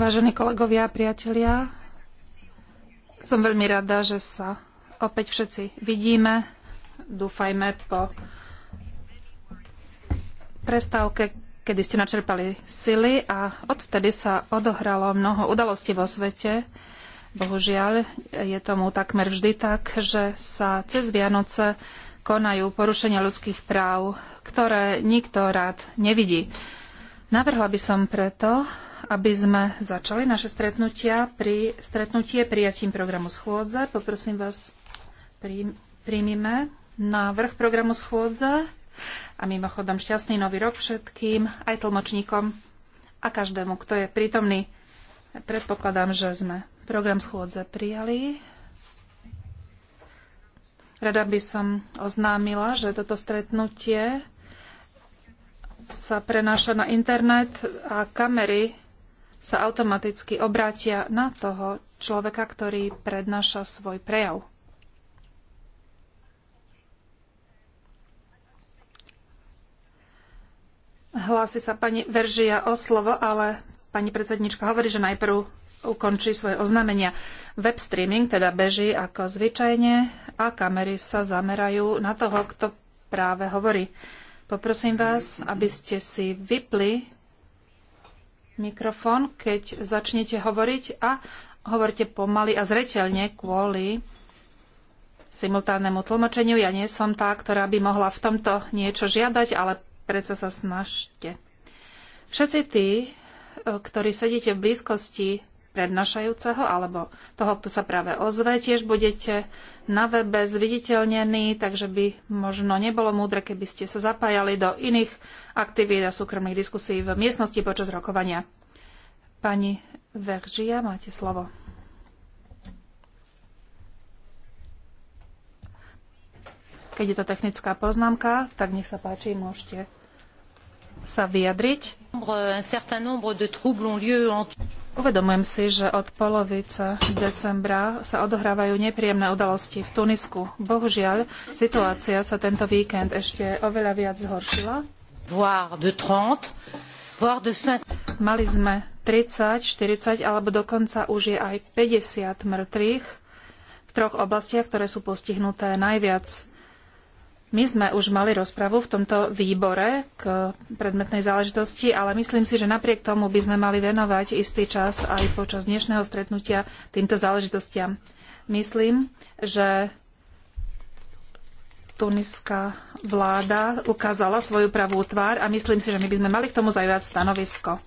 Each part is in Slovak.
Vážení kolegovia a priatelia, som veľmi rada, že sa opäť všetci vidíme. Dúfajme po prestávke, kedy ste načerpali sily a odvtedy sa odohralo mnoho udalostí vo svete. Bohužiaľ, je tomu takmer vždy tak, že sa cez Vianoce konajú porušenia ľudských práv, ktoré nikto rád nevidí. Navrhla by som preto, aby sme začali naše stretnutia pri stretnutie prijatím programu schôdze. Poprosím vás, príjmime návrh programu schôdze. A mimochodom šťastný nový rok všetkým, aj tlmočníkom a každému, kto je prítomný. Predpokladám, že sme program schôdze prijali. Rada by som oznámila, že toto stretnutie sa prenáša na internet a kamery sa automaticky obrátia na toho človeka, ktorý prednáša svoj prejav. Hlási sa pani Veržia o slovo, ale pani predsednička hovorí, že najprv ukončí svoje oznámenia. Web streaming teda beží ako zvyčajne a kamery sa zamerajú na toho, kto práve hovorí. Poprosím vás, aby ste si vypli mikrofón, keď začnete hovoriť a hovorte pomaly a zreteľne kvôli simultánnemu tlmočeniu. Ja nie som tá, ktorá by mohla v tomto niečo žiadať, ale predsa sa snažte. Všetci tí, e, ktorí sedíte v blízkosti prednášajúceho alebo toho, kto sa práve ozve, tiež budete na webe zviditeľnený, takže by možno nebolo múdre, keby ste sa zapájali do iných aktivít a súkromných diskusí v miestnosti počas rokovania. Pani Veržia, máte slovo. Keď je to technická poznámka, tak nech sa páči, môžete sa vyjadriť. Uvedomujem si, že od polovice decembra sa odohrávajú nepríjemné udalosti v Tunisku. Bohužiaľ, situácia sa tento víkend ešte oveľa viac zhoršila. Mali sme 30, 40 alebo dokonca už je aj 50 mŕtvych v troch oblastiach, ktoré sú postihnuté najviac my sme už mali rozpravu v tomto výbore k predmetnej záležitosti, ale myslím si, že napriek tomu by sme mali venovať istý čas aj počas dnešného stretnutia týmto záležitostiam. Myslím, že tuniská vláda ukázala svoju pravú tvár a myslím si, že my by sme mali k tomu zaujať stanovisko.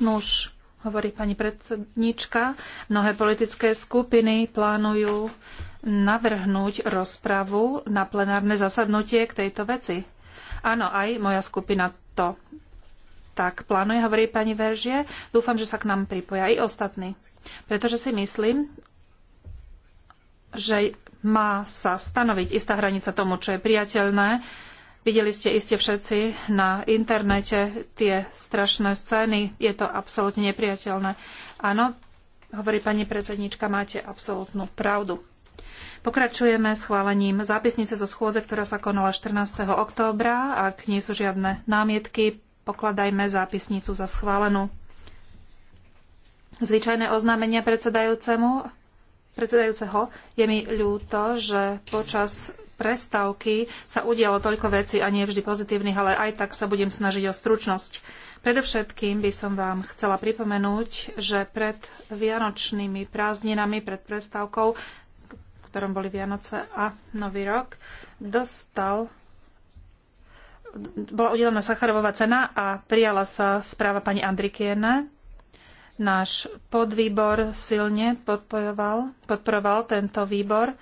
Nuž, hovorí pani predsednička, mnohé politické skupiny plánujú navrhnúť rozpravu na plenárne zasadnutie k tejto veci. Áno, aj moja skupina to tak plánuje, hovorí pani Veržie. Dúfam, že sa k nám pripoja aj ostatní. Pretože si myslím, že má sa stanoviť istá hranica tomu, čo je priateľné. Videli ste iste všetci na internete tie strašné scény. Je to absolútne nepriateľné. Áno, hovorí pani predsednička, máte absolútnu pravdu. Pokračujeme schválením zápisnice zo schôdze, ktorá sa konala 14. októbra. Ak nie sú žiadne námietky, pokladajme zápisnicu za schválenú. Zvyčajné oznámenia predsedajúcemu predsedajúceho, je mi ľúto, že počas prestávky sa udialo toľko vecí a nie vždy pozitívnych, ale aj tak sa budem snažiť o stručnosť. Predovšetkým by som vám chcela pripomenúť, že pred vianočnými prázdninami, pred prestávkou ktorom boli Vianoce a Nový rok, dostal bola udelená Sacharovová cena a prijala sa správa pani Andrikiene. Náš podvýbor silne podporoval, podporoval tento výbor,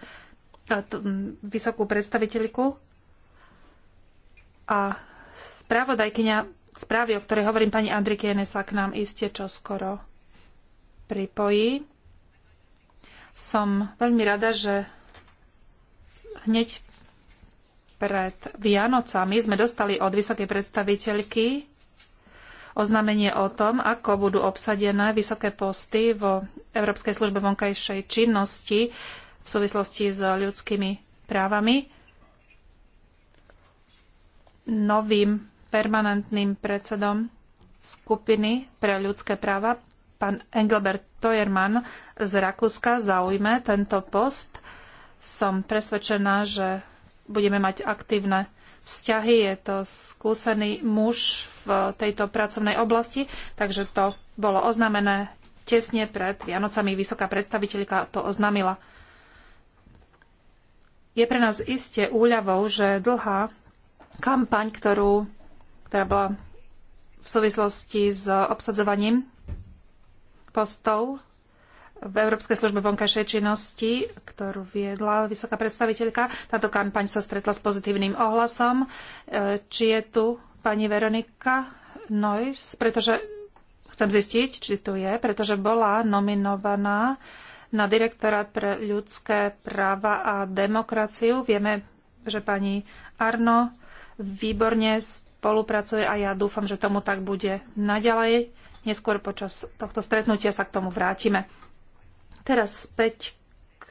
vysokú predstaviteľku a správodajkyňa správy, o ktorej hovorím pani Andrikiene, sa k nám iste čoskoro pripojí. Som veľmi rada, že hneď pred Vianocami sme dostali od vysokej predstaviteľky oznámenie o tom, ako budú obsadené vysoké posty vo Európskej službe vonkajšej činnosti v súvislosti s ľudskými právami novým permanentným predsedom skupiny pre ľudské práva Pán Engelbert Tojerman z Rakúska zaujme tento post. Som presvedčená, že budeme mať aktívne vzťahy. Je to skúsený muž v tejto pracovnej oblasti, takže to bolo oznamené tesne pred Vianocami. Vysoká predstaviteľka to oznamila. Je pre nás iste úľavou, že dlhá kampaň, ktorú, ktorá bola v súvislosti s obsadzovaním postov v Európskej službe vonkajšej činnosti, ktorú viedla vysoká predstaviteľka. Táto kampaň sa stretla s pozitívnym ohlasom. E, či je tu pani Veronika Nois, pretože chcem zistiť, či tu je, pretože bola nominovaná na direktorát pre ľudské práva a demokraciu. Vieme, že pani Arno výborne spolupracuje a ja dúfam, že tomu tak bude naďalej Neskôr počas tohto stretnutia sa k tomu vrátime. Teraz späť k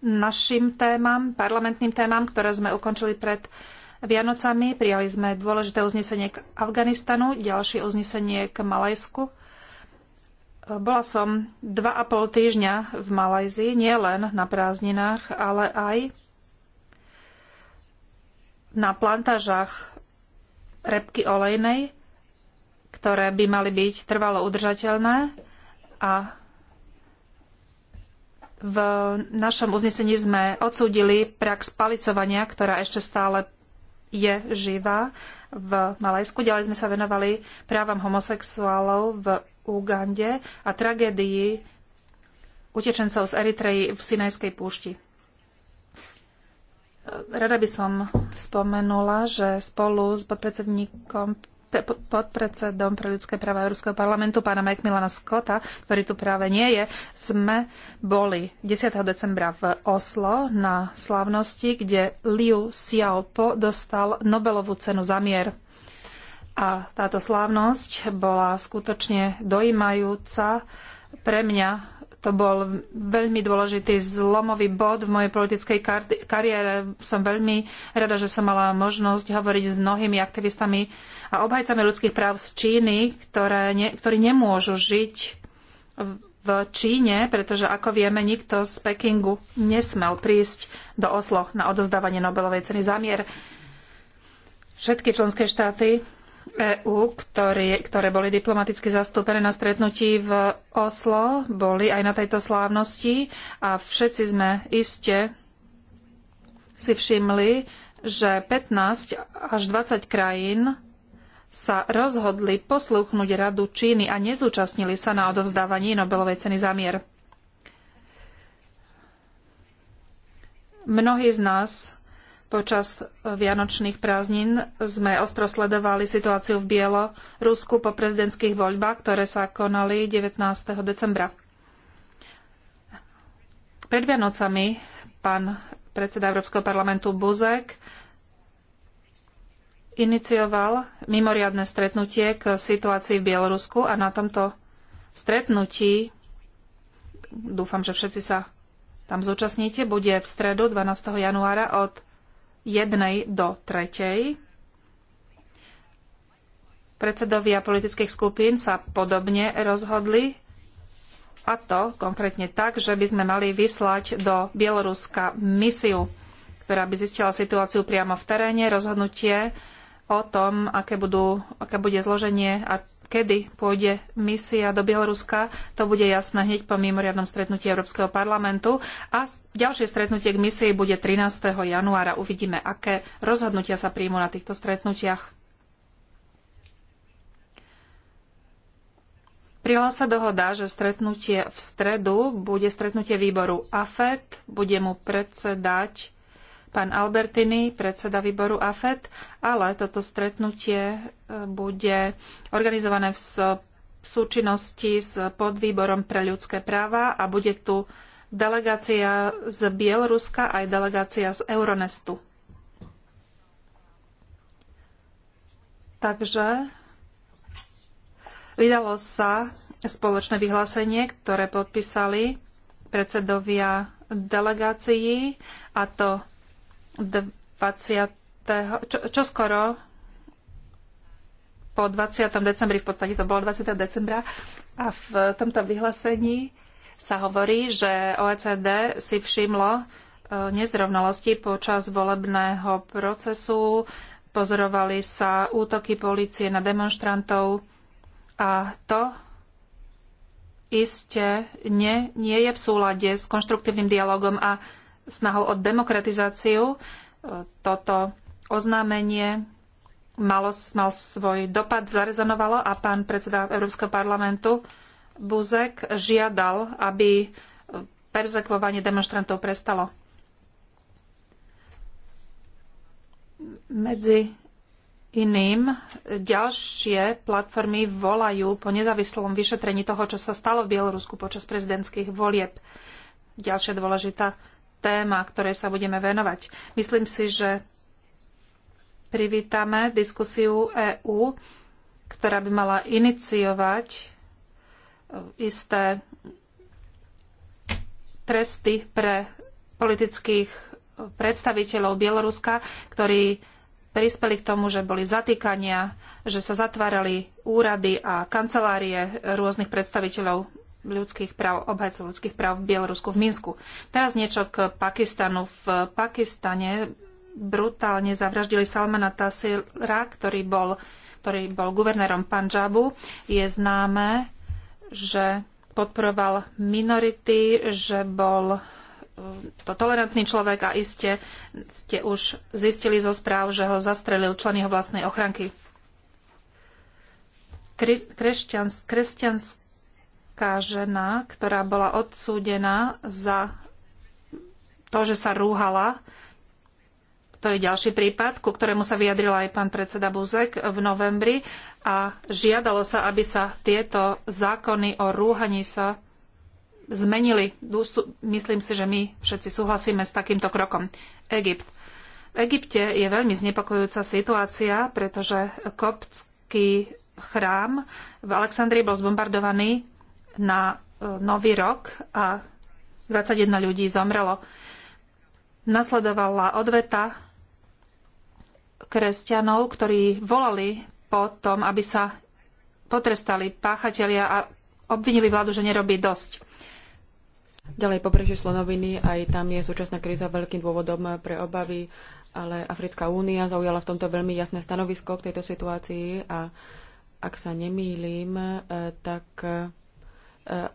našim témam, parlamentným témam, ktoré sme ukončili pred Vianocami. Prijali sme dôležité uznesenie k Afganistanu, ďalšie uznesenie k Malajsku. Bola som dva a pol týždňa v Malajzii, nie len na prázdninách, ale aj na plantážach repky olejnej ktoré by mali byť trvalo udržateľné a v našom uznesení sme odsúdili prax palicovania, ktorá ešte stále je živá v Malajsku. Ďalej sme sa venovali právam homosexuálov v Ugande a tragédii utečencov z Eritreji v Sinajskej púšti. Rada by som spomenula, že spolu s podpredsedníkom podpredsedom pre ľudské práva Európskeho parlamentu, pána Macmillana Scotta, ktorý tu práve nie je, sme boli 10. decembra v Oslo na slávnosti, kde Liu Xiaopo dostal Nobelovú cenu za mier. A táto slávnosť bola skutočne dojímajúca pre mňa to bol veľmi dôležitý zlomový bod v mojej politickej kariére. Som veľmi rada, že som mala možnosť hovoriť s mnohými aktivistami a obhajcami ľudských práv z Číny, ktoré ne- ktorí nemôžu žiť v Číne, pretože ako vieme, nikto z Pekingu nesmel prísť do Oslo na odozdávanie Nobelovej ceny za mier. Všetky členské štáty EÚ, ktoré boli diplomaticky zastúpené na stretnutí v Oslo, boli aj na tejto slávnosti a všetci sme iste si všimli, že 15 až 20 krajín sa rozhodli poslúchnuť radu Číny a nezúčastnili sa na odovzdávaní Nobelovej ceny za mier. Mnohí z nás Počas vianočných prázdnin sme ostro sledovali situáciu v Bielorusku po prezidentských voľbách, ktoré sa konali 19. decembra. Pred Vianocami pán predseda Európskeho parlamentu Buzek inicioval mimoriadne stretnutie k situácii v Bielorusku a na tomto stretnutí dúfam, že všetci sa tam zúčastníte, bude v stredu 12. januára od jednej do tretej. Predsedovia politických skupín sa podobne rozhodli a to konkrétne tak, že by sme mali vyslať do Bieloruska misiu, ktorá by zistila situáciu priamo v teréne, rozhodnutie o tom, aké, budú, aké bude zloženie a kedy pôjde misia do Bieloruska, to bude jasné hneď po mimoriadnom stretnutí Európskeho parlamentu. A ďalšie stretnutie k misii bude 13. januára. Uvidíme, aké rozhodnutia sa príjmu na týchto stretnutiach. Prijala sa dohoda, že stretnutie v stredu bude stretnutie výboru AFET, bude mu predsedať pán Albertini, predseda výboru AFED, ale toto stretnutie e, bude organizované v súčinnosti s podvýborom pre ľudské práva a bude tu delegácia z Bieloruska aj delegácia z Euronestu. Takže vydalo sa spoločné vyhlásenie, ktoré podpísali predsedovia delegácií, a to 20. Čo, čo skoro po 20. decembri, v podstate to bolo 20. decembra, a v tomto vyhlásení sa hovorí, že OECD si všimlo e, nezrovnalosti počas volebného procesu, pozorovali sa útoky policie na demonstrantov a to iste nie, nie je v súlade s konštruktívnym dialogom a snahou o demokratizáciu. E, toto oznámenie malo, mal svoj dopad, zarezonovalo a pán predseda Európskeho parlamentu Buzek žiadal, aby perzekvovanie demonstrantov prestalo. Medzi iným ďalšie platformy volajú po nezávislom vyšetrení toho, čo sa stalo v Bielorusku počas prezidentských volieb. Ďalšia dôležitá téma, ktorej sa budeme venovať. Myslím si, že privítame diskusiu EÚ, ktorá by mala iniciovať eh, isté tresty pre politických predstaviteľov Bieloruska, ktorí prispeli k tomu, že boli zatýkania, že sa zatvárali úrady a kancelárie rôznych predstaviteľov ľudských práv, obhajcov ľudských práv v Bielorusku, v Minsku. Teraz niečo k Pakistanu. V Pakistane brutálne zavraždili Salmana Tasira, ktorý bol, ktorý bol guvernérom Panžabu. Je známe, že podporoval minority, že bol e, to tolerantný človek a iste ste už zistili zo správ, že ho zastrelil člen jeho vlastnej ochranky. Kri- kresťans- kresťans- maďarská žena, ktorá bola odsúdená za to, že sa rúhala. To je ďalší prípad, ku ktorému sa vyjadril aj pán predseda Buzek v novembri a žiadalo sa, aby sa tieto zákony o rúhaní sa zmenili. Myslím si, že my všetci súhlasíme s takýmto krokom. Egypt. V Egypte je veľmi znepokojujúca situácia, pretože koptský chrám v Alexandrii bol zbombardovaný na e, nový rok a 21 ľudí zomrelo. Nasledovala odveta kresťanov, ktorí volali po tom, aby sa potrestali páchatelia a obvinili vládu, že nerobí dosť. Ďalej pobrežie Slonoviny, aj tam je súčasná kríza veľkým dôvodom pre obavy, ale Africká únia zaujala v tomto veľmi jasné stanovisko k tejto situácii a ak sa nemýlim, e, tak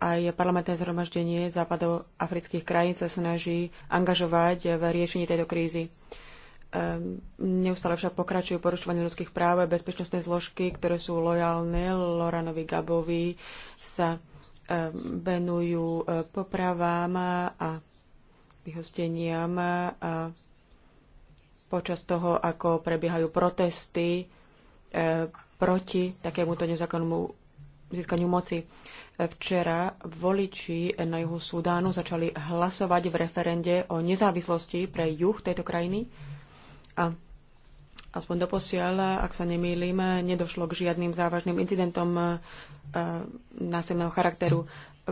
aj parlamentné zhromaždenie západov afrických krajín sa snaží angažovať v riešení tejto krízy. Ehm, neustále však pokračujú porušovanie ľudských práv a bezpečnostné zložky, ktoré sú lojálne Loranovi Gabovi, sa ehm, venujú e, popravám a vyhosteniam a e, počas toho, ako prebiehajú protesty e, proti takémuto nezákonnému získaniu moci. Včera voliči na juhu Sudánu začali hlasovať v referende o nezávislosti pre juh tejto krajiny a aspoň doposiaľ, ak sa nemýlim, nedošlo k žiadnym závažným incidentom eh, násilného charakteru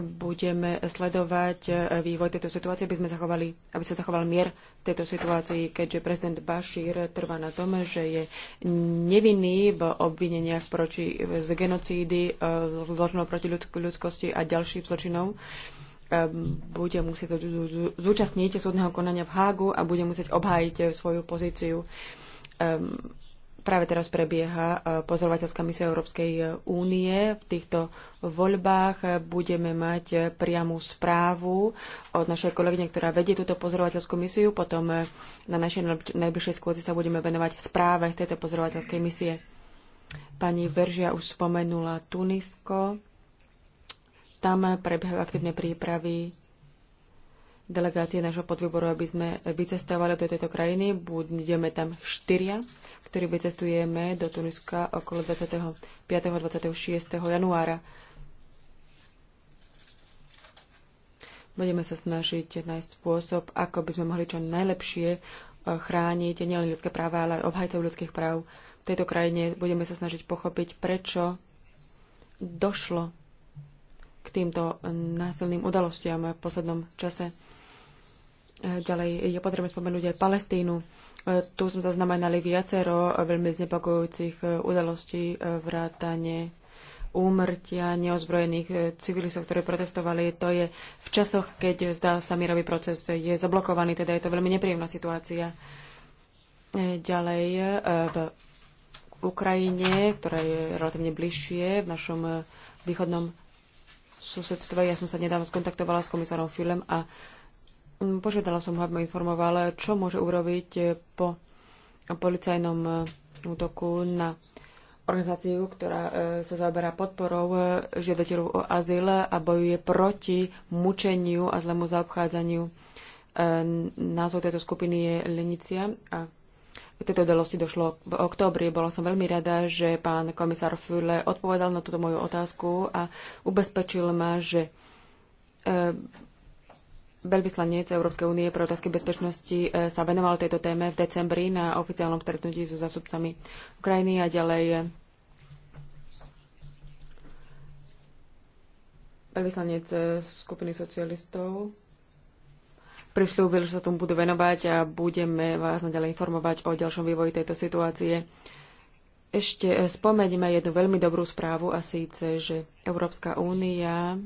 budeme sledovať e, vývoj tejto situácie, aby sme zachovali, aby sa zachoval mier v tejto situácii, keďže prezident Bashir trvá na tom, že je nevinný v obvineniach proti, z genocídy, e, zločinov proti ľudskosti a ďalších zločinov e, bude musieť zúčastniť súdneho konania v Hágu a bude musieť obhájiť svoju pozíciu. Ehm, Práve teraz prebieha e, pozorovateľská misia Európskej e, únie. V týchto voľbách e, budeme mať priamu správu od našej kolegyne, ktorá vedie túto pozorovateľskú misiu. Potom na našej najbližšej skôdzi sa budeme venovať v správe tejto pozorovateľskej misie. Pani Veržia už spomenula Tunisko. Tam prebiehajú aktívne prípravy delegácie nášho podvýboru, aby sme vycestovali do tejto krajiny. Budeme tam štyria, ktorí vycestujeme do Tuniska okolo 25. 26. januára. Budeme sa snažiť nájsť spôsob, ako by sme mohli čo najlepšie eh, chrániť nielen ľudské práva, ale aj obhajcov ľudských práv v tejto krajine. Budeme sa snažiť pochopiť, prečo došlo k týmto eh, násilným udalostiam v poslednom čase. E, ďalej je potrebné spomenúť aj Palestínu. E, tu sme zaznamenali viacero veľmi znepokojúcich e, udalostí vrátane úmrtia neozbrojených civilistov, ktorí protestovali. To je v časoch, keď zdá sa mirový proces je zablokovaný, teda je to veľmi nepríjemná situácia. Ďalej v Ukrajine, ktorá je relatívne bližšie v našom východnom susedstve. Ja som sa nedávno skontaktovala s komisárom Filem a Požiadala som ho, aby ma informoval, čo môže urobiť po policajnom útoku na organizáciu, ktorá e, sa zaoberá podporou e, žiadateľov o azyl a bojuje proti mučeniu a zlému zaobchádzaniu. E, názov tejto skupiny je Lenicia a k tejto udalosti došlo v októbri. Bola som veľmi rada, že pán komisár Fule odpovedal na túto moju otázku a ubezpečil ma, že Veľvyslanec Európskej únie pre otázky bezpečnosti e, sa venoval tejto téme v decembri na oficiálnom stretnutí so zástupcami Ukrajiny a ďalej e, veľvyslanec e, skupiny socialistov prišľúbil, že sa tomu budú venovať a budeme vás naďalej informovať o ďalšom vývoji tejto situácie. Ešte spomeňme jednu veľmi dobrú správu a síce, že Európska únia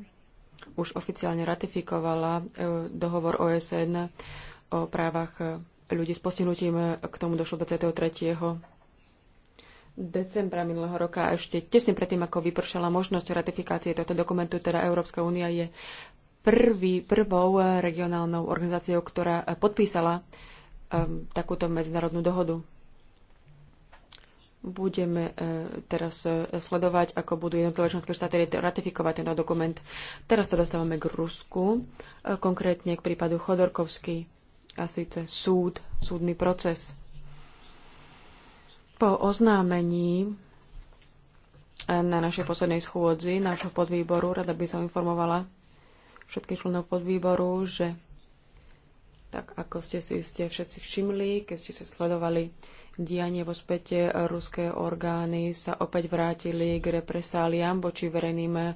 už oficiálne ratifikovala e, dohovor OSN o právach e, ľudí s postihnutím. K tomu došlo 23. decembra minulého roka a ešte tesne predtým, ako vypršala možnosť ratifikácie tohto dokumentu, teda Európska únia je prvý, prvou e, regionálnou organizáciou, ktorá podpísala um, takúto medzinárodnú dohodu. Budeme e, teraz e, sledovať, ako budú jednotlivé členské štáty ratifikovať tento dokument. Teraz sa dostávame k Rusku, e, konkrétne k prípadu Chodorkovský a síce súd, súdny proces. Po oznámení na našej poslednej schôdzi nášho podvýboru, rada by som informovala všetkých členov podvýboru, že tak ako ste si ste všetci všimli, keď ste sa sledovali dianie vo svete. Ruské orgány sa opäť vrátili k represáliám voči verejným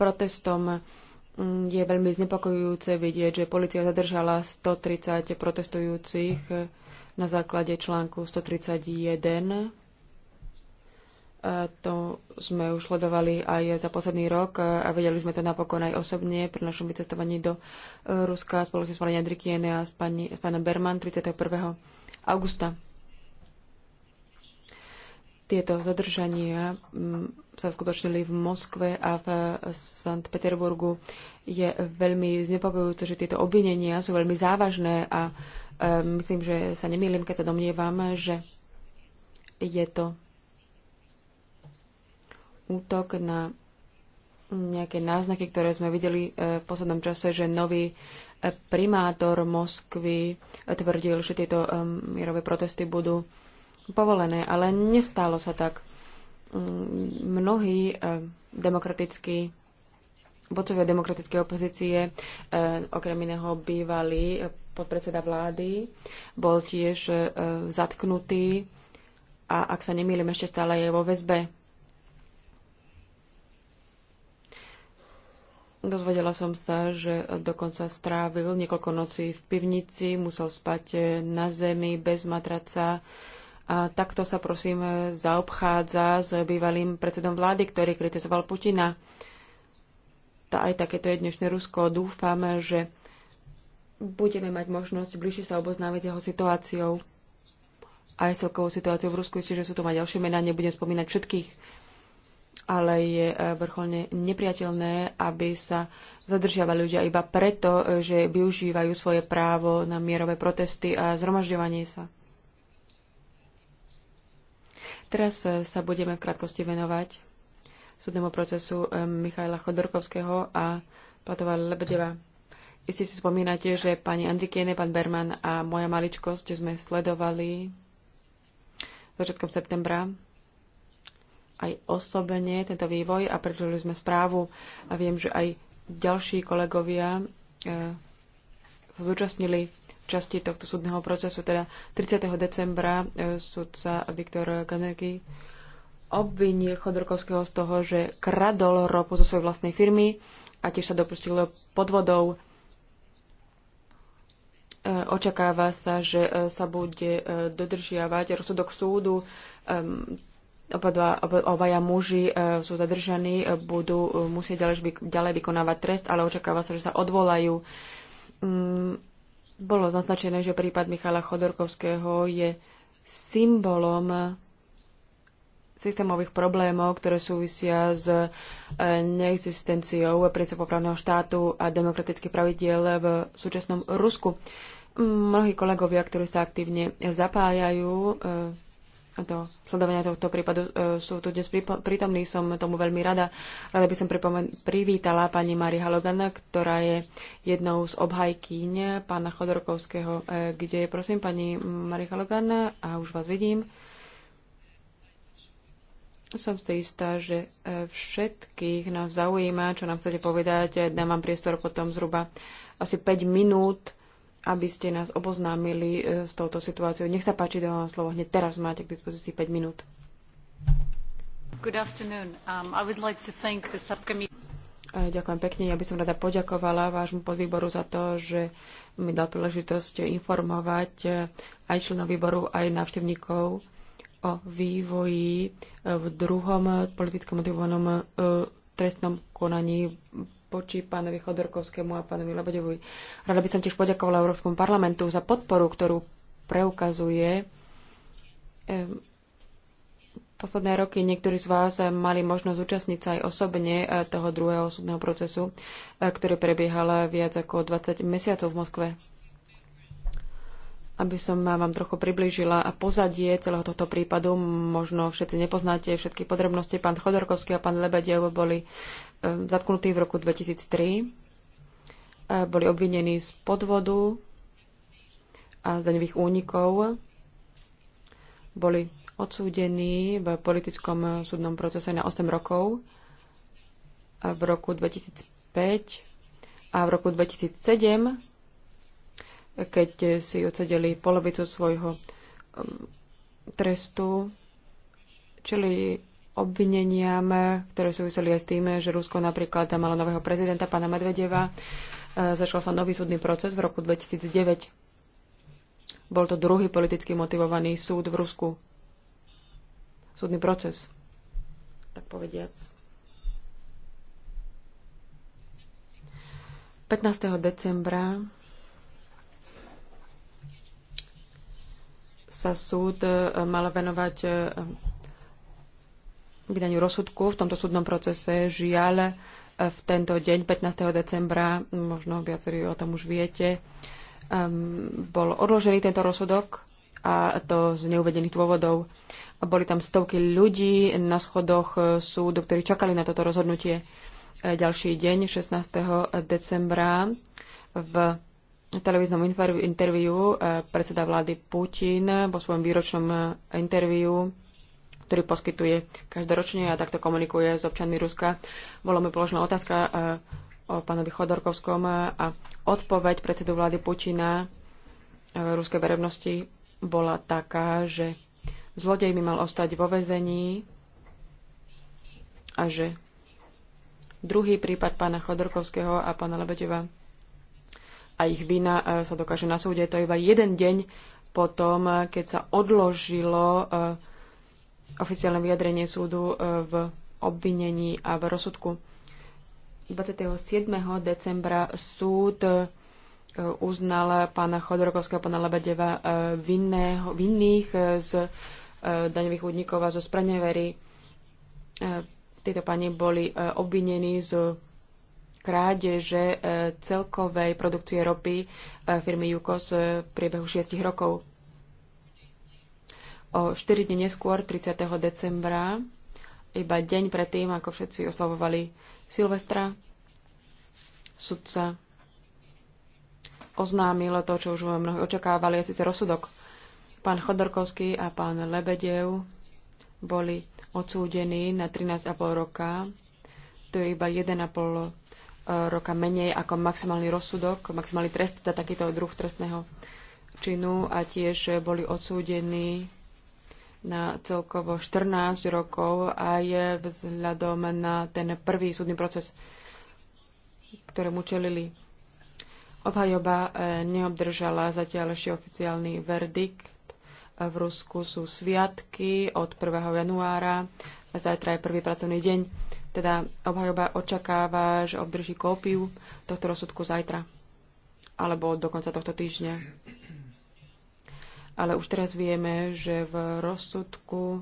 protestom. Je veľmi znepokojujúce vidieť, že policia zadržala 130 protestujúcich na základe článku 131. To sme už sledovali aj za posledný rok a vedeli sme to napokon aj osobne pri našom vycestovaní do Ruska spoločne s pani Andrikiene a s pánom Berman 31. augusta. Tieto zadržania mm, sa skutočnili v Moskve a v Sankt Peterburgu. Je veľmi znepokojujúce, že tieto obvinenia sú veľmi závažné a e, myslím, že sa nemýlim, keď sa domnievam, že je to útok na nejaké náznaky, ktoré sme videli e, v poslednom čase, že nový e, primátor Moskvy tvrdil, že tieto mierové protesty budú povolené, ale nestálo sa tak. Mm, mnohí eh, demokratickí vodcovia demokratickej opozície, eh, okrem iného bývalý eh, podpredseda vlády, bol tiež zatknutý a ak sa nemýlim, ešte stále je vo väzbe. Dozvedela som sa, že dokonca strávil niekoľko nocí v pivnici, musel spať na zemi bez matraca, a takto sa prosím zaobchádza s bývalým predsedom vlády, ktorý kritizoval Putina. Tá aj takéto je dnešné Rusko. Dúfam, že budeme mať možnosť bližšie sa oboznámiť s jeho situáciou aj celkovou situáciou v Rusku. Isté, že sú to aj ďalšie mená, nebudem spomínať všetkých, ale je e, vrcholne nepriateľné, aby sa zadržiavali ľudia iba preto, že využívajú svoje právo na mierové protesty a zhromažďovanie sa. Teraz e, sa budeme v krátkosti venovať súdnemu procesu e, Michaila Chodorkovského a Platova Lebedeva. Isté si spomínate, že pani Andrikiene, pán Berman a moja maličkosť sme sledovali začiatkom septembra aj osobne tento vývoj a predložili sme správu a viem, že aj ďalší kolegovia e, sa zúčastnili časti tohto súdneho procesu, teda 30. decembra e, súdca Viktor Kaneky obvinil Chodorkovského z toho, že kradol ropu zo svojej vlastnej firmy a tiež sa dopustil podvodov. E, očakáva sa, že e, sa bude dodržiavať rozsudok súdu. Ehm, Obadva, obaja muži sú zadržaní, budú musieť ďalej, ďalej vykonávať trest, ale očakáva sa, že sa odvolajú mm, bolo zaznačené, že prípad Michala Chodorkovského je symbolom systémových problémov, ktoré súvisia s e, neexistenciou princípoprávneho štátu a demokratických pravidiel v súčasnom Rusku. Mnohí kolegovia, ktorí sa aktívne zapájajú v e, do sledovania tohto prípadu e, sú tu dnes prítomní. Som tomu veľmi rada. Rada by som privítala pani Mari Halogana, ktorá je jednou z obhajkýň pána Chodorkovského. E, kde je, prosím, pani Mari Halogana? A už vás vidím. Som si istá, že e, všetkých nás zaujíma, čo nám chcete povedať. Dám vám priestor potom zhruba asi 5 minút aby ste nás oboznámili e, s touto situáciou. Nech sa páči, dávam slovo hneď teraz. Máte k dispozícii 5 minút. Good afternoon. Um, I would like to thank the subcommittee. E, ďakujem pekne. Ja by som rada poďakovala vášmu podvýboru za to, že mi dal príležitosť informovať e, aj členov výboru, aj návštevníkov o vývoji v druhom politickom motivovanom trestnom konaní voči pánovi Chodorkovskému a pánovi Lebedevovi. Rada by som tiež poďakovala Európskom parlamentu za podporu, ktorú preukazuje. Posledné roky niektorí z vás mali možnosť zúčastniť sa aj osobne e, toho druhého súdneho procesu, e, ktorý prebiehal viac ako 20 mesiacov v Moskve. Aby som vám trochu priblížila a pozadie celého tohto prípadu, možno všetci nepoznáte všetky podrobnosti, pán Chodorkovský a pán Lebedev boli E, zatknutí v roku 2003. E, boli obvinení z podvodu a z daňových únikov. Boli odsúdení v politickom súdnom procese na 8 rokov v roku 2005 a v roku 2007, keď si odsedeli polovicu svojho e, trestu, čili obvineniam, ktoré súviseli aj s tým, že Rusko napríklad malo nového prezidenta, pána Medvedeva. E, začal sa nový súdny proces v roku 2009. Bol to druhý politicky motivovaný súd v Rusku. Súdny proces, tak povediac. 15. decembra sa súd e, mal venovať e, vydaniu rozsudku v tomto súdnom procese. Žiaľ, e, v tento deň, 15. decembra, možno viacerí o tom už viete, um, bol odložený tento rozsudok a to z neuvedených dôvodov. Boli tam stovky ľudí na schodoch e, súdu, ktorí čakali na toto rozhodnutie. E, ďalší deň, 16. decembra, v televíznom interviu predseda vlády Putin vo svojom výročnom interviu ktorý poskytuje každoročne a takto komunikuje s občanmi Ruska. Bola mi položená otázka e, o pánovi Chodorkovskom a odpoveď predsedu vlády Putina e, ruskej verejnosti bola taká, že zlodej by mal ostať vo vezení a že druhý prípad pána Chodorkovského a pána Lebedeva a ich vina e, sa dokáže na súde. To je iba jeden deň potom, keď sa odložilo oficiálne vyjadrenie súdu e, v obvinení a v rozsudku. 27. decembra súd e, uznal pána Chodorkovského, pána Lebedeva e, vinného, vinných z daňových údnikov a zo Spranevery. Títo pani boli obvinení z krádeže celkovej produkcie ropy firmy Jukos v priebehu šiestich rokov o 4 dní neskôr, 30. decembra, iba deň predtým, ako všetci oslavovali Silvestra, sudca oznámil to, čo už mnohí očakávali, a síce rozsudok. Pán Chodorkovský a pán Lebedev boli odsúdení na 13,5 roka. To je iba 1,5 e, roka menej ako maximálny rozsudok, maximálny trest za takýto druh trestného činu a tiež boli odsúdení na celkovo 14 rokov a je vzhľadom na ten prvý súdny proces, ktorému čelili. Obhajoba e, neobdržala zatiaľ ešte oficiálny verdikt. V Rusku sú sviatky od 1. januára, a zajtra je prvý pracovný deň. Teda obhajoba očakáva, že obdrží kópiu tohto rozsudku zajtra alebo do konca tohto týždňa ale už teraz vieme, že v rozsudku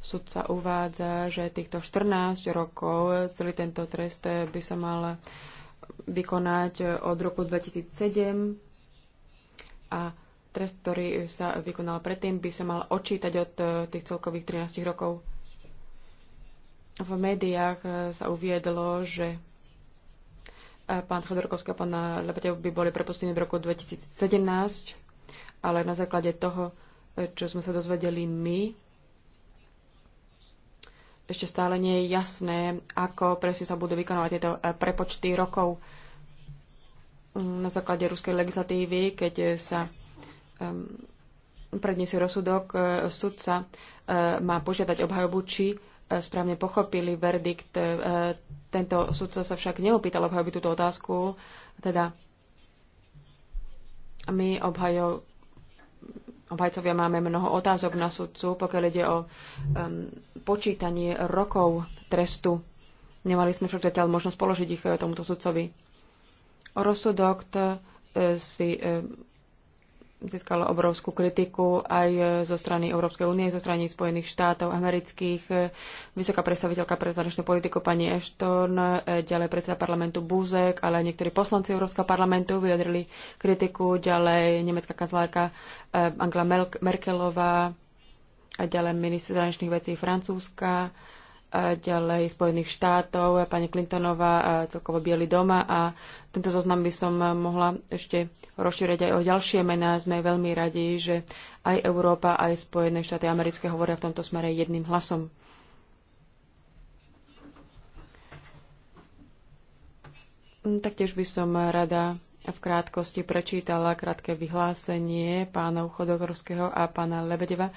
sudca uvádza, že týchto 14 rokov celý tento trest by sa mal vykonať od roku 2007 a trest, ktorý sa vykonal predtým, by sa mal odčítať od eh, tých celkových 13 rokov. V médiách eh, sa uviedlo, že eh, pán Chodorkovský a pán Lepetev by boli prepustení v roku 2017 ale na základe toho, e, čo sme sa dozvedeli my, ešte stále nie je jasné, ako presne sa budú vykonávať tieto e, prepočty rokov mm, na základe ruskej legislatívy, keď e, sa predniesie rozsudok, sudca má požiadať obhajobu, či správne pochopili verdikt. Tento sudca sa však neopýtal obhajoby túto otázku, teda my obhajov obhajcovia máme mnoho otázok na sudcu, pokiaľ ide o um, počítanie rokov trestu. Nemali sme však zatiaľ možnosť položiť ich eh, tomuto sudcovi. Rozsudok eh, si eh, získalo obrovskú kritiku aj zo strany Európskej únie, zo strany Spojených štátov amerických. Vysoká predstaviteľka pre zahraničnú politiku pani Ashton, e, ďalej predseda parlamentu Buzek, ale aj niektorí poslanci Európskeho parlamentu vyjadrili kritiku, ďalej nemecká kancelárka e, Angela Merkelová a ďalej minister zahraničných vecí Francúzska ďalej Spojených štátov, pani Clintonová, celkovo Bielý doma a tento zoznam by som mohla ešte rozšíriť aj o ďalšie mená. Sme veľmi radi, že aj Európa, aj Spojené štáty americké hovoria v tomto smere jedným hlasom. Taktiež by som rada v krátkosti prečítala krátke vyhlásenie pána Chodokorského a pána Lebedeva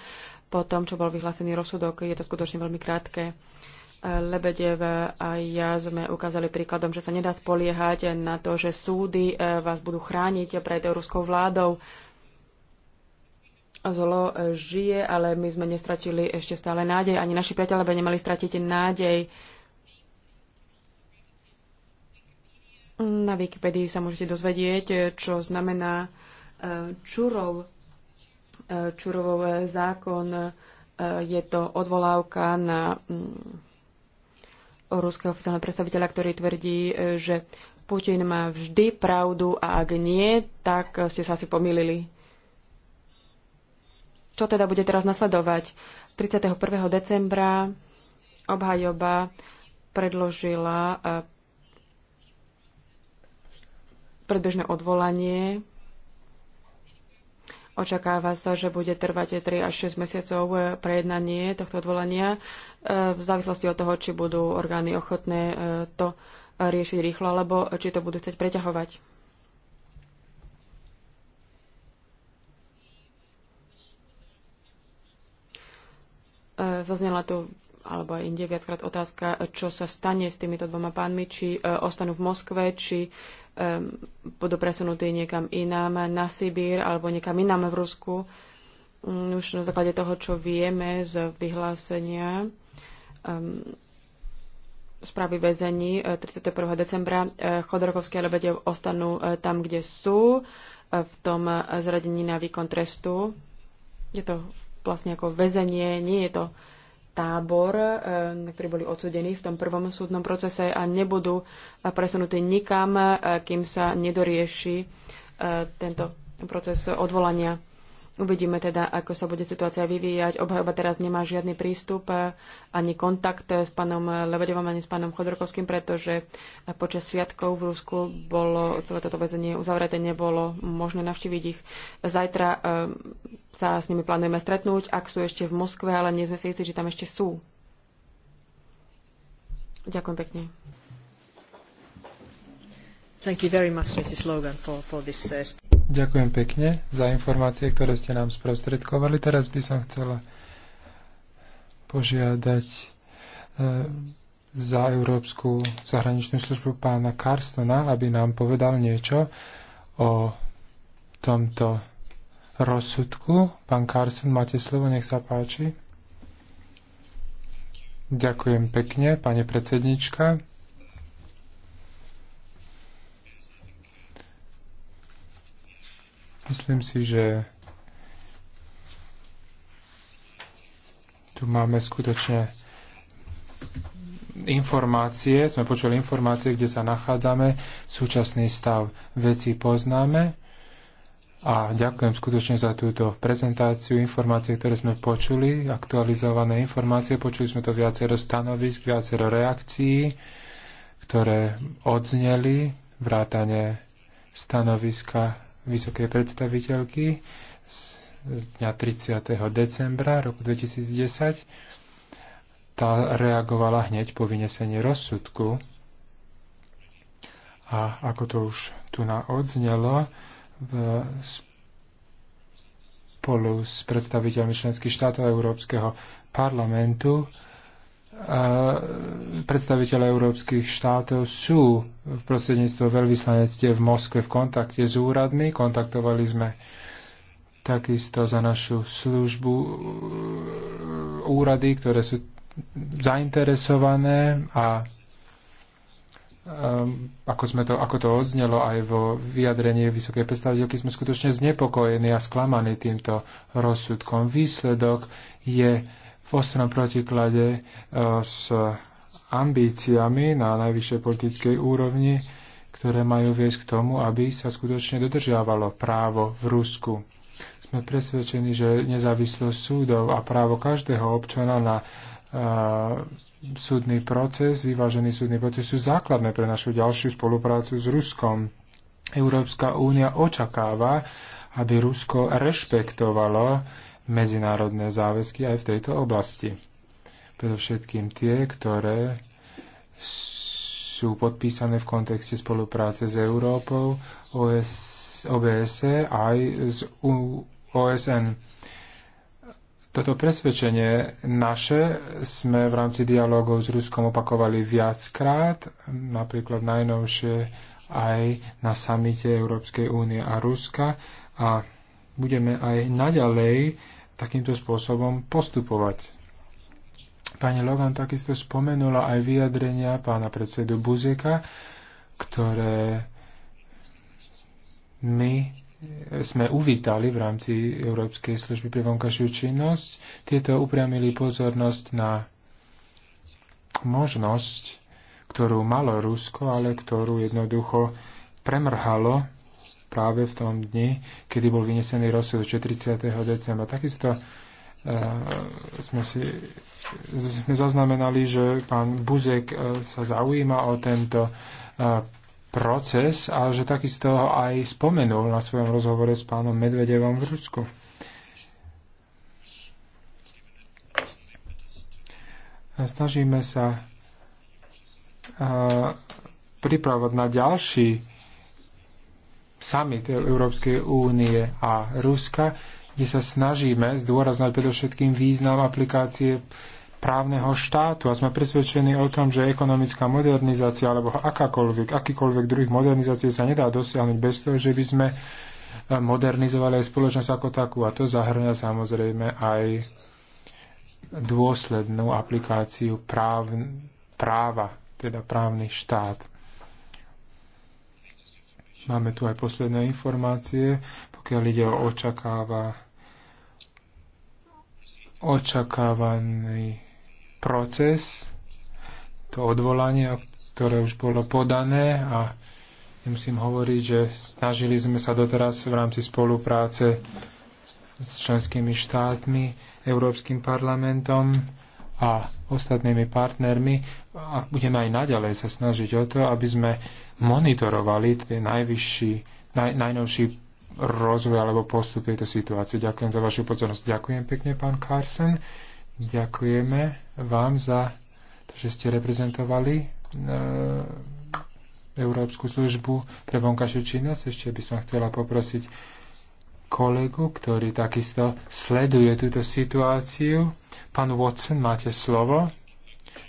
po tom, čo bol vyhlásený rozsudok. Je to skutočne veľmi krátke. Lebedev a ja sme ukázali príkladom, že sa nedá spoliehať na to, že súdy eh, vás budú chrániť pred ruskou vládou. Zolo žije, ale my sme nestratili ešte stále nádej. Ani naši priateľe by nemali stratiť nádej. Na Wikipedii sa môžete dozvedieť, čo znamená eh, čurov E, Čurovov zákon. E, je to odvolávka na mm, ruského oficiálneho predstaviteľa, ktorý tvrdí, e, že Putin má vždy pravdu a ak nie, tak ste sa asi pomýlili. Čo teda bude teraz nasledovať? 31. decembra obhajoba predložila predbežné odvolanie Očakáva sa, že bude trvať 3 až 6 mesiacov eh, prejednanie tohto odvolania eh, v závislosti od toho, či budú orgány ochotné eh, to riešiť rýchlo, alebo či to budú chcieť preťahovať. Zaznela tu alebo aj inde viackrát otázka, čo sa stane s týmito dvoma pánmi, či ostanú v Moskve, či budú presunutí niekam inám, na Sibír alebo niekam inám v Rusku. Mm, už na základe toho, čo vieme z vyhlásenia správy väzení 31. E, decembra, e, Chodorkovské a Lebedev ostanú e, tam, kde sú, v tom zradení na výkon trestu. Je to vlastne ako väzenie, nie je to tábor, e, na ktorí boli odsudení v tom prvom súdnom procese a nebudú presunutí nikam, e, kým sa nedorieši e, tento proces odvolania. Uvidíme teda, ako sa bude situácia vyvíjať. Obhajoba teraz nemá žiadny prístup eh, ani kontakt eh, s pánom eh, Levedevom, ani s pánom Chodorkovským, pretože počas sviatkov v Rusku bolo celé toto väzenie uzavreté, nebolo možné navštíviť ich. Zajtra sa s nimi plánujeme stretnúť, ak sú ešte v Moskve, ale nie sme si istí, že tam ešte sú. Ďakujem pekne. Thank you very much, Mrs. Logan, for, for this uh, Ďakujem pekne za informácie, ktoré ste nám sprostredkovali. Teraz by som chcela požiadať e, za Európsku zahraničnú službu pána Karstona, aby nám povedal niečo o tomto rozsudku. Pán Carson, máte slovo, nech sa páči. Ďakujem pekne, pani predsednička. Myslím si, že tu máme skutočne informácie, sme počuli informácie, kde sa nachádzame, súčasný stav veci poznáme a ďakujem skutočne za túto prezentáciu, informácie, ktoré sme počuli, aktualizované informácie, počuli sme to viacero stanovisk, viacero reakcií, ktoré odzneli, vrátane stanoviska vysokej predstaviteľky z dňa 30. decembra roku 2010. Tá reagovala hneď po vynesení rozsudku a ako to už tu na odznelo, v spolu s predstaviteľmi členských štátov Európskeho parlamentu predstaviteľe európskych štátov sú v prostredníctve veľvyslanectie v Moskve v kontakte s úradmi. Kontaktovali sme takisto za našu službu e, úrady, ktoré sú zainteresované a e, ako, sme to, ako to odznelo aj vo vyjadrení vysokej predstaviteľky, sme skutočne znepokojení a sklamaní týmto rozsudkom. Výsledok je v ostrom protiklade e, s ambíciami na najvyššej politickej úrovni, ktoré majú viesť k tomu, aby sa skutočne dodržiavalo právo v Rusku. Sme presvedčení, že nezávislosť súdov a právo každého občana na e, súdny proces, vyvážený súdny proces sú základné pre našu ďalšiu spoluprácu s Ruskom. Európska únia očakáva, aby Rusko rešpektovalo medzinárodné záväzky aj v tejto oblasti. Predovšetkým tie, ktoré sú podpísané v kontexte spolupráce s Európou, OS, OBSE aj z OSN. Toto presvedčenie naše sme v rámci dialogov s Ruskom opakovali viackrát, napríklad najnovšie aj na samite Európskej únie a Ruska a budeme aj naďalej takýmto spôsobom postupovať. Pani Logan takisto spomenula aj vyjadrenia pána predsedu Buzeka, ktoré my e, sme uvítali v rámci Európskej služby pre vonkajšiu činnosť. Tieto upriamili pozornosť na možnosť, ktorú malo Rusko, ale ktorú jednoducho premrhalo práve v tom dni, kedy bol vynesený rozsudok, 30. decembra. Takisto e, sme si sme zaznamenali, že pán Buzek e, sa zaujíma o tento e, proces a že takisto ho aj spomenul na svojom rozhovore s pánom Medvedevom v Rusku. Snažíme sa pripravovať na ďalší summit Európskej únie a Ruska, kde sa snažíme zdôrazňovať predovšetkým význam aplikácie právneho štátu a sme presvedčení o tom, že ekonomická modernizácia alebo akákoľvek, akýkoľvek druh modernizácie sa nedá dosiahnuť bez toho, že by sme eh, modernizovali aj spoločnosť ako takú a to zahrňa samozrejme aj dôslednú aplikáciu práv, práva, teda právny štát. Máme tu aj posledné informácie, pokiaľ ide o očakáva, očakávaný proces, to odvolanie, ktoré už bolo podané a nemusím hovoriť, že snažili sme sa doteraz v rámci spolupráce s členskými štátmi, Európskym parlamentom, a ostatnými partnermi a budeme aj naďalej sa snažiť o to, aby sme monitorovali tie najvyšší, naj, najnovší rozvoj alebo postup tejto situácie. Ďakujem za vašu pozornosť. Ďakujem pekne, pán Carson. Ďakujeme vám za to, že ste reprezentovali e, Európsku službu pre vonkajšiu činnosť. Ešte by som chcela poprosiť kolegu, ktorý takisto sleduje túto situáciu. Pán Watson, máte slovo.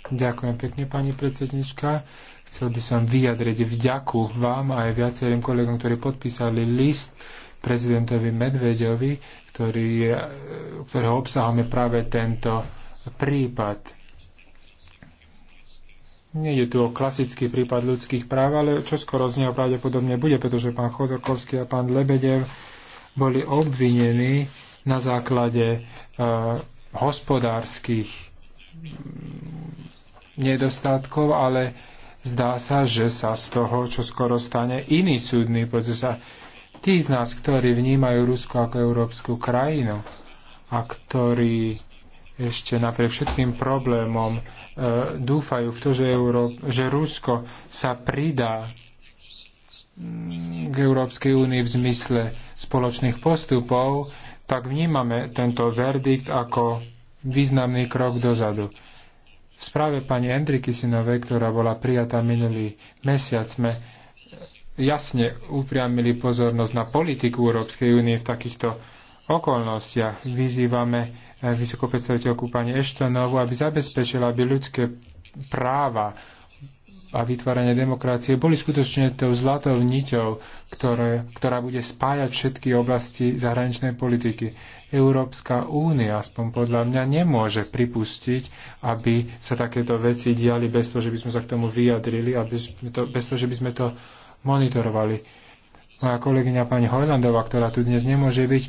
Ďakujem pekne, pani predsednička. Chcel by som vyjadriť vďaku vám a aj viacerým kolegom, ktorí podpísali list prezidentovi Medvedovi, ktorý je, ktorého obsahom je práve tento prípad. Nie je tu o klasický prípad ľudských práv, ale čo skoro z neho pravdepodobne bude, pretože pán Chodorkovský a pán Lebedev boli obvinení na základe uh, hospodárskych nedostatkov, ale zdá sa, že sa z toho, čo skoro stane, iný súdny proces. A tí z nás, ktorí vnímajú Rusko ako európsku krajinu a ktorí ešte napriek všetkým problémom e, dúfajú v to, že, Euró- že Rusko sa pridá mm, k Európskej únii v zmysle spoločných postupov, tak vnímame tento verdikt ako významný krok dozadu. V správe pani Kisinovej, ktorá bola prijatá minulý mesiac, sme jasne upriamili pozornosť na politiku Európskej únie v takýchto okolnostiach. Vyzývame eh, vysokopredstaviteľku pani Eštonovu, aby zabezpečila, aby ľudské práva a vytvárania demokracie boli skutočne tou zlatou niťou, ktoré, ktorá bude spájať všetky oblasti zahraničnej politiky. Európska únia, aspoň podľa mňa, nemôže pripustiť, aby sa takéto veci diali bez toho, že by sme sa k tomu vyjadrili a bez, to, bez toho, že by sme to monitorovali moja kolegyňa pani Hojlandová, ktorá tu dnes nemôže byť,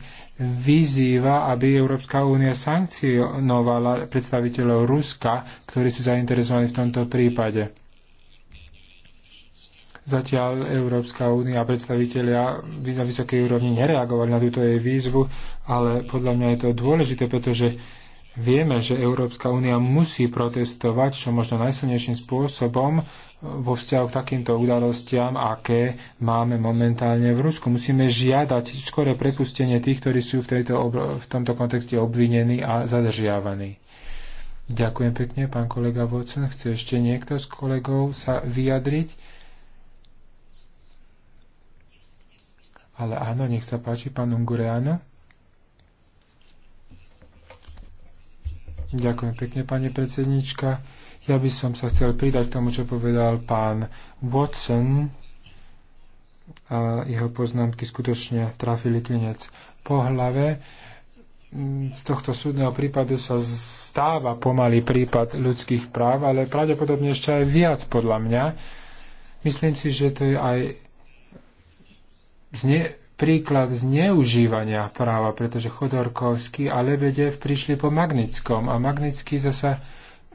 vyzýva, aby Európska únia sankcionovala predstaviteľov Ruska, ktorí sú zainteresovaní v tomto prípade. Zatiaľ Európska únia a predstavitelia na vysokej úrovni nereagovali na túto jej výzvu, ale podľa mňa je to dôležité, pretože Vieme, že Európska únia musí protestovať čo možno najsilnejším spôsobom vo vzťahu k takýmto udalostiam, aké máme momentálne v Rusku. Musíme žiadať skore prepustenie tých, ktorí sú v, tejto, v tomto kontexte obvinení a zadržiavaní. Ďakujem pekne, pán kolega Vocen. Chce ešte niekto z kolegov sa vyjadriť? Ale áno, nech sa páči, pán Ungureano. Ďakujem pekne, pani predsednička. Ja by som sa chcel pridať k tomu, čo povedal pán Watson. A jeho poznámky skutočne trafili klinec po hlave. Z tohto súdneho prípadu sa stáva pomalý prípad ľudských práv, ale pravdepodobne ešte aj viac podľa mňa. Myslím si, že to je aj zne, príklad zneužívania práva, pretože Chodorkovský a Lebedev prišli po Magnickom a Magnický zasa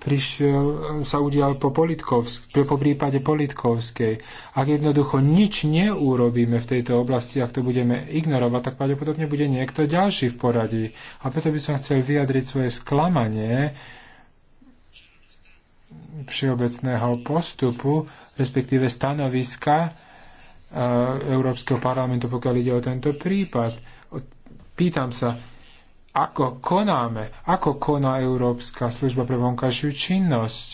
prišiel, sa udial po, po prípade Politkovskej. Ak jednoducho nič neurobíme v tejto oblasti, ak to budeme ignorovať, tak pravdepodobne bude niekto ďalší v poradí. A preto by som chcel vyjadriť svoje sklamanie všeobecného postupu, respektíve stanoviska Európskeho parlamentu, pokiaľ ide o tento prípad. Pýtam sa, ako konáme, ako koná Európska služba pre vonkajšiu činnosť,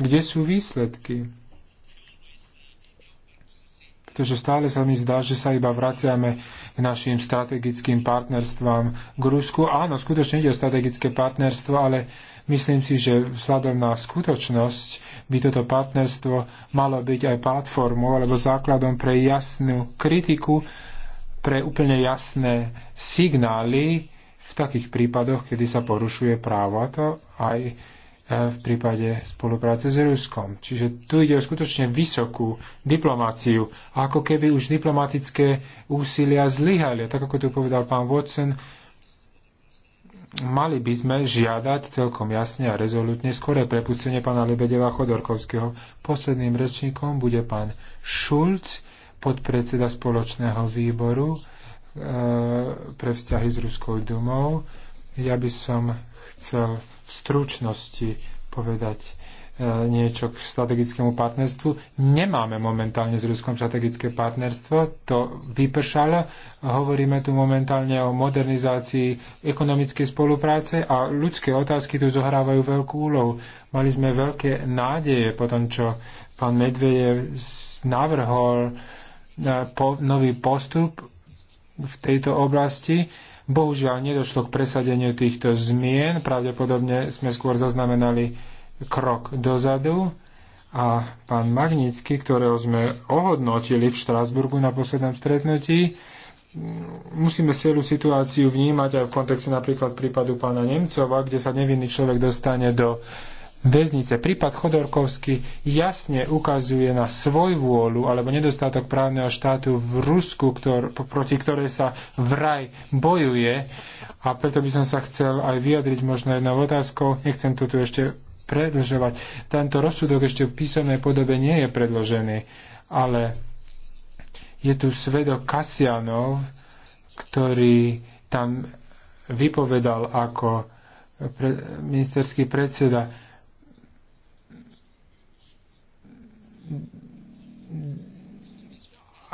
kde sú výsledky. Pretože stále sa mi zdá, že sa iba vraciame k našim strategickým partnerstvám k Rusku. Áno, skutočne ide o strategické partnerstvo, ale Myslím si, že vzhľadom na skutočnosť by toto partnerstvo malo byť aj platformou alebo základom pre jasnú kritiku, pre úplne jasné signály v takých prípadoch, kedy sa porušuje právo. A to aj e, v prípade spolupráce s Ruskom. Čiže tu ide o skutočne vysokú diplomáciu. ako keby už diplomatické úsilia zlyhali. Tak ako tu povedal pán Watson, mali by sme žiadať celkom jasne a rezolutne skoré prepustenie pána Lebedeva Chodorkovského. Posledným rečníkom bude pán Šulc, podpredseda spoločného výboru e, pre vzťahy s Ruskou dumou. Ja by som chcel v stručnosti povedať E, niečo k strategickému partnerstvu. Nemáme momentálne s Ruskom strategické partnerstvo, to vypršalo. Hovoríme tu momentálne o modernizácii ekonomickej spolupráce a ľudské otázky tu zohrávajú veľkú úlohu. Mali sme veľké nádeje po tom, čo pán Medvedev navrhol e, nový postup v tejto oblasti. Bohužiaľ nedošlo k presadeniu týchto zmien. Pravdepodobne sme skôr zaznamenali krok dozadu a pán Magnický, ktorého sme ohodnotili v Štrásburgu na poslednom stretnutí, musíme celú situáciu vnímať aj v kontexte napríklad prípadu pána Nemcova, kde sa nevinný človek dostane do väznice. Prípad Chodorkovsky jasne ukazuje na svoj vôľu alebo nedostatok právneho štátu v Rusku, ktor, proti ktorej sa vraj bojuje. A preto by som sa chcel aj vyjadriť možno jednou otázkou. Nechcem to tu ešte predlžovať. Tento rozsudok ešte v písomnej podobe nie je predložený, ale je tu svedok Kasianov, ktorý tam vypovedal ako pre, ministerský predseda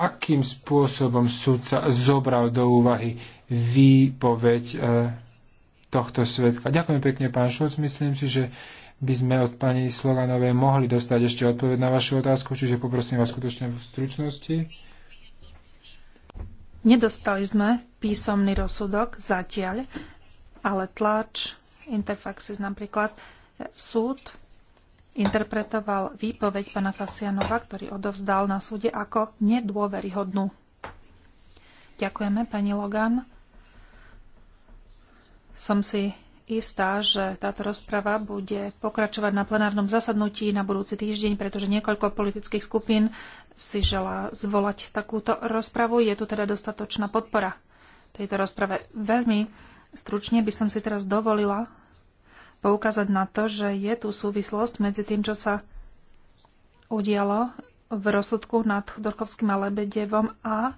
akým spôsobom sudca zobral do úvahy výpoveď e, tohto svetka. Ďakujem pekne, pán Šulc. Myslím si, že by sme od pani Slovanovej mohli dostať ešte odpoveď na vašu otázku, čiže poprosím vás skutočne v stručnosti. Nedostali sme písomný rozsudok zatiaľ, ale tlač, Interfaxis napríklad, súd interpretoval výpoveď pana Fasianova, ktorý odovzdal na súde ako nedôveryhodnú. Ďakujeme, pani Logan. Som si istá, že táto rozprava bude pokračovať na plenárnom zasadnutí na budúci týždeň, pretože niekoľko politických skupín si želá zvolať takúto rozpravu. Je tu teda dostatočná podpora tejto rozprave. Veľmi stručne by som si teraz dovolila poukázať na to, že je tu súvislosť medzi tým, čo sa udialo v rozsudku nad Chodorkovským a Lebedevom a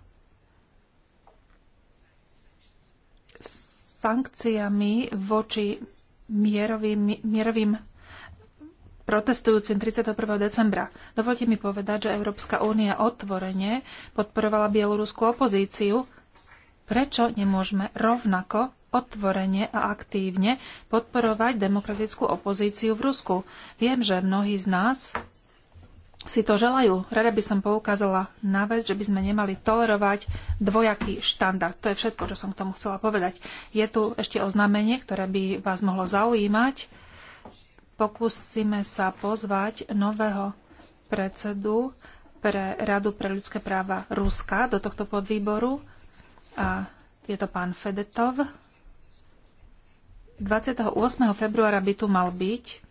sankciami voči mierovým, mierovým protestujúcim 31. decembra. Dovolte mi povedať, že Európska únia otvorene podporovala bieloruskú opozíciu. Prečo nemôžeme rovnako otvorene a aktívne podporovať demokratickú opozíciu v Rusku? Viem, že mnohí z nás si to želajú. Rada by som poukázala na vec, že by sme nemali tolerovať dvojaký štandard. To je všetko, čo som k tomu chcela povedať. Je tu ešte oznámenie, ktoré by vás mohlo zaujímať. Pokúsime sa pozvať nového predsedu pre Radu pre ľudské práva Ruska do tohto podvýboru. A je to pán Fedetov. 28. februára by tu mal byť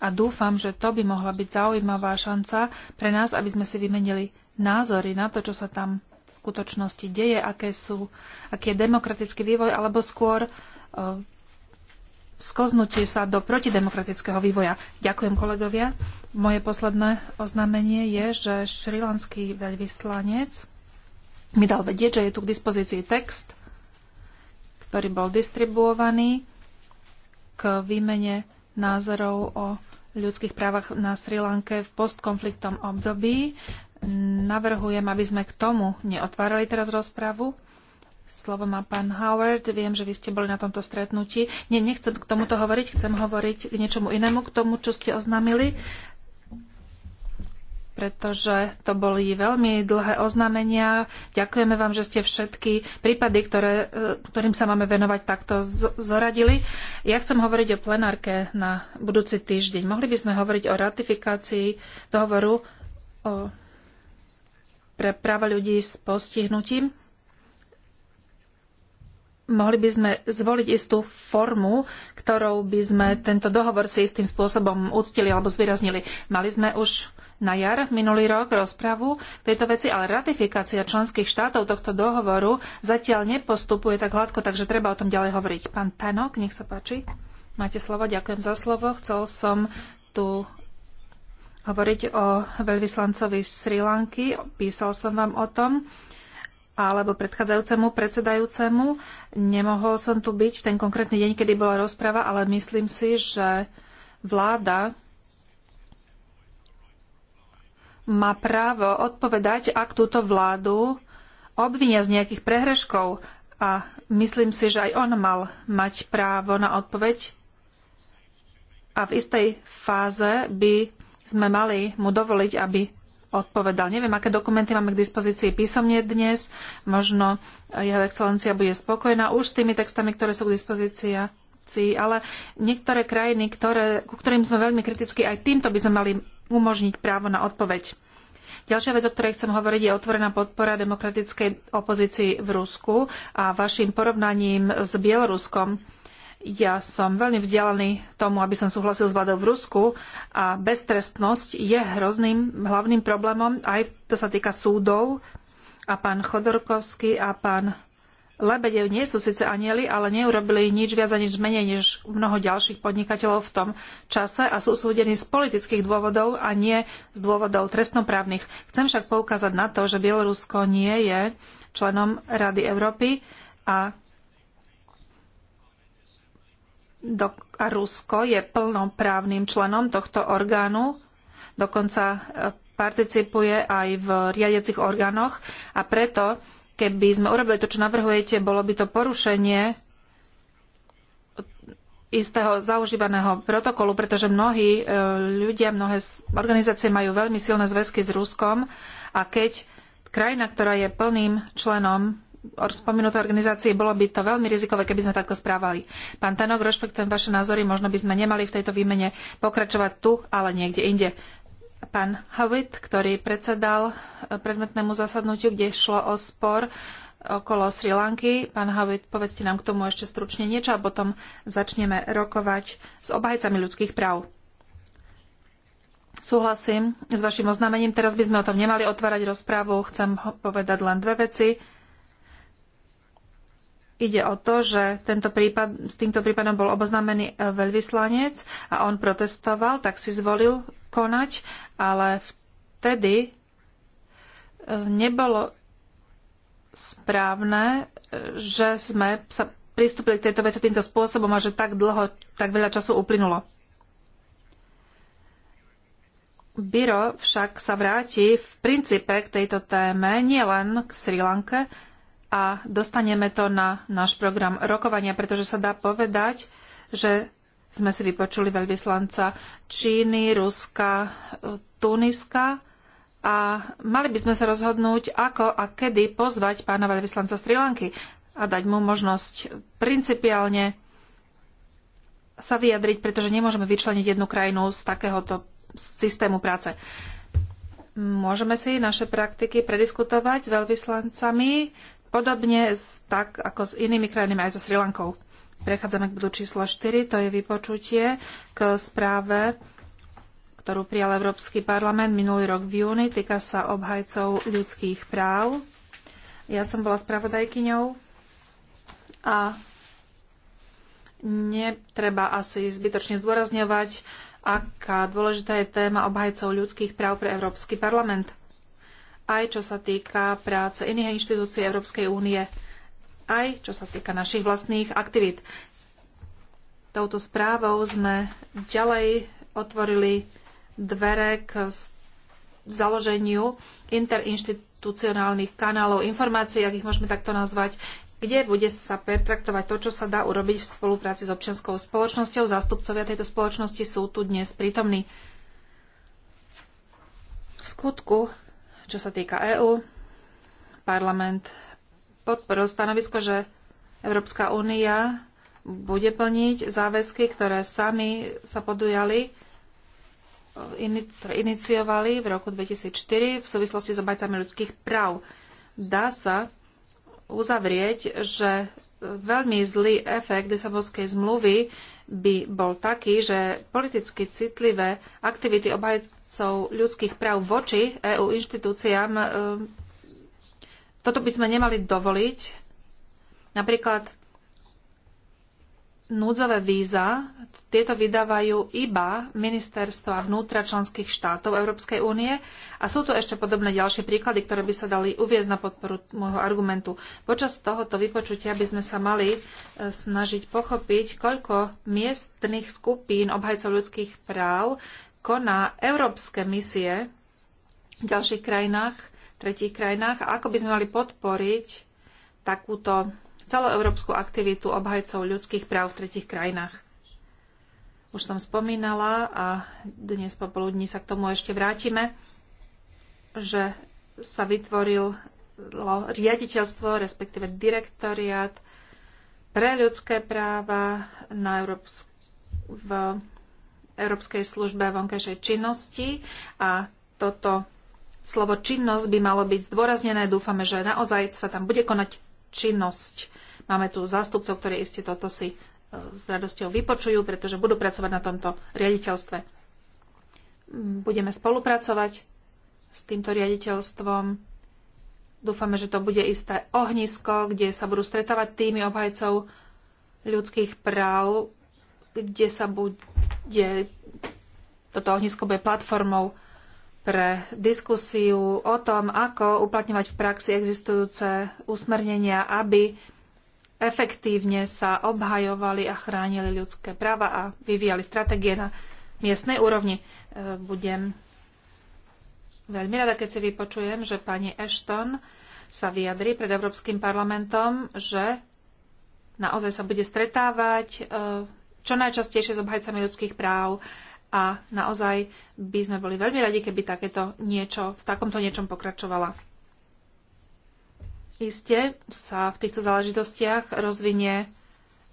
a dúfam, že to by mohla byť zaujímavá šanca pre nás, aby sme si vymenili názory na to, čo sa tam v skutočnosti deje, aké sú, aký je demokratický vývoj, alebo skôr uh, skoznutie sa do protidemokratického vývoja. Ďakujem kolegovia. Moje posledné oznámenie je, že šrilanský veľvyslanec mi dal vedieť, že je tu k dispozícii text, ktorý bol distribuovaný k výmene názorov o ľudských právach na Sri Lanke v postkonfliktom období. Navrhujem, aby sme k tomu neotvárali teraz rozpravu. Slovo má pán Howard. Viem, že vy ste boli na tomto stretnutí. Nie, nechcem k tomuto hovoriť, chcem hovoriť k niečomu inému, k tomu, čo ste oznámili pretože to boli veľmi dlhé oznámenia. Ďakujeme vám, že ste všetky prípady, ktoré, e, ktorým sa máme venovať, takto zoradili. Ja chcem hovoriť o plenárke na budúci týždeň. Mohli by sme hovoriť o ratifikácii dohovoru o, pre práva ľudí s postihnutím. Mohli by sme zvoliť istú formu, ktorou by sme tento dohovor si istým spôsobom uctili alebo zvýraznili. Mali sme už na jar minulý rok rozpravu k tejto veci, ale ratifikácia členských štátov tohto dohovoru zatiaľ nepostupuje tak hladko, takže treba o tom ďalej hovoriť. Pán Tanok, nech sa páči. Máte slovo, ďakujem za slovo. Chcel som tu hovoriť o veľvyslancovi Sri Lanky. Písal som vám o tom alebo predchádzajúcemu predsedajúcemu. Nemohol som tu byť v ten konkrétny deň, kedy bola rozprava, ale myslím si, že vláda má právo odpovedať, ak túto vládu obvinia z nejakých prehreškov. A myslím si, že aj on mal mať právo na odpoveď. A v istej fáze by sme mali mu dovoliť, aby odpovedal. Neviem, aké dokumenty máme k dispozícii písomne dnes. Možno jeho excelencia bude spokojná už s tými textami, ktoré sú k dispozícii, ale niektoré krajiny, ktoré, ku ktorým sme veľmi kriticky, aj týmto by sme mali umožniť právo na odpoveď. Ďalšia vec, o ktorej chcem hovoriť, je otvorená podpora demokratickej opozícii v Rusku a vašim porovnaním s Bieloruskom. Ja som veľmi vzdialený tomu, aby som súhlasil s vládou v Rusku a beztrestnosť je hrozným hlavným problémom, aj to sa týka súdov. A pán Chodorkovský a pán Lebede nie sú síce anieli, ale neurobili nič viac ani nič menej než mnoho ďalších podnikateľov v tom čase a sú súdení z politických dôvodov a nie z dôvodov trestnoprávnych. Chcem však poukázať na to, že Bielorusko nie je členom Rady Európy a, do, a Rusko je plnoprávnym členom tohto orgánu, dokonca eh, participuje aj v riadiacich orgánoch a preto Keby sme urobili to, čo navrhujete, bolo by to porušenie istého zaužívaného protokolu, pretože mnohí e, ľudia, mnohé organizácie majú veľmi silné zväzky s Ruskom a keď krajina, ktorá je plným členom spomenutej organizácie, bolo by to veľmi rizikové, keby sme takto správali. Pán Tanok, rešpektujem vaše názory, možno by sme nemali v tejto výmene pokračovať tu, ale niekde inde. Pán Havit, ktorý predsedal eh, predmetnému zasadnutiu, kde šlo o spor okolo Sri Lanky. Pán Havit, povedzte nám k tomu ešte stručne niečo a potom začneme rokovať s obhajcami ľudských práv. Súhlasím s vašim oznámením. Teraz by sme o tom nemali otvárať rozprávu. Chcem povedať len dve veci. Ide o to, že tento prípad, s týmto prípadom bol oboznámený e, veľvyslanec a on protestoval, tak si zvolil konať, ale vtedy e, nebolo správne, e, že sme sa pristúpili k tejto veci týmto spôsobom a že tak dlho, tak veľa času uplynulo. Biro však sa vráti v princípe k tejto téme, nielen k Sri Lanke, a dostaneme to na náš program rokovania, pretože sa dá povedať, že sme si vypočuli veľvyslanca Číny, Ruska, e, Tuniska a mali by sme sa rozhodnúť, ako a kedy pozvať pána veľvyslanca Sri Lanky a dať mu možnosť principiálne sa vyjadriť, pretože nemôžeme vyčleniť jednu krajinu z takéhoto systému práce. Môžeme si naše praktiky prediskutovať s veľvyslancami Podobne tak ako s inými krajinami, aj so Sri Lankou. Prechádzame k bodu číslo 4, to je vypočutie k správe, ktorú prijal Európsky parlament minulý rok v júni, týka sa obhajcov ľudských práv. Ja som bola spravodajkyňou a netreba asi zbytočne zdôrazňovať, aká dôležitá je téma obhajcov ľudských práv pre Európsky parlament aj čo sa týka práce iných inštitúcií Európskej únie, aj čo sa týka našich vlastných aktivít. Touto správou sme ďalej otvorili dvere k založeniu interinštitucionálnych kanálov informácií, ak ich môžeme takto nazvať, kde bude sa pertraktovať to, čo sa dá urobiť v spolupráci s občianskou spoločnosťou. Zástupcovia tejto spoločnosti sú tu dnes prítomní. V skutku čo sa týka EÚ, parlament podporil stanovisko, že Európska únia bude plniť záväzky, ktoré sami sa podujali, ktoré iniciovali v roku 2004 v súvislosti s obajcami ľudských práv. Dá sa uzavrieť, že veľmi zlý efekt Lisabonskej zmluvy by bol taký, že politicky citlivé aktivity obhaj, obhajcov ľudských práv voči EU inštitúciám, e, toto by sme nemali dovoliť. Napríklad núdzové víza, tieto vydávajú iba ministerstva vnútra členských štátov Európskej únie a sú tu ešte podobné ďalšie príklady, ktoré by sa dali uviezť na podporu môjho argumentu. Počas tohoto vypočutia by sme sa mali e, snažiť pochopiť, koľko miestnych skupín obhajcov ľudských práv koná európske misie v ďalších krajinách, tretích krajinách a ako by sme mali podporiť takúto celoeurópsku aktivitu obhajcov ľudských práv v tretich krajinách. Už som spomínala a dnes popoludní sa k tomu ešte vrátime, že sa vytvoril riaditeľstvo, respektíve direktoriát pre ľudské práva na Európsk- v Európskej službe vonkajšej činnosti a toto slovo činnosť by malo byť zdôraznené. Dúfame, že naozaj sa tam bude konať činnosť. Máme tu zástupcov, ktorí iste toto si e, s radosťou vypočujú, pretože budú pracovať na tomto riaditeľstve. Budeme spolupracovať s týmto riaditeľstvom. Dúfame, že to bude isté ohnisko, kde sa budú stretávať týmy obhajcov ľudských práv, kde sa budú je toto ohnisko bude platformou pre diskusiu o tom, ako uplatňovať v praxi existujúce usmernenia, aby efektívne sa obhajovali a chránili ľudské práva a vyvíjali stratégie na miestnej úrovni. E, budem veľmi rada, keď si vypočujem, že pani Ashton sa vyjadri pred Európskym parlamentom, že naozaj sa bude stretávať e, čo najčastejšie s obhajcami ľudských práv a naozaj by sme boli veľmi radi, keby takéto niečo, v takomto niečom pokračovala. Isté sa v týchto záležitostiach rozvinie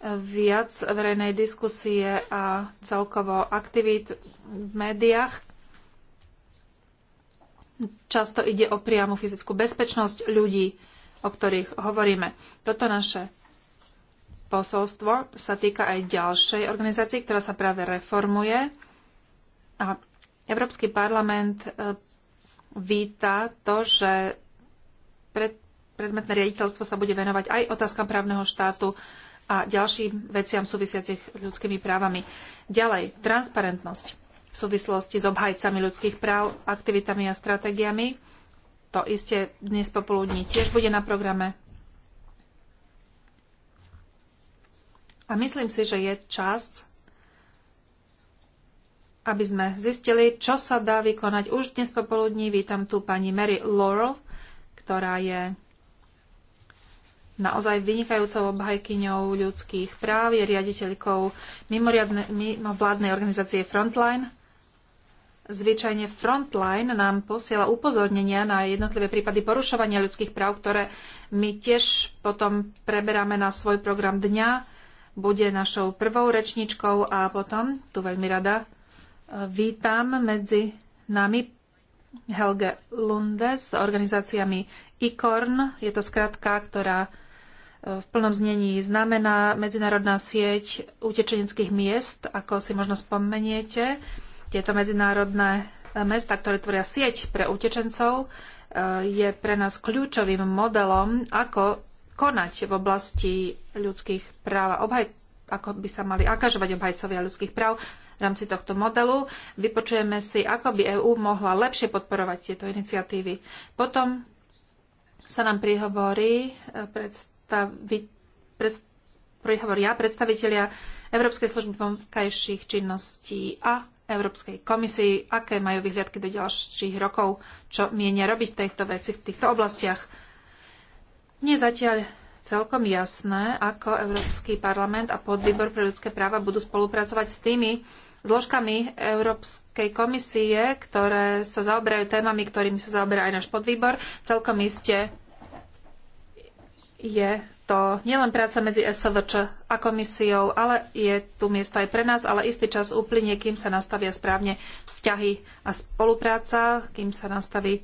viac verejnej diskusie a celkovo aktivít v médiách, často ide o priamu fyzickú bezpečnosť ľudí, o ktorých hovoríme. Toto naše posolstvo sa týka aj ďalšej organizácie, ktorá sa práve reformuje. A Európsky parlament e, víta to, že pred, predmetné riaditeľstvo sa bude venovať aj otázkam právneho štátu a ďalším veciam súvisiacich s ľudskými právami. Ďalej, transparentnosť v súvislosti s obhajcami ľudských práv, aktivitami a stratégiami. To iste dnes popoludní tiež bude na programe. A myslím si, že je čas, aby sme zistili, čo sa dá vykonať. Už dnes popoludní vítam tu pani Mary Laurel, ktorá je naozaj vynikajúcou obhajkyňou ľudských práv, je riaditeľkou mimovládnej organizácie Frontline. Zvyčajne Frontline nám posiela upozornenia na jednotlivé prípady porušovania ľudských práv, ktoré my tiež potom preberáme na svoj program dňa bude našou prvou rečničkou a potom tu veľmi rada e, vítam medzi nami Helge Lunde s organizáciami ICORN. Je to skratka, ktorá e, v plnom znení znamená Medzinárodná sieť utečeneckých miest, ako si možno spomeniete. Tieto medzinárodné mesta, ktoré tvoria sieť pre utečencov, e, je pre nás kľúčovým modelom, ako konať v oblasti ľudských práv a obhaj, ako by sa mali akážovať obhajcovia ľudských práv v rámci tohto modelu. Vypočujeme si, ako by EÚ mohla lepšie podporovať tieto iniciatívy. Potom sa nám prihovorí e, predstavi, pred, prihovoria predstavitelia Európskej služby vonkajších činností a Európskej komisii, aké majú vyhliadky do ďalších rokov, čo mienia robiť v tejto veci, v týchto oblastiach. Nie zatiaľ celkom jasné, ako Európsky parlament a podvýbor pre ľudské práva budú spolupracovať s tými zložkami Európskej komisie, ktoré sa zaoberajú témami, ktorými sa zaoberá aj náš podvýbor. Celkom iste je to nielen práca medzi SVČ a komisiou, ale je tu miesto aj pre nás, ale istý čas uplynie, kým sa nastavia správne vzťahy a spolupráca, kým sa nastaví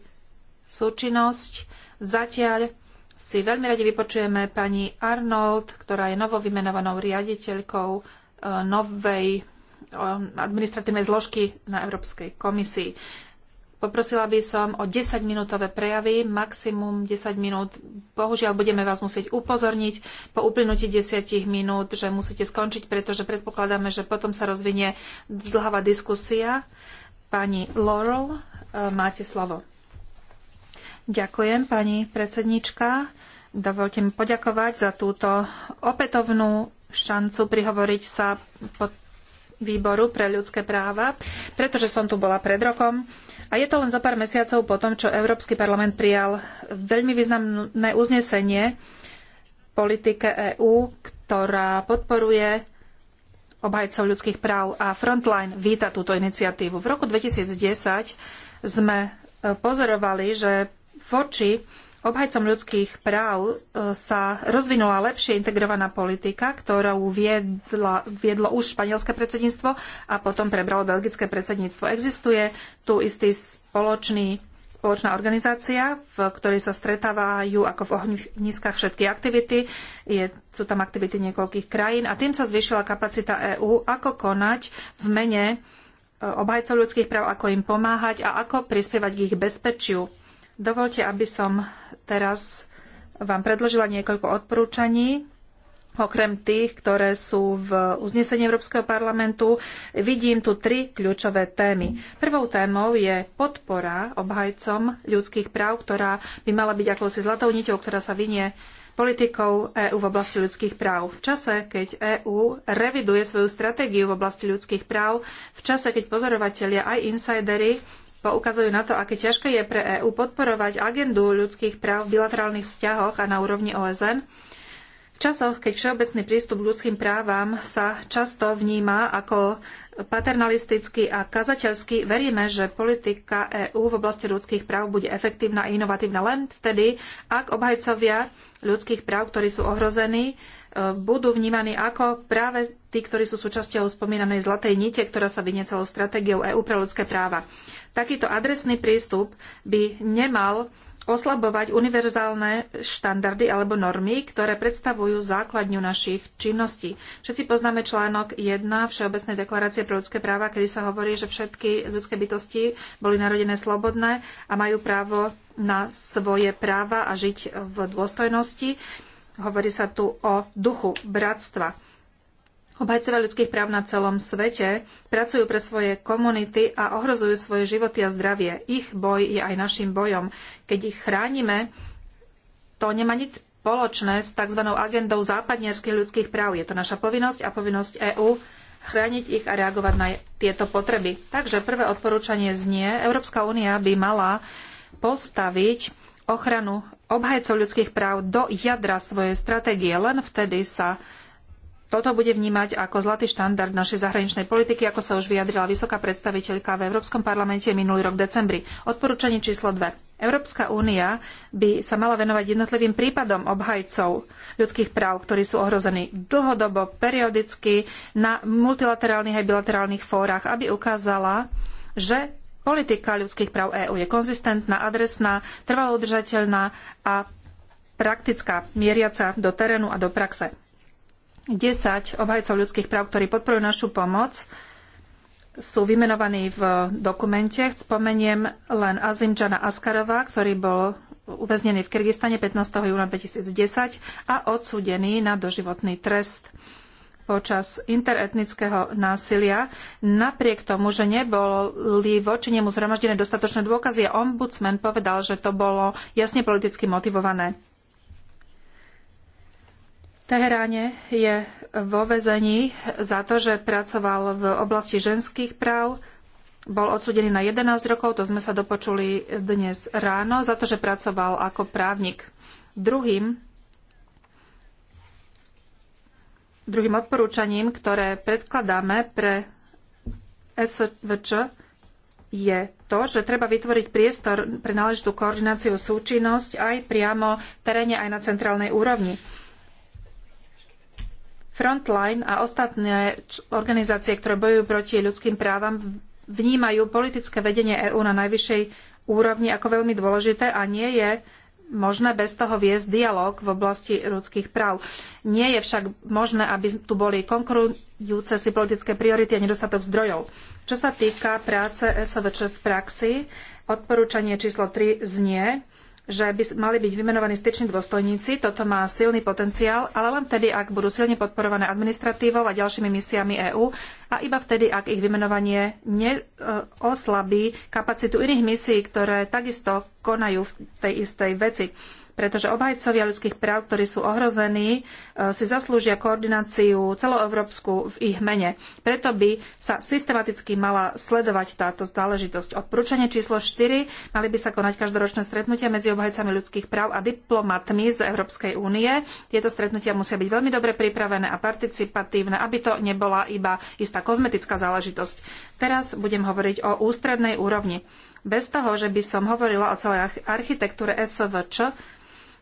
súčinnosť. Zatiaľ si veľmi radi vypočujeme pani Arnold, ktorá je novovymenovanou riaditeľkou e, novej e, administratívnej zložky na Európskej komisii. Poprosila by som o 10-minútové prejavy, maximum 10 minút. Bohužiaľ, budeme vás musieť upozorniť po uplynutí 10 minút, že musíte skončiť, pretože predpokladáme, že potom sa rozvinie zdlhavá diskusia. Pani Laurel, e, máte slovo. Ďakujem, pani predsednička. Dovolte mi poďakovať za túto opätovnú šancu prihovoriť sa pod výboru pre ľudské práva, pretože som tu bola pred rokom. A je to len za pár mesiacov po tom, čo Európsky parlament prijal veľmi významné uznesenie politike EÚ, ktorá podporuje obhajcov ľudských práv a Frontline víta túto iniciatívu. V roku 2010 sme pozorovali, že voči obhajcom ľudských práv e, sa rozvinula lepšie integrovaná politika, ktorú viedla, viedlo už španielské predsedníctvo a potom prebralo belgické predsedníctvo. Existuje tu istý spoločný spoločná organizácia, v ktorej sa stretávajú ako v ohniskách všetky aktivity. Je, sú tam aktivity niekoľkých krajín a tým sa zvýšila kapacita EÚ, ako konať v mene e, obhajcov ľudských práv, ako im pomáhať a ako prispievať k ich bezpečiu Dovolte, aby som teraz vám predložila niekoľko odporúčaní, okrem tých, ktoré sú v uznesení Európskeho parlamentu. Vidím tu tri kľúčové témy. Prvou témou je podpora obhajcom ľudských práv, ktorá by mala byť akousi zlatou niťou, ktorá sa vynie politikou EÚ v oblasti ľudských práv. V čase, keď EÚ reviduje svoju stratégiu v oblasti ľudských práv, v čase, keď pozorovatelia aj insidery poukazujú na to, aké ťažké je pre EÚ podporovať agendu ľudských práv v bilaterálnych vzťahoch a na úrovni OSN. V časoch, keď všeobecný prístup k ľudským právam sa často vníma ako paternalistický a kazateľský, veríme, že politika EÚ v oblasti ľudských práv bude efektívna a inovatívna len vtedy, ak obhajcovia ľudských práv, ktorí sú ohrození, e, budú vnímaní ako práve tí, ktorí sú súčasťou spomínanej zlatej nite, ktorá sa vynie celou stratégiou EÚ pre ľudské práva. Takýto adresný prístup by nemal oslabovať univerzálne štandardy alebo normy, ktoré predstavujú základňu našich činností. Všetci poznáme článok 1 Všeobecnej deklarácie pre ľudské práva, kedy sa hovorí, že všetky ľudské bytosti boli narodené slobodné a majú právo na svoje práva a žiť v dôstojnosti. Hovorí sa tu o duchu bratstva. Obhajcovia ľudských práv na celom svete pracujú pre svoje komunity a ohrozujú svoje životy a zdravie. Ich boj je aj našim bojom. Keď ich chránime, to nemá nič spoločné s tzv. agendou západnierských ľudských práv. Je to naša povinnosť a povinnosť EÚ chrániť ich a reagovať na tieto potreby. Takže prvé odporúčanie znie, Európska únia by mala postaviť ochranu obhajcov ľudských práv do jadra svojej stratégie. Len vtedy sa toto bude vnímať ako zlatý štandard našej zahraničnej politiky, ako sa už vyjadrila vysoká predstaviteľka v Európskom parlamente minulý rok v decembri. Odporúčanie číslo 2. Európska únia by sa mala venovať jednotlivým prípadom obhajcov ľudských práv, ktorí sú ohrození dlhodobo, periodicky na multilaterálnych aj bilaterálnych fórach, aby ukázala, že politika ľudských práv EÚ je konzistentná, adresná, trvalo udržateľná a praktická, mieriaca do terénu a do praxe. 10 obhajcov ľudských práv, ktorí podporujú našu pomoc, sú vymenovaní v dokumente. Spomeniem len Azimčana Askarova, ktorý bol uväznený v Kyrgyzstane 15. júna 2010 a odsúdený na doživotný trest počas interetnického násilia, napriek tomu, že neboli voči nemu zhromaždené dostatočné dôkazy. Ombudsman povedal, že to bolo jasne politicky motivované. Teheráne je vo vezení za to, že pracoval v oblasti ženských práv. Bol odsudený na 11 rokov, to sme sa dopočuli dnes ráno, za to, že pracoval ako právnik. Druhým, druhým odporúčaním, ktoré predkladáme pre SVČ, je to, že treba vytvoriť priestor pre náležitú koordináciu súčinnosť aj priamo v teréne, aj na centrálnej úrovni. Frontline a ostatné organizácie, ktoré bojujú proti ľudským právam, vnímajú politické vedenie EÚ na najvyššej úrovni ako veľmi dôležité a nie je možné bez toho viesť dialog v oblasti ľudských práv. Nie je však možné, aby tu boli konkurujúce si politické priority a nedostatok zdrojov. Čo sa týka práce SVČ v praxi, odporúčanie číslo 3 znie, že by mali byť vymenovaní styční dôstojníci. Toto má silný potenciál, ale len vtedy, ak budú silne podporované administratívou a ďalšími misiami EÚ a iba vtedy, ak ich vymenovanie neoslabí e, kapacitu iných misií, ktoré takisto konajú v tej istej veci pretože obhajcovia ľudských práv, ktorí sú ohrození, e, si zaslúžia koordináciu celoeurópsku v ich mene. Preto by sa systematicky mala sledovať táto záležitosť. Odporúčanie číslo 4 mali by sa konať každoročné stretnutia medzi obhajcami ľudských práv a diplomatmi z Európskej únie. Tieto stretnutia musia byť veľmi dobre pripravené a participatívne, aby to nebola iba istá kozmetická záležitosť. Teraz budem hovoriť o ústrednej úrovni. Bez toho, že by som hovorila o celej architektúre SVČ,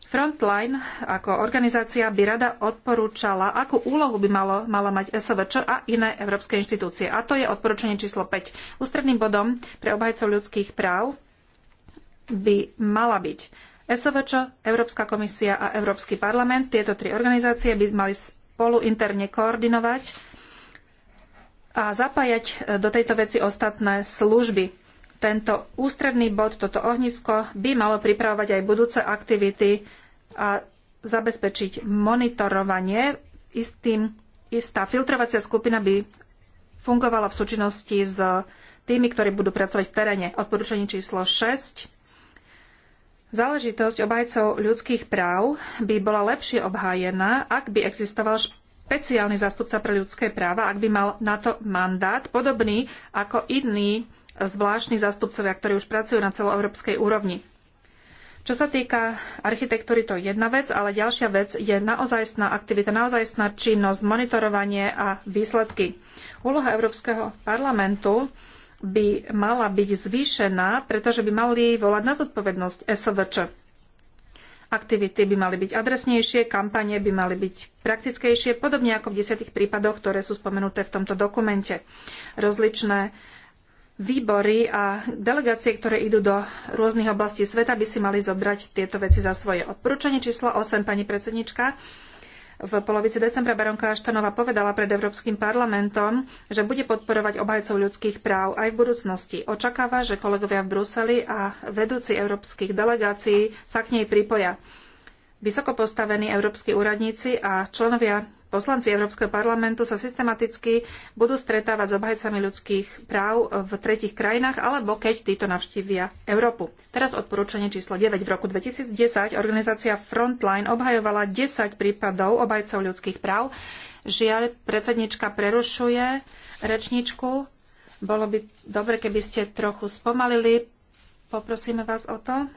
Frontline ako organizácia by rada odporúčala, akú úlohu by malo, mala mať SVČ a iné európske inštitúcie. A to je odporúčanie číslo 5. Ústredným bodom pre obhajcov ľudských práv by mala byť SVČ, Európska komisia a Európsky parlament. Tieto tri organizácie by mali spolu interne koordinovať a zapájať e, do tejto veci ostatné služby. Tento ústredný bod, toto ohnisko by malo pripravovať aj budúce aktivity a zabezpečiť monitorovanie. Istým, istá filtrovacia skupina by fungovala v súčinnosti s tými, ktorí budú pracovať v teréne. Odporúčanie číslo 6. Záležitosť obhajcov ľudských práv by bola lepšie obhájená, ak by existoval špeciálny zástupca pre ľudské práva, ak by mal na to mandát, podobný ako iní zvláštni zástupcovia, ktorí už pracujú na celoeurópskej úrovni. Čo sa týka architektúry, to je jedna vec, ale ďalšia vec je naozajstná aktivita, naozajstná činnosť, monitorovanie a výsledky. Úloha Európskeho parlamentu by mala byť zvýšená, pretože by mali volať na zodpovednosť SVČ. Aktivity by mali byť adresnejšie, kampanie by mali byť praktickejšie, podobne ako v desiatich prípadoch, ktoré sú spomenuté v tomto dokumente. Rozličné výbory a delegácie, ktoré idú do rôznych oblastí sveta, by si mali zobrať tieto veci za svoje. Odporúčanie číslo 8, pani predsednička, v polovici decembra baronka Aštanova povedala pred Európskym parlamentom, že bude podporovať obhajcov ľudských práv aj v budúcnosti. Očakáva, že kolegovia v Bruseli a vedúci európskych delegácií sa k nej pripoja. Vysoko postavení európski úradníci a členovia poslanci Európskeho parlamentu sa systematicky budú stretávať s obhajcami ľudských práv v tretich krajinách, alebo keď títo navštívia Európu. Teraz odporúčanie číslo 9. V roku 2010 organizácia Frontline obhajovala 10 prípadov obhajcov ľudských práv. Žiaľ, predsednička prerušuje rečničku. Bolo by dobre, keby ste trochu spomalili. Poprosíme vás o to.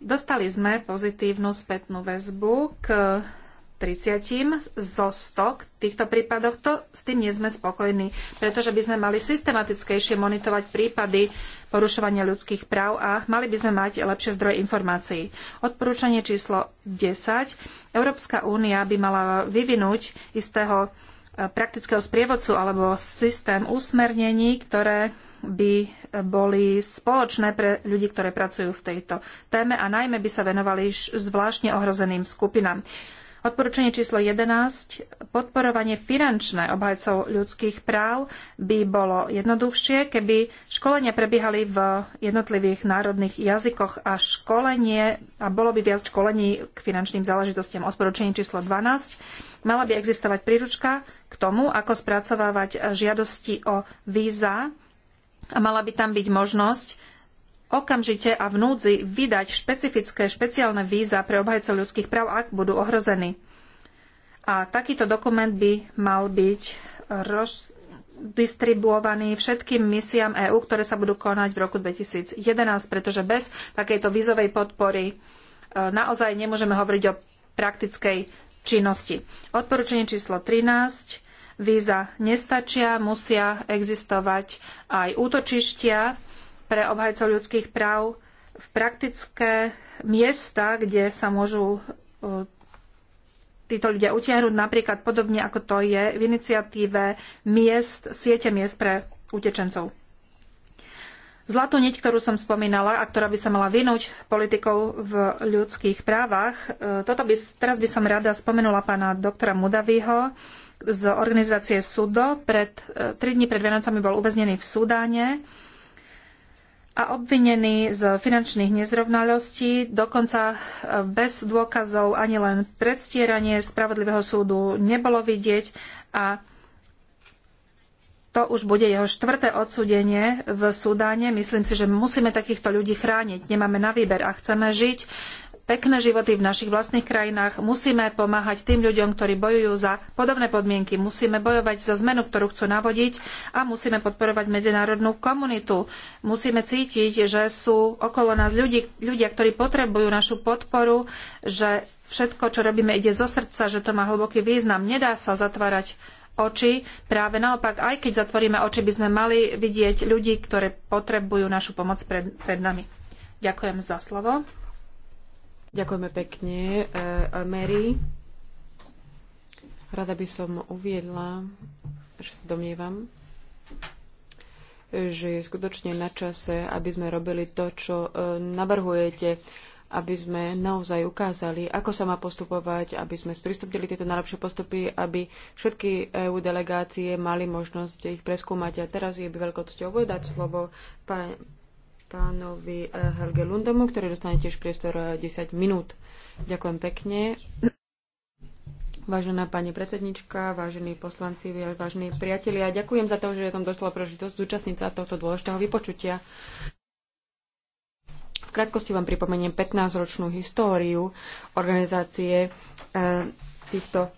Dostali sme pozitívnu spätnú väzbu k 30 zo 100 v týchto prípadoch, to s tým nie sme spokojní, pretože by sme mali systematickejšie monitorovať prípady porušovania ľudských práv a mali by sme mať lepšie zdroje informácií. Odporúčanie číslo 10. Európska únia by mala vyvinúť istého e, praktického sprievodcu alebo systém usmernení, ktoré by boli spoločné pre ľudí, ktorí pracujú v tejto téme a najmä by sa venovali zvláštne ohrozeným skupinám. Odporúčanie číslo 11. Podporovanie finančné obhajcov ľudských práv by bolo jednoduchšie, keby školenia prebiehali v jednotlivých národných jazykoch a školenie, a bolo by viac školení k finančným záležitostiam. Odporúčanie číslo 12. Mala by existovať príručka k tomu, ako spracovávať žiadosti o víza a mala by tam byť možnosť okamžite a v núdzi vydať špecifické špeciálne víza pre obhajcov ľudských práv, ak budú ohrození. A takýto dokument by mal byť rozdistribuovaný všetkým misiám EÚ, ktoré sa budú konať v roku 2011, pretože bez takejto vízovej podpory e, naozaj nemôžeme hovoriť o praktickej činnosti. Odporúčanie číslo 13. Víza nestačia, musia existovať aj útočištia, pre obhajcov ľudských práv v praktické miesta, kde sa môžu e, títo ľudia utiahnuť, napríklad podobne ako to je v iniciatíve miest, siete miest pre utečencov. Zlatú niť, ktorú som spomínala a ktorá by sa mala vynúť politikou v ľudských právach, e, toto by, teraz by som rada spomenula pána doktora Mudavího z organizácie SUDO. Pred, e, tri dni pred Vianocami bol uväznený v Sudáne a obvinený z finančných nezrovnalostí, dokonca e, bez dôkazov ani len predstieranie spravodlivého súdu nebolo vidieť a to už bude jeho štvrté odsúdenie v Sudáne. Myslím si, že musíme takýchto ľudí chrániť. Nemáme na výber a chceme žiť pekné životy v našich vlastných krajinách, musíme pomáhať tým ľuďom, ktorí bojujú za podobné podmienky, musíme bojovať za zmenu, ktorú chcú navodiť a musíme podporovať medzinárodnú komunitu. Musíme cítiť, že sú okolo nás ľudí, ľudia, ktorí potrebujú našu podporu, že všetko, čo robíme, ide zo srdca, že to má hlboký význam. Nedá sa zatvárať oči. Práve naopak, aj keď zatvoríme oči, by sme mali vidieť ľudí, ktorí potrebujú našu pomoc pred, pred nami. Ďakujem za slovo. Ďakujeme pekne. Eh, Mary, rada by som uviedla, že sa domnievam, že je skutočne na čase, aby sme robili to, čo eh, navrhujete, aby sme naozaj ukázali, ako sa má postupovať, aby sme sprístupnili tieto najlepšie postupy, aby všetky EU delegácie mali možnosť ich preskúmať. A teraz je by veľkou cťou dať slovo pani pánovi eh, Helge Lundomu, ktorý dostane tiež priestor 10 eh, minút. Ďakujem pekne. Vážená pani predsednička, vážení poslanci, vážení priatelia, ďakujem za to, že som dostala prežitosť zúčastniť sa tohto dôležitého vypočutia. V krátkosti vám pripomeniem 15-ročnú históriu organizácie eh, týchto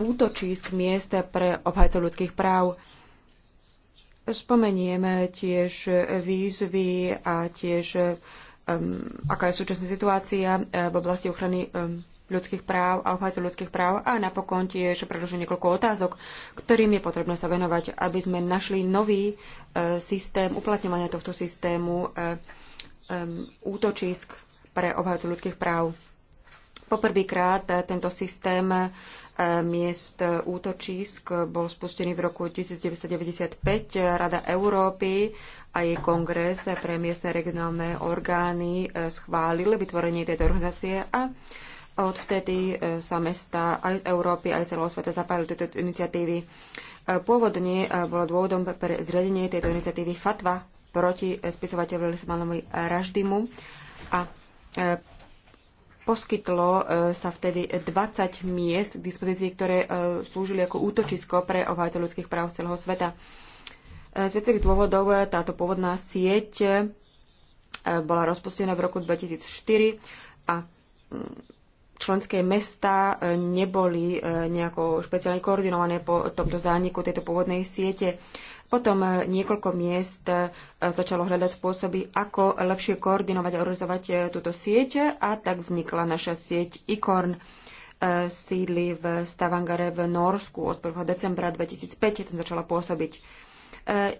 útočísk miest pre obhajcov ľudských práv. Spomenieme tiež výzvy a tiež um, aká je súčasná situácia eh, v oblasti ochrany um, ľudských práv a ochrany ľudských práv a napokon tiež predložím niekoľko otázok, ktorým je potrebné sa venovať, aby sme našli nový eh, systém uplatňovania tohto systému eh, um, útočisk pre obhajcu ľudských práv. Poprvýkrát eh, tento systém eh, miest eh, útočísk bol spustený v roku 1995. Rada Európy a jej kongres pre miestne regionálne orgány schválil vytvorenie tejto organizácie a odvtedy sa mesta aj z Európy, aj z celého sveta zapájali do tejto iniciatívy. Pôvodne bolo dôvodom pre zriadenie tejto iniciatívy fatva proti spisovateľovi Salmanovi Raždimu a poskytlo e, sa vtedy 20 miest k dispozícii, ktoré e, slúžili ako útočisko pre obhajce ľudských práv z celého sveta. E, z viacerých dôvodov táto pôvodná sieť bola rozpustená v roku 2004 a mm, členské mesta neboli nejako špeciálne koordinované po tomto zániku tejto pôvodnej siete. Potom e, niekoľko miest e, začalo hľadať spôsoby, ako lepšie koordinovať a organizovať e, túto sieť a tak vznikla naša sieť ICORN sídli v Stavangare v Norsku od 1. decembra 2005, tam začala pôsobiť.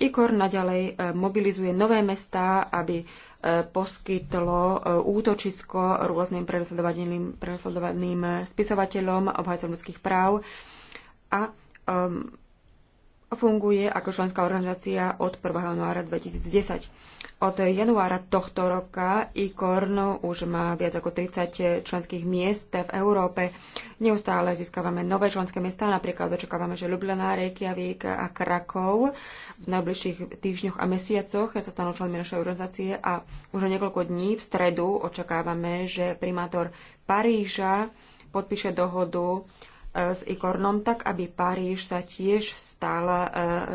IKOR naďalej mobilizuje nové mestá, aby poskytlo útočisko rôznym prenasledovaným spisovateľom, obhajcom ľudských práv a um, funguje ako členská organizácia od 1. januára 2010. Od januára tohto roka ICORN už má viac ako 30 členských miest v Európe. Neustále získavame nové členské miesta, napríklad očakávame, že Ljubljana, Reykjavík a Krakov v najbližších týždňoch a mesiacoch sa stanú členmi našej organizácie a už o niekoľko dní v stredu očakávame, že primátor Paríža podpíše dohodu Eh, s Ikornom, tak aby Paríž sa tiež stala eh,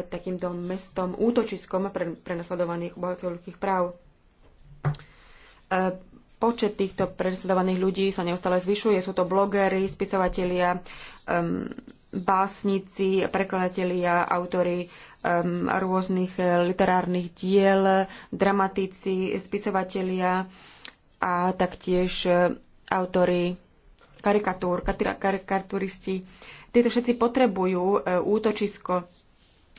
takýmto mestom, útočiskom pre, prenasledovaných obhajcov ľudských práv. Eh, počet týchto prenasledovaných ľudí sa neustále zvyšuje. Sú to blogery, spisovatelia, básnici, prekladatelia, autori um, rôznych literárnych diel, dramatici, spisovatelia a taktiež autori karikatúr, karikaturisti. Títo všetci potrebujú e, útočisko.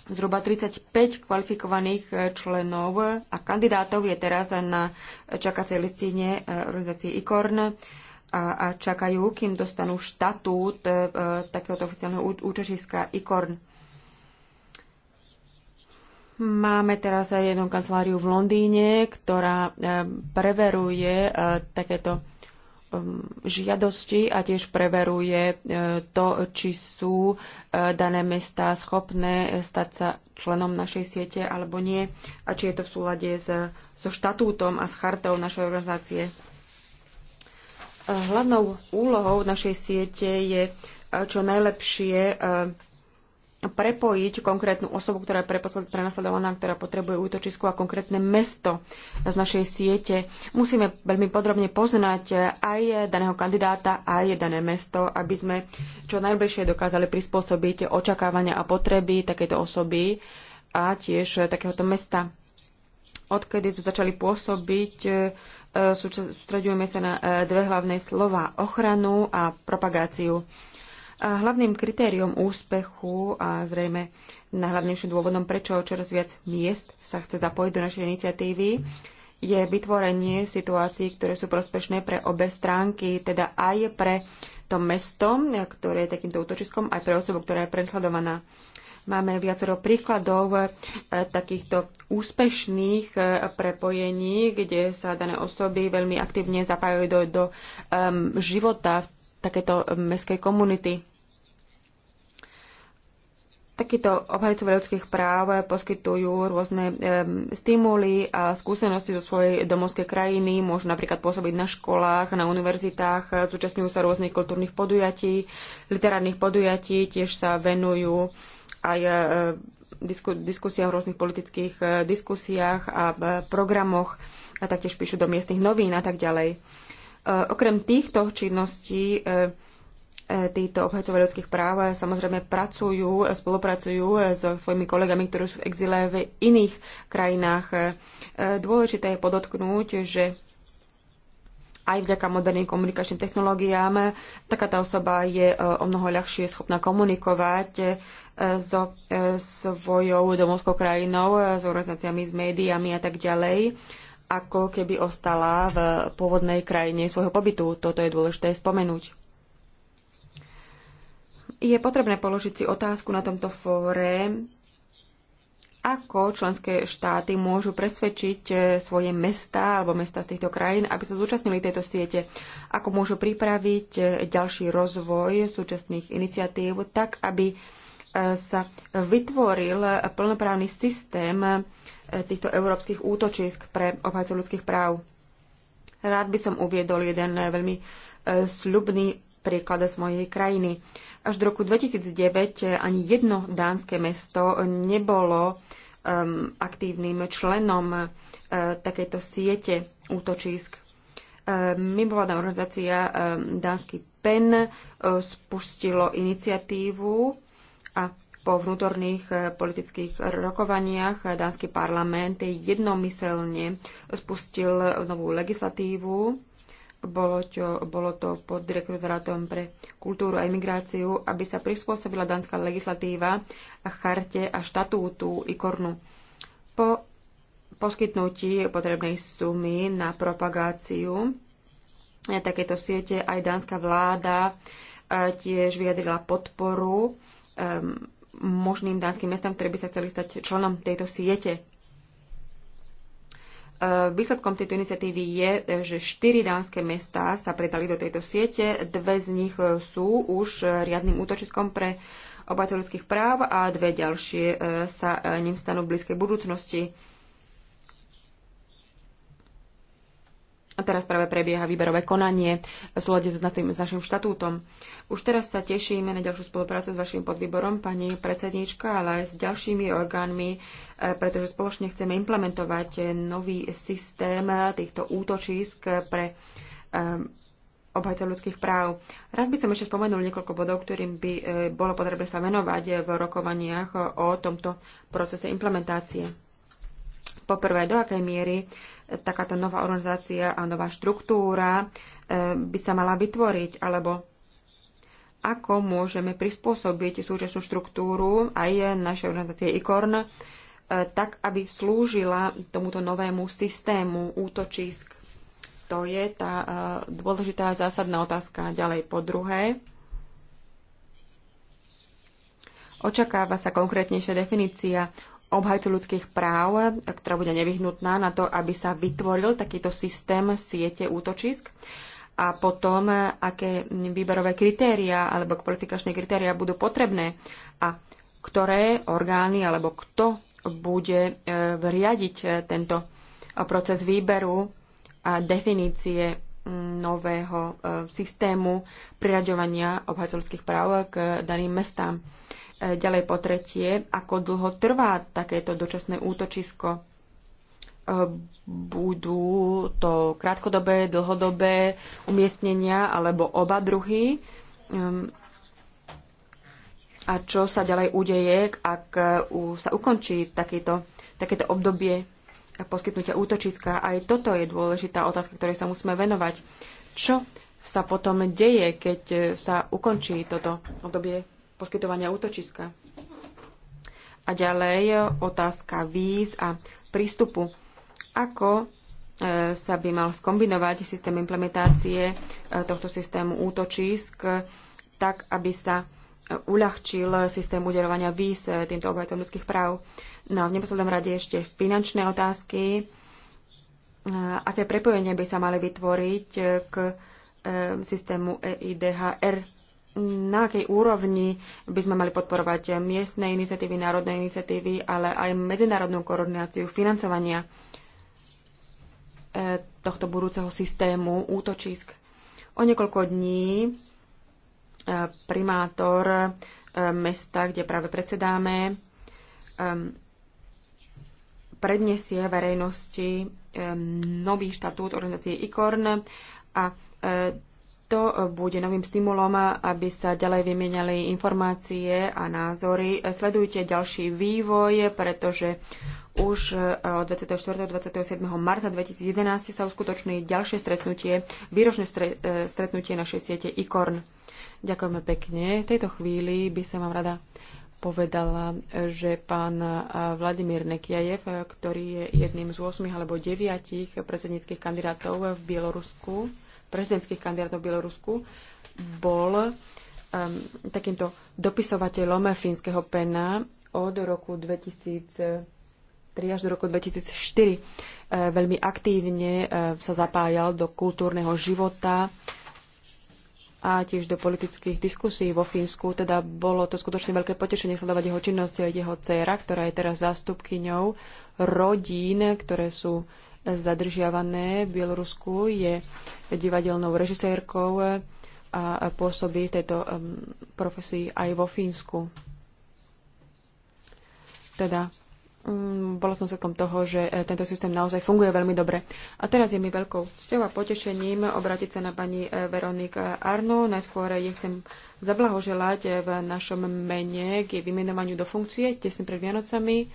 Zhruba 35 kvalifikovaných e, členov a kandidátov je teraz na čakacej listine e, organizácie ICORN a, a čakajú, kým dostanú štatút takéhoto oficiálneho útočiska ICORN. Máme teraz aj jednu kanceláriu v Londýne, ktorá preveruje takéto Um, žiadosti a tiež preveruje e, to, či sú e, dané mesta schopné stať sa členom našej siete alebo nie a či je to v súlade so štatútom a s chartou našej organizácie. E, hlavnou úlohou našej siete je čo najlepšie prepojiť konkrétnu osobu, ktorá je prenasledovaná, ktorá potrebuje útočisko a konkrétne mesto z našej siete. Musíme veľmi podrobne poznať aj daného kandidáta, aj dané mesto, aby sme čo najbližšie dokázali prispôsobiť očakávania a potreby takejto osoby a tiež takéhoto mesta. Odkedy sme začali pôsobiť, e, sústredujeme sa na e, dve hlavné slova ochranu a propagáciu a hlavným kritériom úspechu a zrejme hlavnejším dôvodom, prečo čoraz viac miest sa chce zapojiť do našej iniciatívy, je vytvorenie situácií, ktoré sú prospešné pre obe stránky, teda aj pre to mesto, ktoré je takýmto útočiskom, aj pre osobu, ktorá je presledovaná. Máme viacero príkladov e, takýchto úspešných e, prepojení, kde sa dané osoby veľmi aktívne zapájajú do, do e, života v takéto mestské komunity. Takíto obhajcovia ľudských práv poskytujú rôzne um, stimuly a skúsenosti zo svojej domovskej krajiny, môžu napríklad pôsobiť na školách, na univerzitách, zúčastňujú sa rôznych kultúrnych podujatí, literárnych podujatí, tiež sa venujú aj e, disku, diskusiám v rôznych politických e, diskusiách a e, programoch a taktiež píšu do miestnych novín a tak ďalej. Eh, okrem týchto činností eh, eh, títo obhajcovia ľudských práv samozrejme pracujú, spolupracujú so svojimi kolegami, ktorí sú v exile v iných krajinách. Dôležité je podotknúť, že aj vďaka moderným komunikačným technológiám taká tá osoba je o mnoho ľahšie schopná komunikovať so svojou domovskou krajinou, s organizáciami, s médiami a tak ďalej ako keby ostala v pôvodnej krajine svojho pobytu. Toto je dôležité spomenúť. Je potrebné položiť si otázku na tomto fóre, ako členské štáty môžu presvedčiť eh, svoje mesta alebo mesta z týchto krajín, aby sa zúčastnili tejto siete, ako môžu pripraviť eh, ďalší rozvoj súčasných iniciatív, tak aby eh, sa vytvoril plnoprávny systém E, týchto európskych útočisk pre obhajcov ľudských práv. Rád by som uviedol jeden e, veľmi e, sľubný príklad z mojej krajiny. Až do roku 2009 ani jedno dánske mesto nebolo um, aktívnym členom uh, takejto siete útočísk. Uh, mimovládna organizácia um, Dánsky PEN spustilo iniciatívu a po vnútorných eh, politických rokovaniach dánsky parlament jednomyselne spustil novú legislatívu. Bolo to, bolo to pod direktorátom pre kultúru a imigráciu, aby sa prispôsobila dánska legislatíva a charte a štatútu IKORNu. Po poskytnutí potrebnej sumy na propagáciu eh, takéto siete aj dánska vláda eh, tiež vyjadrila podporu um, možným dánskym mestám, ktoré by sa chceli stať členom tejto siete. E, výsledkom tejto iniciatívy je, že štyri dánske mesta sa predali do tejto siete, dve z nich sú už riadnym útočiskom pre obajcov ľudských práv a dve ďalšie e, sa e, ním stanú v blízkej budúcnosti. A teraz práve prebieha výberové konanie v slode s, s našim štatútom. Už teraz sa tešíme na ďalšiu spoluprácu s vašim podvýborom, pani predsedníčka, ale aj s ďalšími orgánmi, e, pretože spoločne chceme implementovať nový systém týchto útočísk pre um, e, obhajca ľudských práv. Rád by som ešte spomenul niekoľko bodov, ktorým by e, bolo potrebné sa venovať v rokovaniach o tomto procese implementácie. Poprvé, do akej miery takáto nová organizácia a nová štruktúra e, by sa mala vytvoriť, alebo ako môžeme prispôsobiť súčasnú štruktúru aj našej organizácie ICORN, e, tak, aby slúžila tomuto novému systému útočisk. To je tá e, dôležitá zásadná otázka. Ďalej po druhé, očakáva sa konkrétnejšia definícia obhajcu ľudských práv, ktorá bude nevyhnutná na to, aby sa vytvoril takýto systém siete útočisk a potom, aké výberové kritéria alebo kvalifikačné kritéria budú potrebné a ktoré orgány alebo kto bude e, riadiť e, tento proces výberu a definície nového e, systému priraďovania obhajcovských práv k daným mestám. E, ďalej po tretie, ako dlho trvá takéto dočasné útočisko? E, budú to krátkodobé, dlhodobé umiestnenia alebo oba druhy? Ehm, a čo sa ďalej udeje, ak e, sa ukončí takéto, takéto obdobie poskytnutia útočiska? Aj toto je dôležitá otázka, ktorej sa musíme venovať. Čo sa potom deje, keď sa ukončí toto obdobie poskytovania útočiska. A ďalej e, otázka víz a prístupu. Ako e, sa by mal skombinovať systém implementácie e, tohto systému útočisk tak, aby sa uľahčil systém udelovania víz týmto obhajcom ľudských práv. No a v neposlednom rade ešte finančné otázky. Aké prepojenie by sa mali vytvoriť k systému EIDHR? na akej úrovni by sme mali podporovať miestne iniciatívy, národné iniciatívy, ale aj medzinárodnú koordináciu financovania e, tohto budúceho systému útočisk. O niekoľko dní e, primátor e, mesta, kde práve predsedáme, predniesie verejnosti nový štatút organizácie ICORN a to bude novým stimulom, aby sa ďalej vymieniali informácie a názory. Sledujte ďalší vývoj, pretože už eh, od 24. 27. marca 2011 sa uskutoční ďalšie stretnutie, výročné eh, stretnutie našej siete ICORN. Ďakujeme pekne. V tejto chvíli by som vám rada povedala, že pán eh, Vladimír Nekiajev, ktorý je jedným z 8 alebo 9 predsedníckých kandidátov v Bielorusku, prezidentských kandidátov v Bielorusku, bol um, takýmto dopisovateľom fínskeho pena od roku 2003 až do roku 2004. E, uh, veľmi aktívne e, sa zapájal do kultúrneho života a tiež do politických diskusí vo Fínsku. Teda bolo to skutočne veľké potešenie sledovať jeho činnosť. Jeho dcéra, ktorá je teraz zástupkyňou rodín, ktoré sú zadržiavané v Bielorusku, je divadelnou režisérkou a pôsobí v tejto profesii aj vo Fínsku. Teda mm, bola som svetkom toho, že e, tento systém naozaj funguje veľmi dobre. A teraz je mi veľkou cťou a potešením obrátiť sa na pani e, Veronika Arno. Najskôr jej chcem zablahoželať e, v našom mene k jej vymenovaniu do funkcie tesne pred Vianocami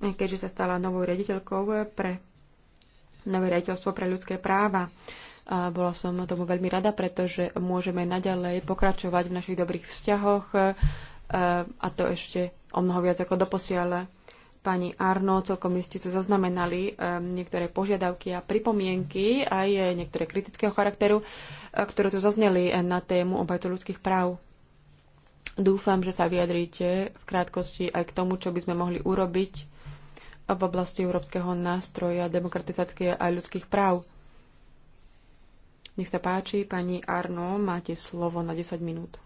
keďže sa stala novou riaditeľkou pre nové riaditeľstvo pre ľudské práva. A bola som tomu veľmi rada, pretože môžeme naďalej pokračovať v našich dobrých vzťahoch a to ešte o mnoho viac ako doposiaľ. Pani Arno, celkom iste sa zaznamenali niektoré požiadavky a pripomienky, aj niektoré kritického charakteru, ktoré tu zazneli na tému obhajcov ľudských práv. Dúfam, že sa vyjadríte v krátkosti aj k tomu, čo by sme mohli urobiť v oblasti Európskeho nástroja demokratizácie a ľudských práv. Nech sa páči, pani Arno, máte slovo na 10 minút.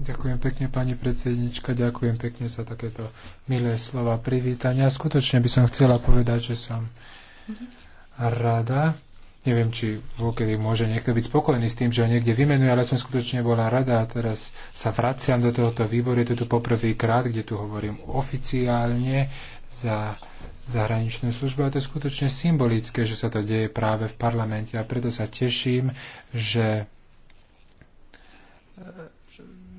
Ďakujem pekne, pani predsednička, ďakujem pekne za takéto milé slova privítania. Skutočne by som chcela povedať, že som mhm. rada, Neviem, či vôkedy môže niekto byť spokojný s tým, že ho niekde vymenuje, ale som skutočne bola rada a teraz sa vraciam do tohoto výboru. Je to tu poprvýkrát, kde tu hovorím oficiálne za zahraničnú službu a to je skutočne symbolické, že sa to deje práve v parlamente a preto sa teším, že e,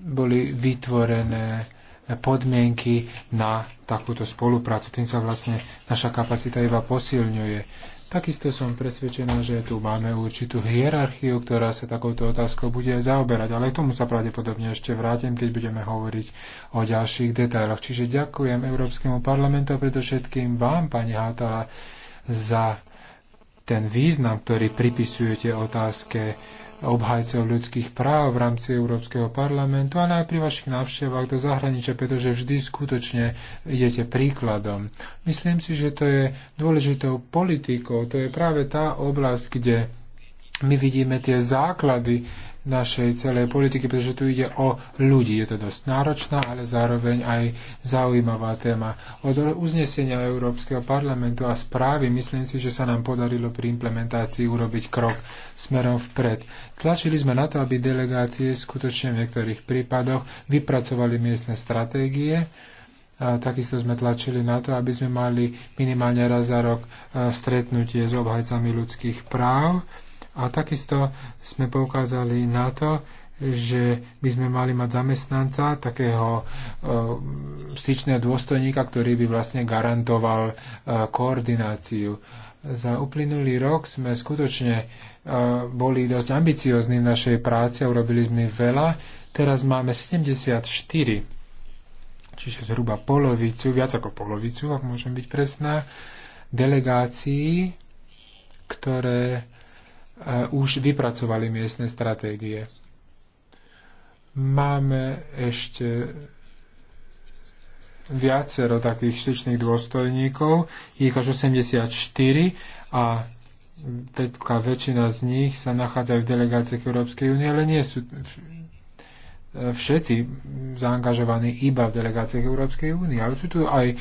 boli vytvorené podmienky na takúto spoluprácu. Tým sa vlastne naša kapacita iba posilňuje. Takisto som presvedčená, že tu máme určitú hierarchiu, ktorá sa takouto otázkou bude zaoberať, ale k tomu sa pravdepodobne ešte vrátim, keď budeme hovoriť o ďalších detailoch. Čiže ďakujem Európskemu parlamentu a predovšetkým vám, pani Hátala, za ten význam, ktorý pripisujete otázke obhajcov ľudských práv v rámci Európskeho parlamentu, ale aj pri vašich návštevách do zahraničia, pretože vždy skutočne idete príkladom. Myslím si, že to je dôležitou politikou, to je práve tá oblasť, kde my vidíme tie základy našej celej politiky, pretože tu ide o ľudí. Je to dosť náročná, ale zároveň aj zaujímavá téma. Od uznesenia Európskeho parlamentu a správy myslím si, že sa nám podarilo pri implementácii urobiť krok smerom vpred. Tlačili sme na to, aby delegácie skutočne v niektorých prípadoch vypracovali miestne stratégie, a takisto sme tlačili na to, aby sme mali minimálne raz za rok e, stretnutie s obhajcami ľudských práv. A takisto sme poukázali na to, že by sme mali mať zamestnanca, takého e, styčného dôstojníka, ktorý by vlastne garantoval e, koordináciu. Za uplynulý rok sme skutočne e, boli dosť ambiciozní v našej práci a urobili sme veľa. Teraz máme 74, čiže zhruba polovicu, viac ako polovicu, ak môžem byť presná, delegácií, ktoré už vypracovali miestne stratégie. Máme ešte viacero takých styčných dôstojníkov, ich až 84 a veľká väčšina z nich sa nachádzajú v delegáciách Európskej únie, ale nie sú všetci zaangažovaní iba v delegáciách Európskej únie, ale sú tu aj e,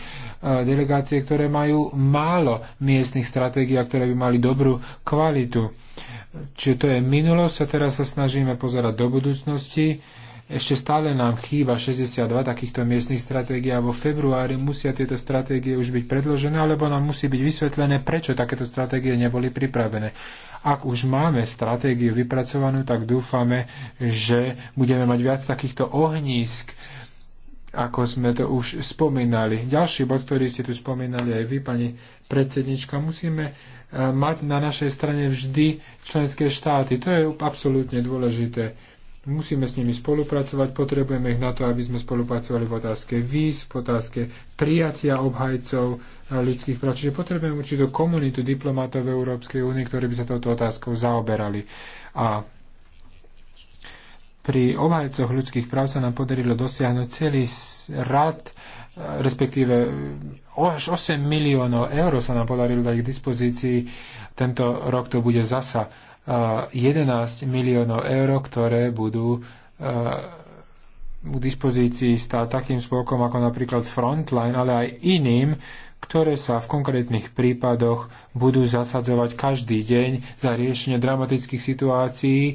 delegácie, ktoré majú málo miestnych stratégií a ktoré by mali dobrú kvalitu. Čiže to je minulosť a teraz sa snažíme pozerať do budúcnosti. Ešte stále nám chýba 62 takýchto miestnych stratégií a vo februári musia tieto stratégie už byť predložené, alebo nám musí byť vysvetlené, prečo takéto stratégie neboli pripravené. Ak už máme stratégiu vypracovanú, tak dúfame, že budeme mať viac takýchto ohnízk, ako sme to už spomínali. Ďalší bod, ktorý ste tu spomínali aj vy, pani predsednička, musíme e, mať na našej strane vždy členské štáty. To je absolútne dôležité. Musíme s nimi spolupracovať, potrebujeme ich na to, aby sme spolupracovali v otázke víz, v otázke prijatia obhajcov, ľudských práv. Čiže potrebujeme určitú komunitu diplomatov v Európskej únie, ktorí by sa touto otázkou zaoberali. A pri obhajcoch ľudských práv sa nám podarilo dosiahnuť celý rad, respektíve až 8 miliónov eur sa nám podarilo dať k dispozícii. Tento rok to bude zasa 11 miliónov eur, ktoré budú k dispozícii stá takým spolkom ako napríklad Frontline, ale aj iným ktoré sa v konkrétnych prípadoch budú zasadzovať každý deň za riešenie dramatických situácií e,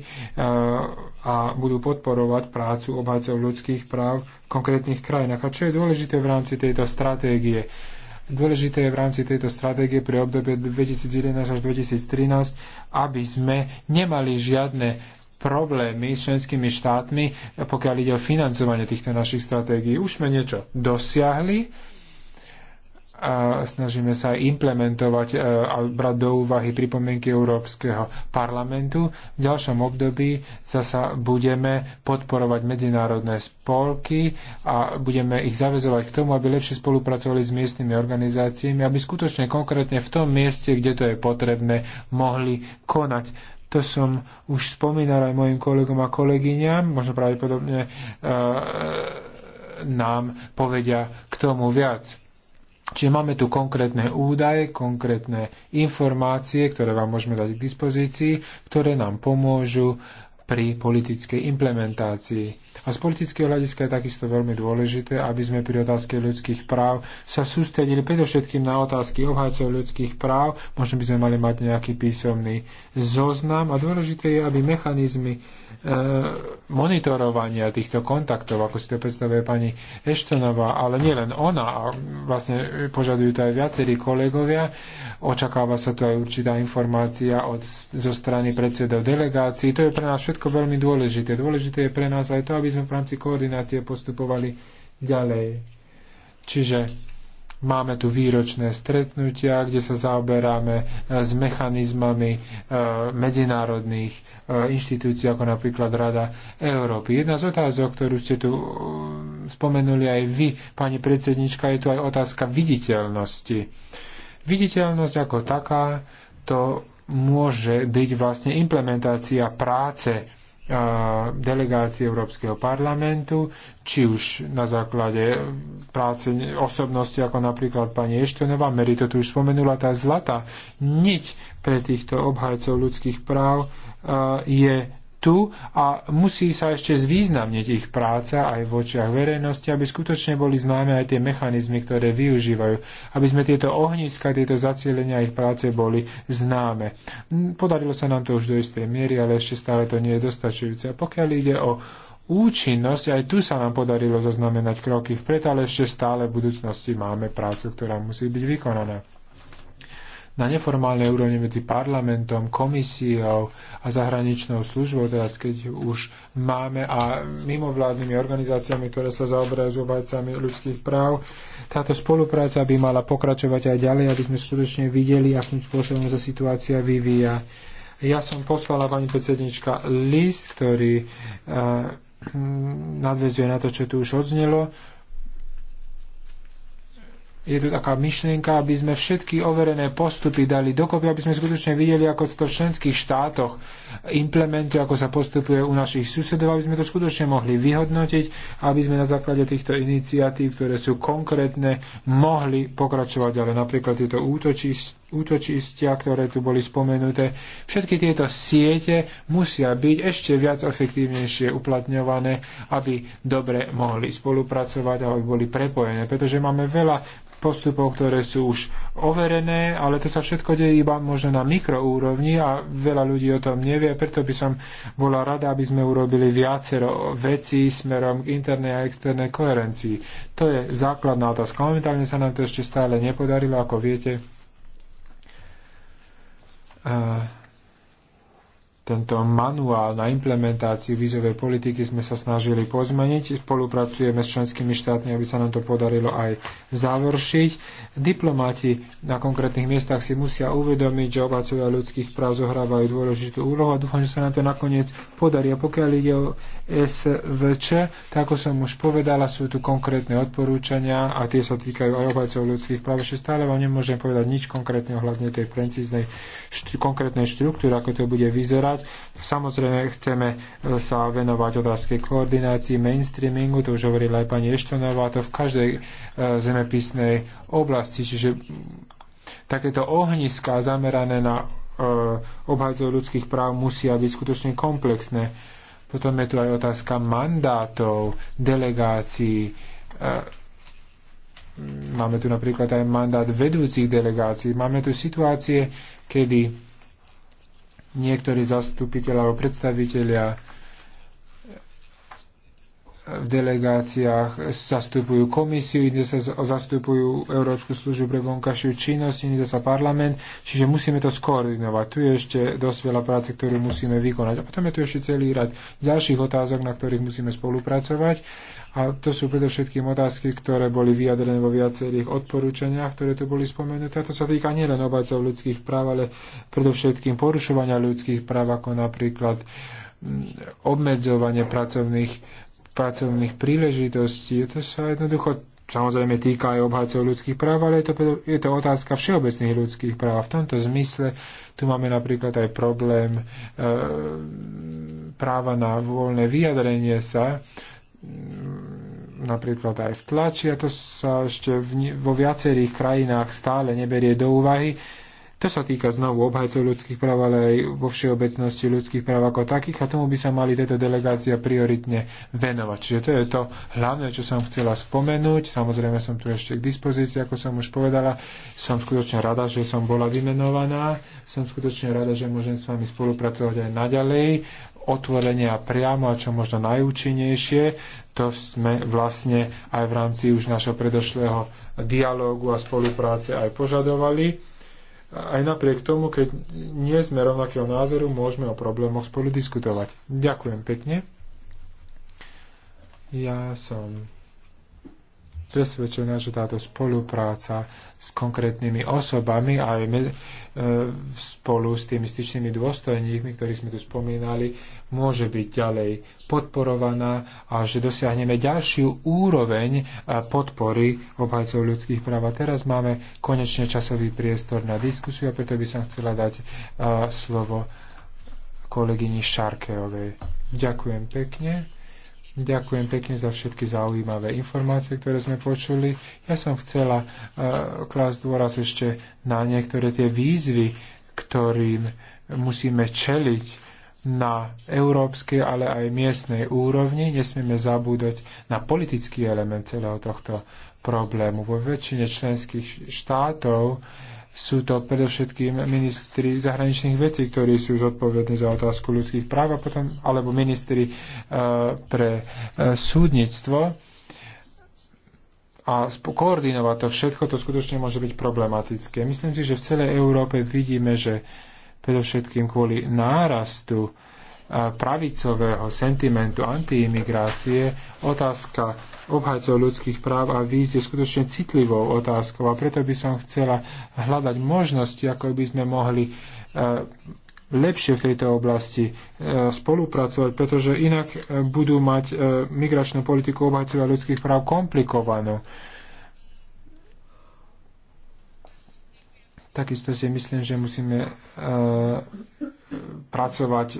a budú podporovať prácu obhajcov ľudských práv v konkrétnych krajinách. A čo je dôležité v rámci tejto stratégie? Dôležité je v rámci tejto stratégie pre obdobie 2011 až 2013, aby sme nemali žiadne problémy s členskými štátmi, pokiaľ ide o financovanie týchto našich stratégií. Už sme niečo dosiahli, a snažíme sa aj implementovať e, a brať do úvahy pripomienky Európskeho parlamentu. V ďalšom období zasa budeme podporovať medzinárodné spolky a budeme ich zavezovať k tomu, aby lepšie spolupracovali s miestnymi organizáciami, aby skutočne konkrétne v tom mieste, kde to je potrebné, mohli konať. To som už spomínal aj mojim kolegom a kolegyňam, možno pravdepodobne e, e nám povedia k tomu viac. Čiže máme tu konkrétne údaje, konkrétne informácie, ktoré vám môžeme dať k dispozícii, ktoré nám pomôžu pri politickej implementácii. A z politického hľadiska je takisto veľmi dôležité, aby sme pri otázke ľudských práv sa sústredili predovšetkým na otázky obhajcov ľudských práv. Možno by sme mali mať nejaký písomný zoznam. A dôležité je, aby mechanizmy E, monitorovania týchto kontaktov, ako si to predstavuje pani Eštonová, ale nielen ona, a vlastne požadujú to aj viacerí kolegovia. Očakáva sa tu aj určitá informácia od, zo strany predsedov delegácií. To je pre nás všetko veľmi dôležité. Dôležité je pre nás aj to, aby sme v rámci koordinácie postupovali ďalej. Čiže Máme tu výročné stretnutia, kde sa zaoberáme e, s mechanizmami e, medzinárodných e, inštitúcií, ako napríklad Rada Európy. Jedna z otázok, ktorú ste tu spomenuli aj vy, pani predsednička, je tu aj otázka viditeľnosti. Viditeľnosť ako taká, to môže byť vlastne implementácia práce delegácie Európskeho parlamentu, či už na základe e, práce osobnosti, ako napríklad pani Eštonová, Mary to tu už spomenula, tá zlatá niť pre týchto obhajcov ľudských práv e, je tu a musí sa ešte zvýznamniť ich práca aj v očiach verejnosti, aby skutočne boli známe aj tie mechanizmy, ktoré využívajú, aby sme tieto ohniska, tieto zacielenia ich práce boli známe. Podarilo sa nám to už do istej miery, ale ešte stále to nie je dostačujúce. A pokiaľ ide o účinnosť, aj tu sa nám podarilo zaznamenať kroky vpred, ale ešte stále v budúcnosti máme prácu, ktorá musí byť vykonaná na neformálnej úrovni medzi parlamentom, komisiou a zahraničnou službou, teraz keď už máme a mimovládnymi organizáciami, ktoré sa zaoberajú s obajcami ľudských práv. Táto spolupráca by mala pokračovať aj ďalej, aby sme skutočne videli, akým spôsobom sa situácia vyvíja. Ja som poslala pani predsednička list, ktorý uh, eh, nadvezuje na to, čo tu už odznelo je tu taká myšlienka, aby sme všetky overené postupy dali dokopy, aby sme skutočne videli, ako sa to v členských štátoch implementuje, ako sa postupuje u našich susedov, aby sme to skutočne mohli vyhodnotiť, aby sme na základe týchto iniciatív, ktoré sú konkrétne, mohli pokračovať. Ale napríklad tieto útočiť útočistia, ktoré tu boli spomenuté. Všetky tieto siete musia byť ešte viac efektívnejšie uplatňované, aby dobre mohli spolupracovať a boli prepojené, pretože máme veľa postupov, ktoré sú už overené, ale to sa všetko deje iba možno na mikroúrovni a veľa ľudí o tom nevie, preto by som bola rada, aby sme urobili viacero vecí smerom k internej a externej koherencii. To je základná otázka. Momentálne sa nám to ešte stále nepodarilo, ako viete tento manuál na implementáciu vízovej politiky sme sa snažili pozmeniť. Spolupracujeme s členskými štátmi, aby sa nám to podarilo aj završiť. Diplomati na konkrétnych miestach si musia uvedomiť, že obacovia ľudských práv zohrávajú dôležitú úlohu a dúfam, že sa nám to nakoniec podarí. A pokiaľ ide o SVČ. Tak ako som už povedala, sú tu konkrétne odporúčania a tie sa týkajú aj obhajcov ľudských práv. Ešte stále vám nemôžem povedať nič konkrétne ohľadne tej precíznej štru, konkrétnej štruktúry, ako to bude vyzerať. Samozrejme, chceme e, sa venovať otázke koordinácii, mainstreamingu, to už hovorila aj pani Eštonová, to v každej e, zemepisnej oblasti, čiže takéto ohniska zamerané na e, obhajcov ľudských práv musia byť skutočne komplexné. Potom je tu aj otázka mandátov, delegácií. E, máme tu napríklad aj mandát vedúcich delegácií. Máme tu situácie, kedy niektorí zastupiteľ alebo predstavitelia v delegáciách zastupujú komisiu, kde sa zastupujú Európsku službu pre vonkajšiu činnosť, inde sa parlament, čiže musíme to skoordinovať. Tu je ešte dosť veľa práce, ktorú musíme vykonať. A potom je tu ešte celý rad ďalších otázok, na ktorých musíme spolupracovať. A to sú predovšetkým otázky, ktoré boli vyjadrené vo viacerých odporúčaniach, ktoré tu boli spomenuté. A to sa týka nielen obajcov ľudských práv, ale predovšetkým porušovania ľudských práv, ako napríklad mm, obmedzovanie pracovných pracovných príležitostí. To sa jednoducho samozrejme týka aj obhajcov ľudských práv, ale je to, je to otázka všeobecných ľudských práv. V tomto zmysle tu máme napríklad aj problém e, práva na voľné vyjadrenie sa, mm, napríklad aj v tlači, a to sa ešte v, vo viacerých krajinách stále neberie do úvahy. To sa týka znovu obhajcov ľudských práv, ale aj vo všeobecnosti ľudských práv ako takých a tomu by sa mali tieto delegácia prioritne venovať. Čiže to je to hlavné, čo som chcela spomenúť. Samozrejme som tu ešte k dispozícii, ako som už povedala. Som skutočne rada, že som bola vymenovaná. Som skutočne rada, že môžem s vami spolupracovať aj naďalej otvorenie a priamo a čo možno najúčinnejšie. To sme vlastne aj v rámci už našho predošlého dialógu a spolupráce aj požadovali aj napriek tomu, keď nie sme rovnakého názoru, môžeme o problémoch spolu diskutovať. Ďakujem pekne. Ja som presvedčenia, že táto spolupráca s konkrétnymi osobami a aj my, e, spolu s tými styčnými dôstojníkmi, ktorých sme tu spomínali, môže byť ďalej podporovaná a že dosiahneme ďalšiu úroveň e, podpory obhajcov ľudských práv. A teraz máme konečne časový priestor na diskusiu a preto by som chcela dať e, slovo kolegyni Šarkeovej. Ďakujem pekne. Ďakujem pekne za všetky zaujímavé informácie, ktoré sme počuli. Ja som chcela uh, klásť dôraz ešte na niektoré tie výzvy, ktorým musíme čeliť na európskej, ale aj miestnej úrovni. Nesmieme zabúdať na politický element celého tohto problému. Vo väčšine členských štátov uh, sú to predovšetkým ministri zahraničných vecí, ktorí sú zodpovední za otázku ľudských práv a potom, alebo ministri uh, pre uh, súdnictvo a koordinovať to všetko, to skutočne môže byť problematické. Myslím si, že v celej Európe vidíme, že predovšetkým kvôli nárastu eh, pravicového sentimentu antiimigrácie otázka obhajcov ľudských práv a víz je skutočne citlivou otázkou a preto by som chcela hľadať možnosti, ako by sme mohli e, lepšie v tejto oblasti e, spolupracovať, pretože inak e, budú mať migračnú politiku obhajcov ľudských práv komplikovanú Takisto si myslím, že musíme e, pracovať e,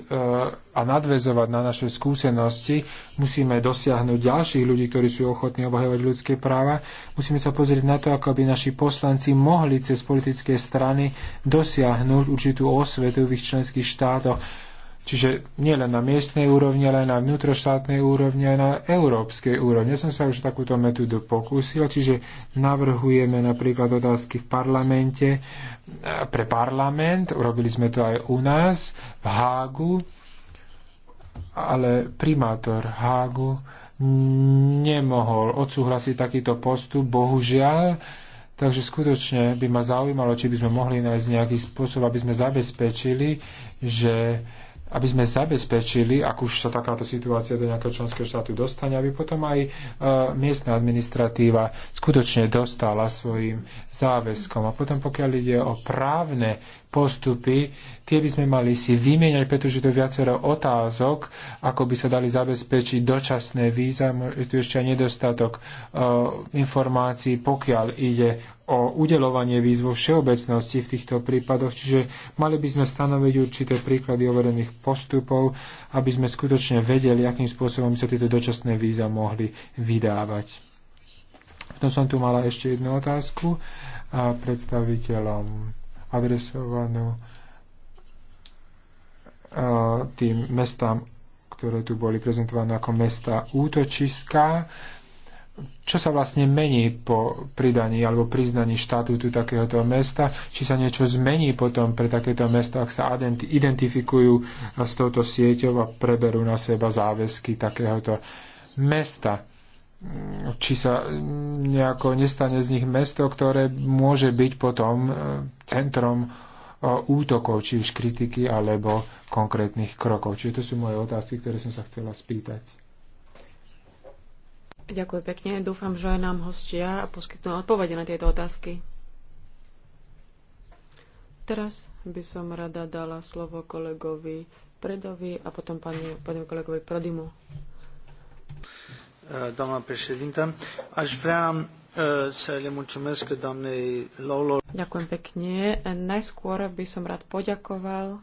a nadvezovať na naše skúsenosti. Musíme dosiahnuť ďalších ľudí, ktorí sú ochotní obhajovať ľudské práva. Musíme sa pozrieť na to, ako by naši poslanci mohli cez politické strany dosiahnuť určitú osvetu v ich členských štátoch Čiže nie len na miestnej úrovni, ale aj na vnútroštátnej úrovni, aj na európskej úrovni. Ja som sa už takúto metódu pokúsil, čiže navrhujeme napríklad otázky v parlamente eh, pre parlament, urobili sme to aj u nás v Hágu, ale primátor Hágu nemohol odsúhlasiť takýto postup, bohužiaľ, Takže skutočne by ma zaujímalo, či by sme mohli nájsť nejaký spôsob, aby sme zabezpečili, že aby sme zabezpečili, ak už sa takáto situácia do nejakého členského štátu dostane, aby potom aj e, miestna administratíva skutočne dostala svojim záväzkom. A potom pokiaľ ide o právne postupy, tie by sme mali si vymieňať, pretože to je viacero otázok, ako by sa dali zabezpečiť dočasné víza, je tu ešte aj nedostatok e, informácií, pokiaľ ide o udelovanie víz vo všeobecnosti v týchto prípadoch, čiže mali by sme stanoviť určité príklady overených postupov, aby sme skutočne vedeli, akým spôsobom sa tieto dočasné víza mohli vydávať. Potom som tu mala ešte jednu otázku a predstaviteľom adresovanú tým mestám, ktoré tu boli prezentované ako mesta útočiska čo sa vlastne mení po pridaní alebo priznaní štatútu takéhoto mesta, či sa niečo zmení potom pre takéto mesto, ak sa identifikujú eh, s touto sieťou a preberú na seba záväzky takéhoto mesta mm, či sa mm, nejako nestane z nich mesto, ktoré môže byť potom eh, centrom eh, útokov, či už kritiky alebo konkrétnych krokov. Čiže to sú moje otázky, ktoré som sa chcela spýtať. Ďakujem pekne. Dúfam, že nám hostia poskytnú odpovede na tieto otázky. Teraz by som rada dala slovo kolegovi Predovi a potom pani, pani kolegovi Prodimu. Eh, doamna președintă, aș vrea eh, să le mulțumesc doamnei Lolo. Ďakujem pekne. Najskôr by som rád poďakoval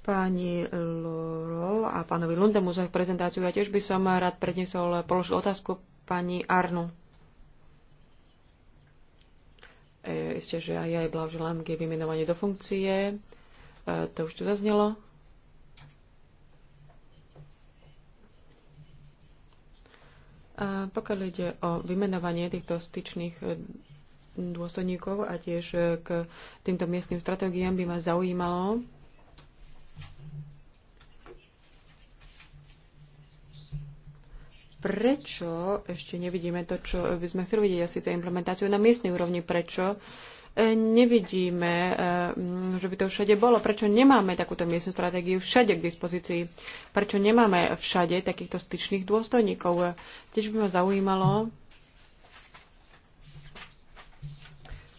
Pani Lorol a pánovi Lundemu za ich prezentáciu. Ja tiež by som rád predniesol, položil otázku pani Arnu. E, isté, že aj ja jej blahoželám k vymenovaniu do funkcie. E, to už tu zaznelo. A pokiaľ ide o vymenovanie týchto styčných e, dôstojníkov a tiež e, k týmto miestnym stratégiám by ma zaujímalo, prečo ešte nevidíme to, čo by sme chceli vidieť, asi síce implementáciu na miestnej úrovni, prečo e, nevidíme, e, že by to všade bolo. Prečo nemáme takúto miestnu stratégiu všade k dispozícii? Prečo nemáme všade takýchto styčných dôstojníkov? E, tiež by ma zaujímalo,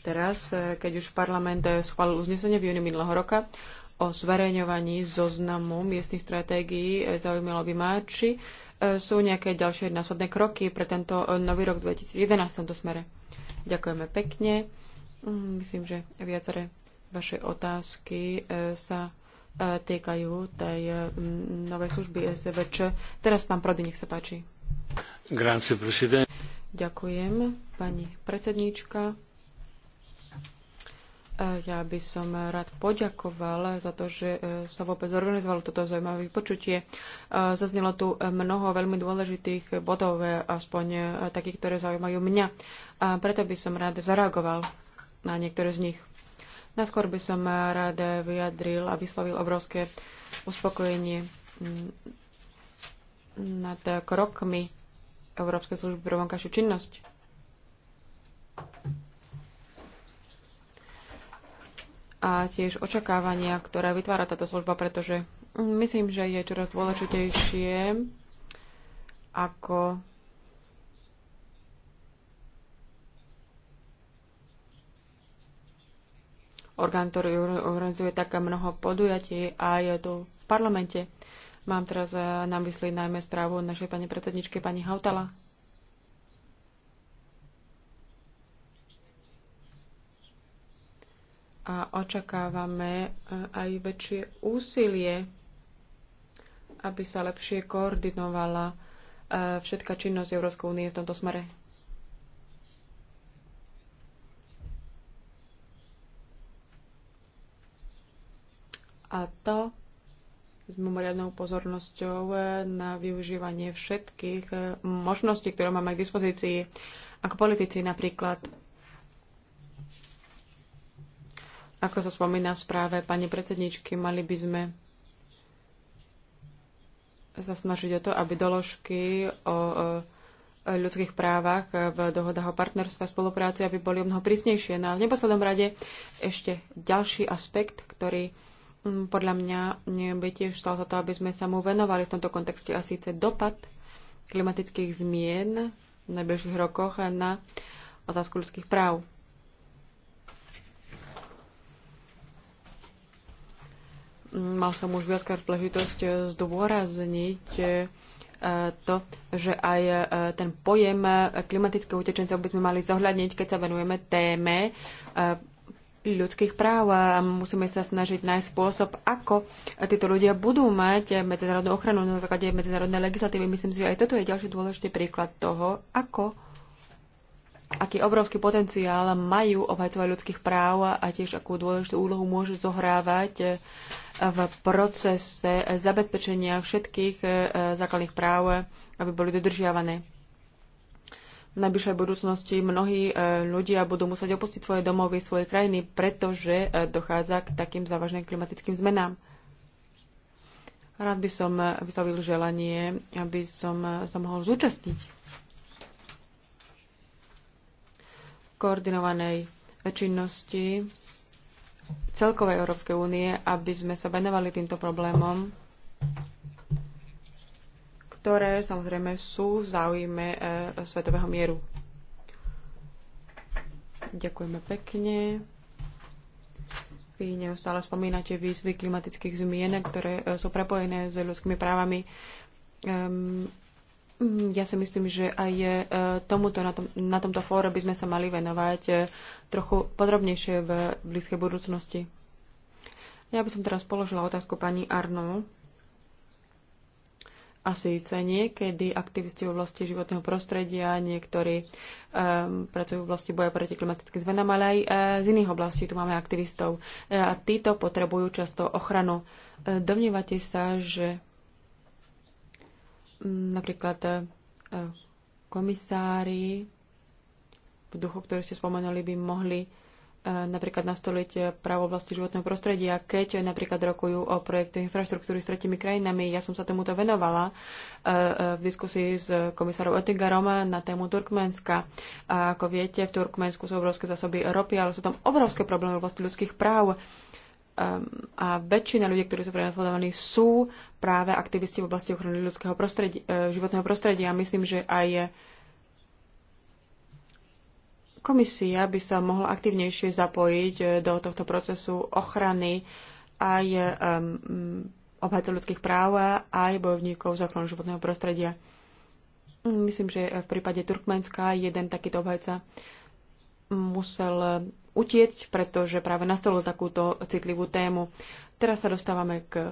teraz, keď už parlament schválil uznesenie v júni minulého roka o zverejňovaní zoznamu miestnych stratégií, zaujímalo by ma, či sú nejaké ďalšie následné kroky pre tento e, nový rok 2011 v tomto smere? Ďakujeme pekne. Mm, myslím, že viaceré vaše otázky e, sa e, týkajú tej novej služby SVČ. Teraz pán Prody, nech sa páči. Grazie, Ďakujem, pani predsedníčka. Ja by som rád poďakoval za to, že e, sa vôbec zorganizovalo toto zaujímavé vypočutie. E, zaznelo tu mnoho veľmi dôležitých bodov, e, aspoň takých, ktoré zaujímajú mňa. A preto by som rád zareagoval na niektoré z nich. Naskôr by som rád vyjadril a vyslovil obrovské uspokojenie mm, nad krokmi Európskej služby pre vonkajšiu činnosť a tiež očakávania, ktoré vytvára táto služba, pretože myslím, že je čoraz dôležitejšie ako orgán, ktorý organizuje také mnoho podujatí a je tu v parlamente. Mám teraz na mysli najmä správu našej pani predsedničky pani Hautala, a očakávame e, aj väčšie úsilie, aby sa lepšie koordinovala e, všetká činnosť Európskej únie v tomto smere. A to s mimoriadnou pozornosťou e, na využívanie všetkých možností, ktoré máme k dispozícii ako politici napríklad Ako sa spomína v správe pani predsedničky, mali by sme sa snažiť o to, aby doložky o ľudských právach v dohodách o partnerstve a spolupráci, aby boli o mnoho prísnejšie. No a v neposlednom rade ešte ďalší aspekt, ktorý mm, podľa mňa by tiež stal za to, aby sme sa mu venovali v tomto kontexte a síce dopad klimatických zmien v najbližších rokoch na otázku ľudských práv. mal som už viackrát príležitosť e, zdôrazniť e, to, že aj e, ten pojem klimatického utečencov by sme mali zohľadniť, keď sa venujeme téme ľudských práv a musíme sa snažiť nájsť spôsob, ako títo ľudia budú mať medzinárodnú ochranu na základe medzinárodnej legislatívy. Myslím si, že aj toto je ďalší dôležitý príklad toho, ako aký obrovský potenciál majú obhajcovia ľudských práv a tiež akú dôležitú úlohu môžu zohrávať v procese zabezpečenia všetkých e, základných práv, aby boli dodržiavané. V najbližšej budúcnosti mnohí e, ľudia budú musieť opustiť svoje domovy, svoje krajiny, pretože e, dochádza k takým závažným klimatickým zmenám. Rád by som vyslovil želanie, aby som sa mohol zúčastniť koordinovanej činnosti celkovej Európskej únie, aby sme sa venovali týmto problémom, ktoré samozrejme sú v záujme e, svetového mieru. Ďakujeme pekne. Vy neustále spomínate výzvy klimatických zmien, ktoré e, sú prepojené s ľudskými právami. Um, Mm, ja si myslím, že aj e, tomuto, na, tom, na tomto fóre by sme sa mali venovať e, trochu podrobnejšie v blízkej budúcnosti. Ja by som teraz položila otázku pani Arno. A síce niekedy aktivisti v oblasti životného prostredia, niektorí um, pracujú v oblasti boja proti klimatickým zmenám, ale aj uh, z iných oblastí tu máme aktivistov. Uh, a títo potrebujú často ochranu. Uh, domnievate sa, že Napríklad e, komisári v duchu, ktorý ste spomenuli, by mohli e, napríklad nastoliť právo oblasti životného prostredia, keď napríklad rokujú o projekte infraštruktúry s tretimi krajinami. Ja som sa tomuto venovala e, v diskusii s komisárom Oettingerom na tému Turkmenska. A ako viete, v Turkmensku sú obrovské zásoby ropy, ale sú tam obrovské problémy v oblasti ľudských práv a väčšina ľudí, ktorí sú prenasledovaní, sú práve aktivisti v oblasti ochrany ľudského prostredia, e, životného prostredia. A myslím, že aj komisia by sa mohla aktivnejšie zapojiť e, do tohto procesu ochrany aj um, obhajcov ľudských práv, aj bojovníkov za ochranu životného prostredia. Myslím, že v prípade Turkmenska jeden takýto obhajca musel utiecť, pretože práve nastolil takúto citlivú tému. Teraz sa dostávame k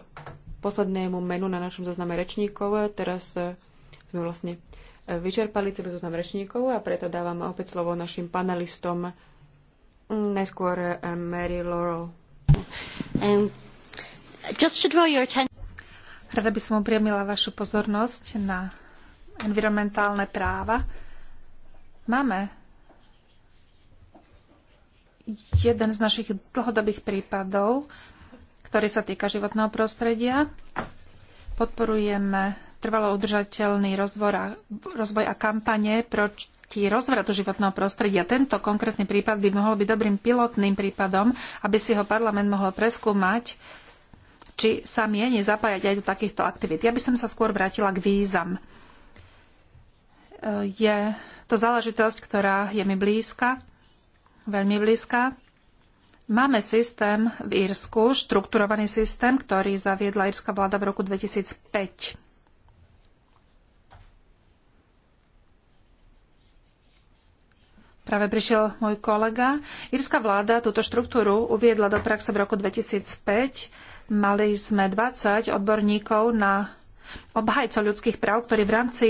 poslednému menu na našom zozname rečníkov. Teraz eh, sme vlastne eh, vyčerpali celý zoznam rečníkov a preto dávam opäť slovo našim panelistom. Mm, najskôr eh, Mary Laurel. Um, just to draw your attention... Rada by som upriamila vašu pozornosť na environmentálne práva. Máme jeden z našich dlhodobých prípadov, ktorý sa týka životného prostredia. Podporujeme trvalo udržateľný rozvoj a, rozvoj a kampane proti rozvratu životného prostredia. Tento konkrétny prípad by mohol byť dobrým pilotným prípadom, aby si ho parlament mohol preskúmať, či sa mieni zapájať aj do takýchto aktivít. Ja by som sa skôr vrátila k vízam. E, je to záležitosť, ktorá je mi blízka veľmi blízka. Máme systém v Írsku, štrukturovaný systém, ktorý zaviedla írska vláda v roku 2005. Práve prišiel môj kolega. Írska vláda túto štruktúru uviedla do praxe v roku 2005. Mali sme 20 odborníkov na obhajcov ľudských práv, ktorí v rámci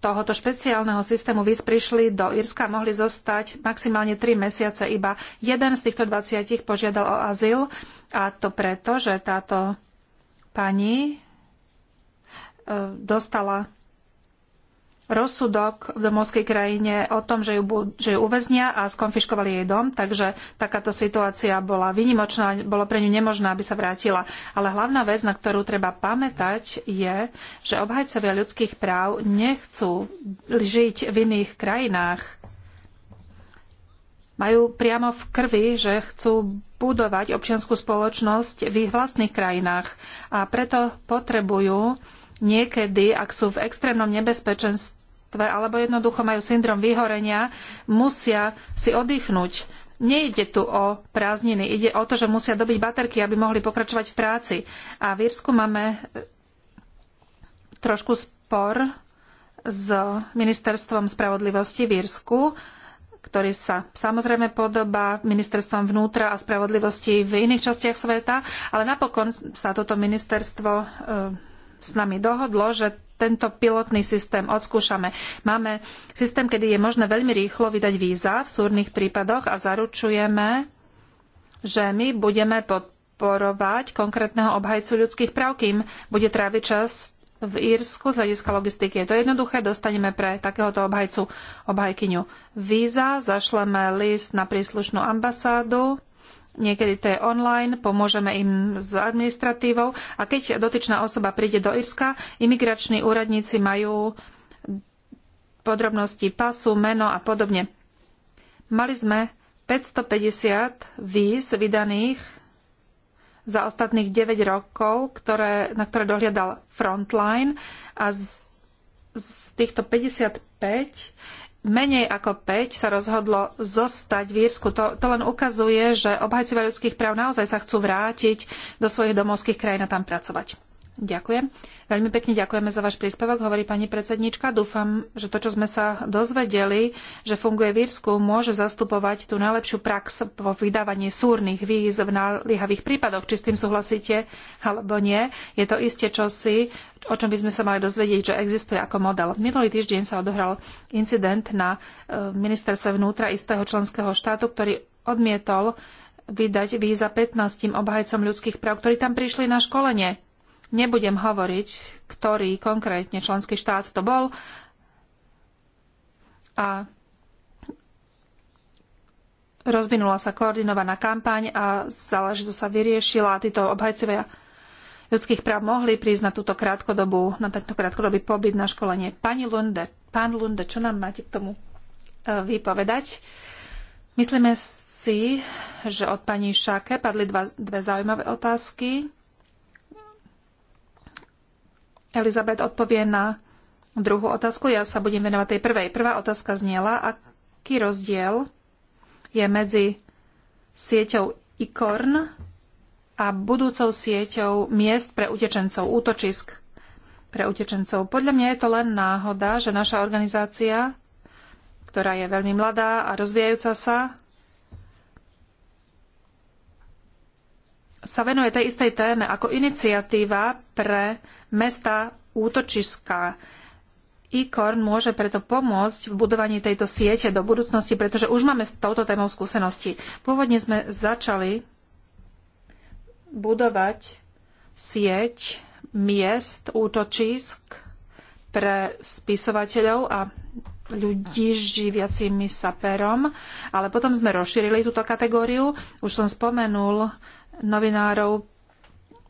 tohoto špeciálneho systému víz prišli do Írska, mohli zostať maximálne 3 mesiace. Iba jeden z týchto 20 požiadal o azyl a to preto, že táto pani e, dostala rozsudok v domovskej krajine o tom, že ju, že ju uväznia a skonfiškovali jej dom, takže takáto situácia bola vynimočná, bolo pre ňu nemožné, aby sa vrátila. Ale hlavná vec, na ktorú treba pamätať, je, že obhajcovia ľudských práv nechcú žiť v iných krajinách. Majú priamo v krvi, že chcú budovať občiansku spoločnosť v ich vlastných krajinách a preto potrebujú niekedy, ak sú v extrémnom nebezpečenstve, mŕtve alebo jednoducho majú syndrom vyhorenia, musia si oddychnúť. Nejde tu o prázdniny, ide o to, že musia dobiť baterky, aby mohli pokračovať v práci. A v Írsku máme e, trošku spor s ministerstvom spravodlivosti v Írsku, ktorý sa samozrejme podobá ministerstvom vnútra a spravodlivosti v iných častiach sveta, ale napokon sa toto ministerstvo e, s nami dohodlo, že tento pilotný systém odskúšame. Máme systém, kedy je možné veľmi rýchlo vydať víza v súrnych prípadoch a zaručujeme, že my budeme podporovať konkrétneho obhajcu ľudských práv, kým bude tráviť čas v Írsku z hľadiska logistiky. Je to jednoduché, dostaneme pre takéhoto obhajcu obhajkyňu víza, zašleme list na príslušnú ambasádu, Niekedy to je online, pomôžeme im s administratívou a keď dotyčná osoba príde do Irska, imigrační úradníci majú podrobnosti pasu, meno a podobne. Mali sme 550 víz vydaných za ostatných 9 rokov, ktoré, na ktoré dohliadal Frontline a z, z týchto 55 menej ako 5 sa rozhodlo zostať v Írsku. To, to len ukazuje, že obhajcovia ľudských práv naozaj sa chcú vrátiť do svojich domovských krajín a tam pracovať. Ďakujem. Veľmi pekne ďakujeme za váš príspevok, hovorí pani predsednička. Dúfam, že to, čo sme sa dozvedeli, že funguje v Írsku, môže zastupovať tú najlepšiu prax vo vydávaní súrnych víz v naliehavých prípadoch. Či s tým súhlasíte alebo nie, je to isté čosi, o čom by sme sa mali dozvedieť, že existuje ako model. Minulý týždeň sa odohral incident na e, ministerstve vnútra istého členského štátu, ktorý odmietol vydať víza 15 obhajcom ľudských práv, ktorí tam prišli na školenie Nebudem hovoriť, ktorý konkrétne členský štát to bol. A rozvinula sa koordinovaná kampaň a záležitosť sa vyriešila a títo obhajcovia ľudských práv mohli prísť na túto krátkodobú, na takto krátkodobý pobyt na školenie. Pani Lunde, pán Lunde, čo nám máte k tomu e, vypovedať? Myslíme si, že od pani Šake padli dva, dve zaujímavé otázky. Elizabeth odpovie na druhú otázku. Ja sa budem venovať tej prvej. Prvá otázka zniela, aký rozdiel je medzi sieťou ICORN a budúcou sieťou miest pre utečencov, útočisk pre utečencov. Podľa mňa je to len náhoda, že naša organizácia, ktorá je veľmi mladá a rozvíjajúca sa, sa venuje tej istej téme ako iniciatíva pre mesta útočiska. ICORN môže preto pomôcť v budovaní tejto siete do budúcnosti, pretože už máme s touto témou skúsenosti. Pôvodne sme začali budovať sieť miest, útočisk pre spisovateľov a ľudí živiacimi sa perom, ale potom sme rozšírili túto kategóriu. Už som spomenul novinárov,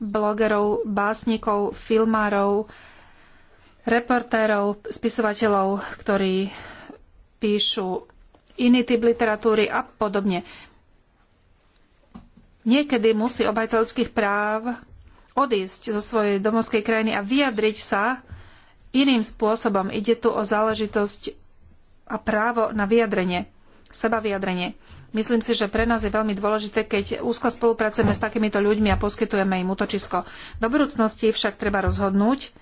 blogerov, básnikov, filmárov, reportérov, spisovateľov, ktorí píšu iný typ literatúry a podobne. Niekedy musí obhajca ľudských práv odísť zo svojej domovskej krajiny a vyjadriť sa iným spôsobom. Ide tu o záležitosť a právo na vyjadrenie, seba vyjadrenie. Myslím si, že pre nás je veľmi dôležité, keď úzko spolupracujeme s takýmito ľuďmi a poskytujeme im útočisko. Do budúcnosti však treba rozhodnúť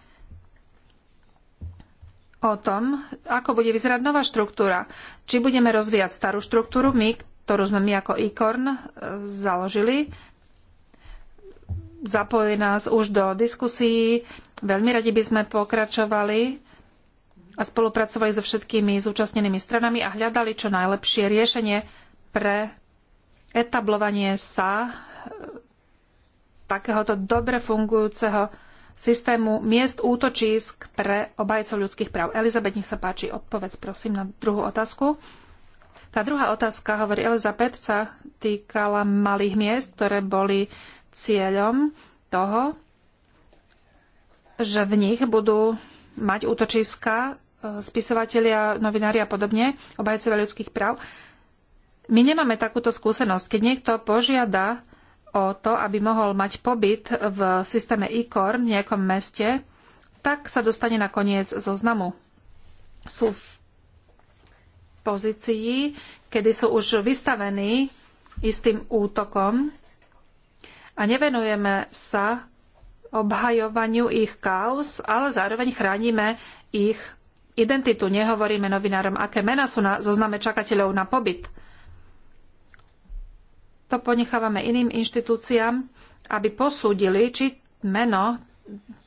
o tom, ako bude vyzerať nová štruktúra. Či budeme rozvíjať starú štruktúru, my, ktorú sme my ako ICORN e, založili, zapojí nás už do diskusií. Veľmi radi by sme pokračovali a spolupracovali so všetkými zúčastnenými stranami a hľadali čo najlepšie riešenie pre etablovanie sa e, takéhoto dobre fungujúceho systému miest útočísk pre obhajcov ľudských práv. Elizabet, nech sa páči, odpovedz prosím na druhú otázku. Tá druhá otázka, hovorí Elizabeth, sa týkala malých miest, ktoré boli cieľom toho, že v nich budú mať útočiska e, spisovatelia, novinári a podobne, obhajcovia ľudských práv. My nemáme takúto skúsenosť. Keď niekto požiada o to, aby mohol mať pobyt v systéme ICOR v nejakom meste, tak sa dostane na koniec zoznamu. Sú v pozícii, kedy sú už vystavení istým útokom a nevenujeme sa obhajovaniu ich kaos, ale zároveň chránime ich identitu. Nehovoríme novinárom, aké mená sú na zozname čakateľov na pobyt to ponechávame iným inštitúciám, aby posúdili, či meno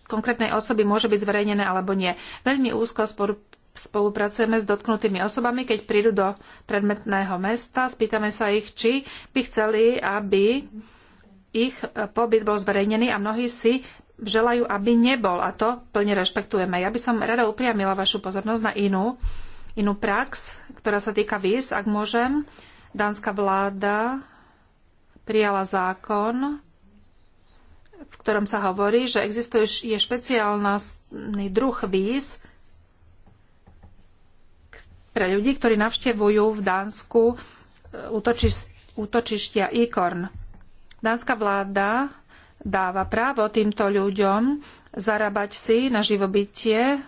konkrétnej osoby môže byť zverejnené alebo nie. Veľmi úzko spolupracujeme s dotknutými osobami, keď prídu do predmetného mesta, spýtame sa ich, či by chceli, aby ich pobyt bol zverejnený a mnohí si želajú, aby nebol a to plne rešpektujeme. Ja by som rada upriamila vašu pozornosť na inú, inú prax, ktorá sa týka víz, ak môžem. Dánska vláda prijala zákon, v ktorom sa hovorí, že existuje je špeciálny druh víz pre ľudí, ktorí navštevujú v Dánsku e, útočištia Ikorn. Dánska vláda dáva právo týmto ľuďom zarábať si na živobytie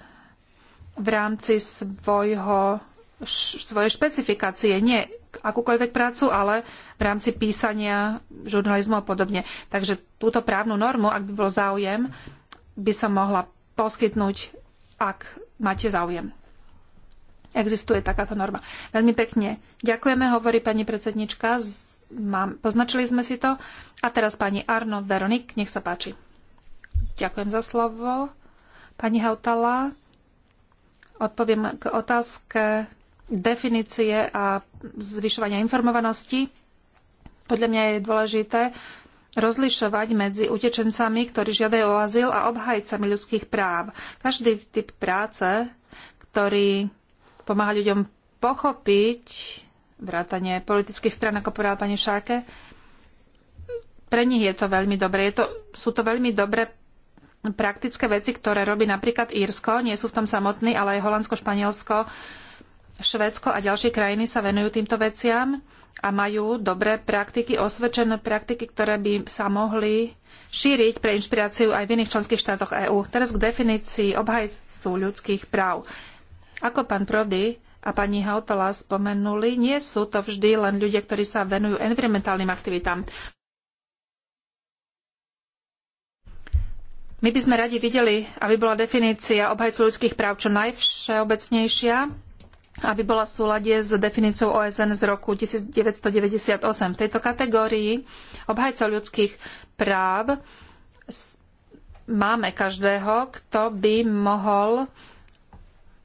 v rámci svojho, svojej špecifikácie, nie akúkoľvek prácu, ale v rámci písania, žurnalizmu a podobne. Takže túto právnu normu, ak by bol záujem, by som mohla poskytnúť, ak máte záujem. Existuje takáto norma. Veľmi pekne. Ďakujeme, hovorí pani predsednička. Mám, poznačili sme si to. A teraz pani Arno Veronik, nech sa páči. Ďakujem za slovo. Pani Hautala, odpoviem k otázke definície a zvyšovania informovanosti. Podľa mňa je dôležité rozlišovať medzi utečencami, ktorí žiadajú o azyl a obhajcami ľudských práv. Každý typ práce, ktorý pomáha ľuďom pochopiť vrátanie politických stran, ako povedala pani Šáke, pre nich je to veľmi dobré. Je to, sú to veľmi dobré praktické veci, ktoré robí napríklad Írsko, nie sú v tom samotní, ale aj Holandsko, Španielsko, Švédsko a ďalšie krajiny sa venujú týmto veciam a majú dobré praktiky, osvedčené praktiky, ktoré by sa mohli šíriť pre inšpiráciu aj v iných členských štátoch EÚ. Teraz k definícii obhajcu ľudských práv. Ako pán Prody a pani Hautala spomenuli, nie sú to vždy len ľudia, ktorí sa venujú environmentálnym aktivitám. My by sme radi videli, aby bola definícia obhajcu ľudských práv čo najvšeobecnejšia, aby bola v súlade s definíciou OSN z roku 1998. V tejto kategórii obhajcov ľudských práv máme každého, kto by mohol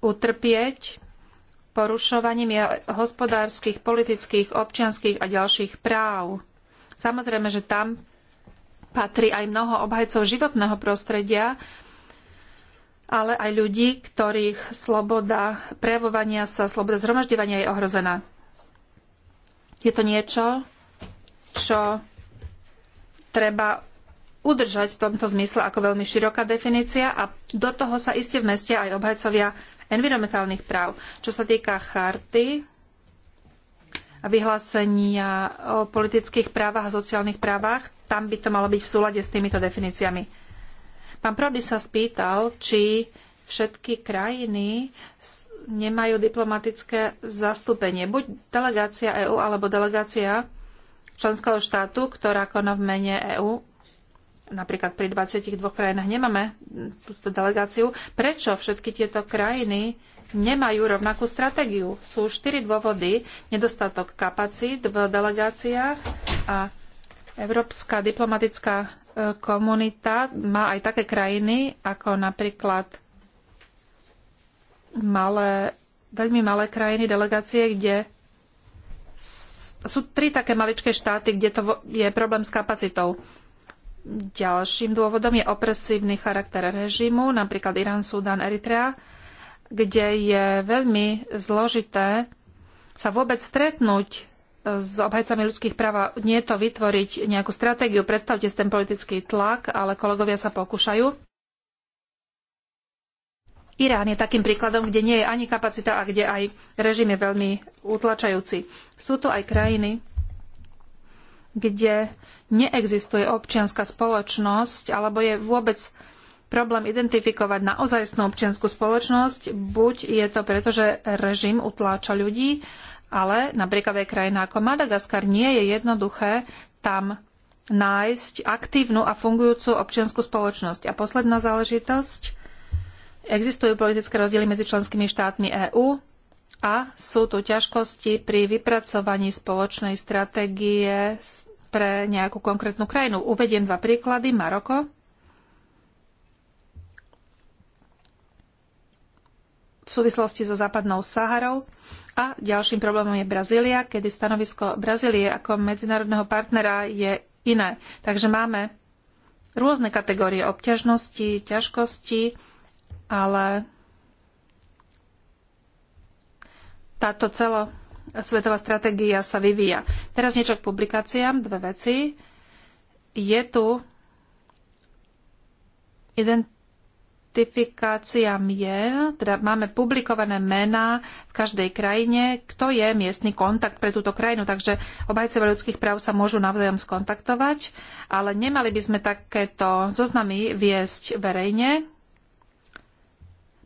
utrpieť porušovaním hospodárskych, politických, občianskych a ďalších práv. Samozrejme, že tam patrí aj mnoho obhajcov životného prostredia, ale aj ľudí, ktorých sloboda prejavovania sa, sloboda zhromažďovania je ohrozená. Je to niečo, čo treba udržať v tomto zmysle ako veľmi široká definícia a do toho sa iste v meste aj obhajcovia environmentálnych práv. Čo sa týka charty a vyhlásenia o politických právach a sociálnych právach, tam by to malo byť v súlade s týmito definíciami. Pán Prody sa spýtal, či všetky krajiny nemajú diplomatické zastúpenie. Buď delegácia EÚ alebo delegácia členského štátu, ktorá koná v mene EÚ. Napríklad pri 22 krajinách nemáme túto delegáciu. Prečo všetky tieto krajiny nemajú rovnakú stratégiu? Sú štyri dôvody. Nedostatok kapacít v delegáciách a Európska diplomatická e, komunita má aj také krajiny, ako napríklad malé, veľmi malé krajiny, delegácie, kde sú tri také maličké štáty, kde to je problém s kapacitou. Ďalším dôvodom je opresívny charakter režimu, napríklad Irán, Súdan, Eritrea, kde je veľmi zložité sa vôbec stretnúť s obhajcami ľudských práv nie je to vytvoriť nejakú stratégiu. Predstavte si ten politický tlak, ale kolegovia sa pokúšajú. Irán je takým príkladom, kde nie je ani kapacita a kde aj režim je veľmi utlačajúci. Sú to aj krajiny, kde neexistuje občianska spoločnosť alebo je vôbec problém identifikovať naozajstnú občiansku spoločnosť. Buď je to preto, že režim utláča ľudí, ale napríklad aj krajina ako Madagaskar nie je jednoduché tam nájsť aktívnu a fungujúcu občiansku spoločnosť. A posledná záležitosť. Existujú politické rozdiely medzi členskými štátmi EÚ a sú tu ťažkosti pri vypracovaní spoločnej stratégie pre nejakú konkrétnu krajinu. Uvediem dva príklady. Maroko. V súvislosti so západnou Saharou a ďalším problémom je Brazília, kedy stanovisko Brazílie ako medzinárodného partnera je iné. Takže máme rôzne kategórie obťažnosti, ťažkosti, ale táto svetová stratégia sa vyvíja. Teraz niečo k publikáciám, dve veci. Je tu jeden identifikácia mien, teda máme publikované mená v každej krajine, kto je miestny kontakt pre túto krajinu. Takže obhajcovia ľudských práv sa môžu navzájom skontaktovať, ale nemali by sme takéto zoznamy viesť verejne,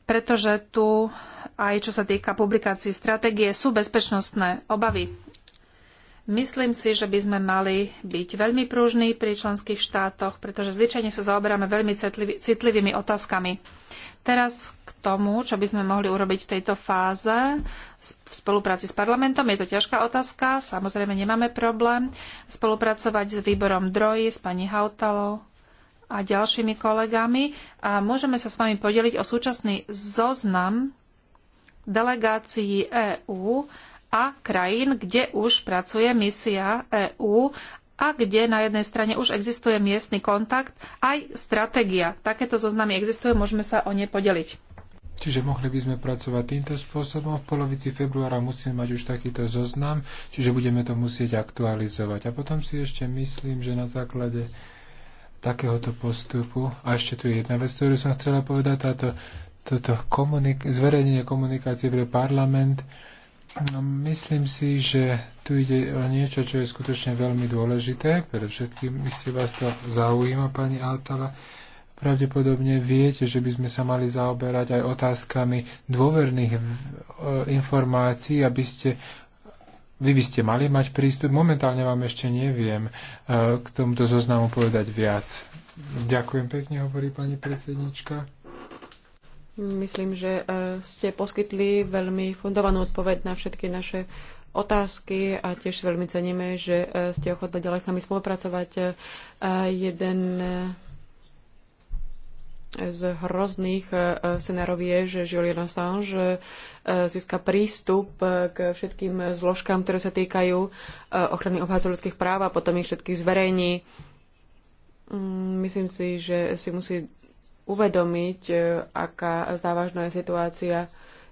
pretože tu aj čo sa týka publikácií stratégie sú bezpečnostné obavy Myslím si, že by sme mali byť veľmi pružní pri členských štátoch, pretože zvyčajne sa zaoberáme veľmi citlivými otázkami. Teraz k tomu, čo by sme mohli urobiť v tejto fáze v spolupráci s parlamentom. Je to ťažká otázka, samozrejme nemáme problém spolupracovať s výborom droji, s pani Hautalou a ďalšími kolegami a môžeme sa s vami podeliť o súčasný zoznam delegácií EÚ a krajín, kde už pracuje misia EÚ a kde na jednej strane už existuje miestny kontakt, aj stratégia. Takéto zoznamy existujú, môžeme sa o ne podeliť. Čiže mohli by sme pracovať týmto spôsobom. V polovici februára musíme mať už takýto zoznam, čiže budeme to musieť aktualizovať. A potom si ešte myslím, že na základe takéhoto postupu, a ešte tu je jedna vec, ktorú som chcela povedať, táto, toto komunik- zverejnenie komunikácie pre parlament, No, myslím si, že tu ide o niečo, čo je skutočne veľmi dôležité. Pre všetkým si vás to zaujíma, pani Altala. Pravdepodobne viete, že by sme sa mali zaoberať aj otázkami dôverných e, informácií, aby ste vy by ste mali mať prístup. Momentálne vám ešte neviem e, k tomuto zoznamu povedať viac. Ďakujem pekne, hovorí pani predsednička. Myslím, že e, ste poskytli veľmi fundovanú odpoveď na všetky naše otázky a tiež veľmi ceníme, že e, ste ochotní ďalej s nami spolupracovať. E, jeden z hrozných scenárov je, že Julian Assange získa prístup k všetkým zložkám, ktoré sa týkajú ochrany obhádzov ľudských práv a potom ich všetkých zverejní. Mm, myslím si, že si musí uvedomiť, e, aká závažná je situácia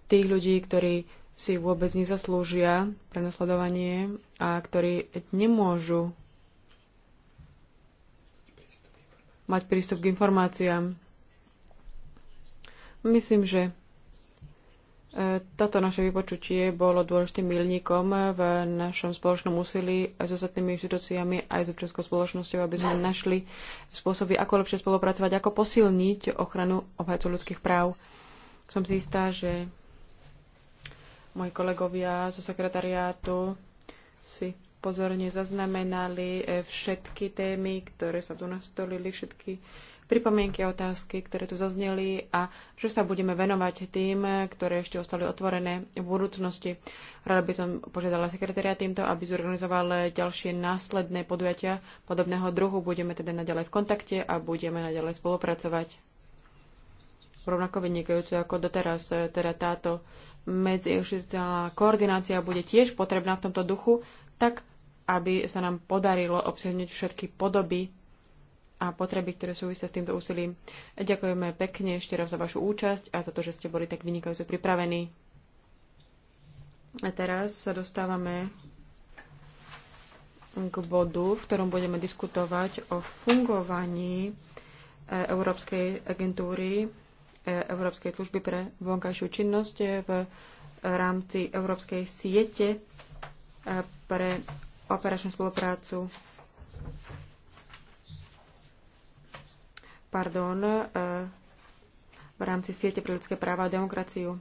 tých ľudí, ktorí si vôbec nezaslúžia prenasledovanie a ktorí nemôžu mať prístup k informáciám. Myslím, že toto naše vypočutie bolo dôležitým milníkom v našom spoločnom úsilí aj so ostatnými inštitúciami, aj s občianskou spoločnosťou, aby sme našli spôsoby, ako lepšie spolupracovať, ako posilniť ochranu obhajcov ľudských práv. Som si istá, že moji kolegovia zo sekretariátu si pozorne zaznamenali eh, všetky témy, ktoré sa tu nastolili, všetky pripomienky a otázky, ktoré tu zazneli a že sa budeme venovať tým, ktoré ešte ostali otvorené v budúcnosti. Rada by som požiadala sekretária týmto, aby zorganizoval ďalšie následné podujatia podobného druhu. Budeme teda naďalej v kontakte a budeme naďalej spolupracovať. Rovnako vynikajúco ako doteraz, teda táto medziinstitucionálna koordinácia bude tiež potrebná v tomto duchu, tak aby sa nám podarilo obsiahnuť všetky podoby a potreby, ktoré súvisia s týmto úsilím. Ďakujeme pekne ešte raz za vašu účasť a za to, že ste boli tak vynikajúco pripravení. A teraz sa dostávame k bodu, v ktorom budeme diskutovať o fungovaní e, Európskej agentúry, e, Európskej služby pre vonkajšiu činnosť v rámci Európskej siete e, pre operačnú spoluprácu pardon, e, v rámci siete pre ľudské práva a demokraciu. E,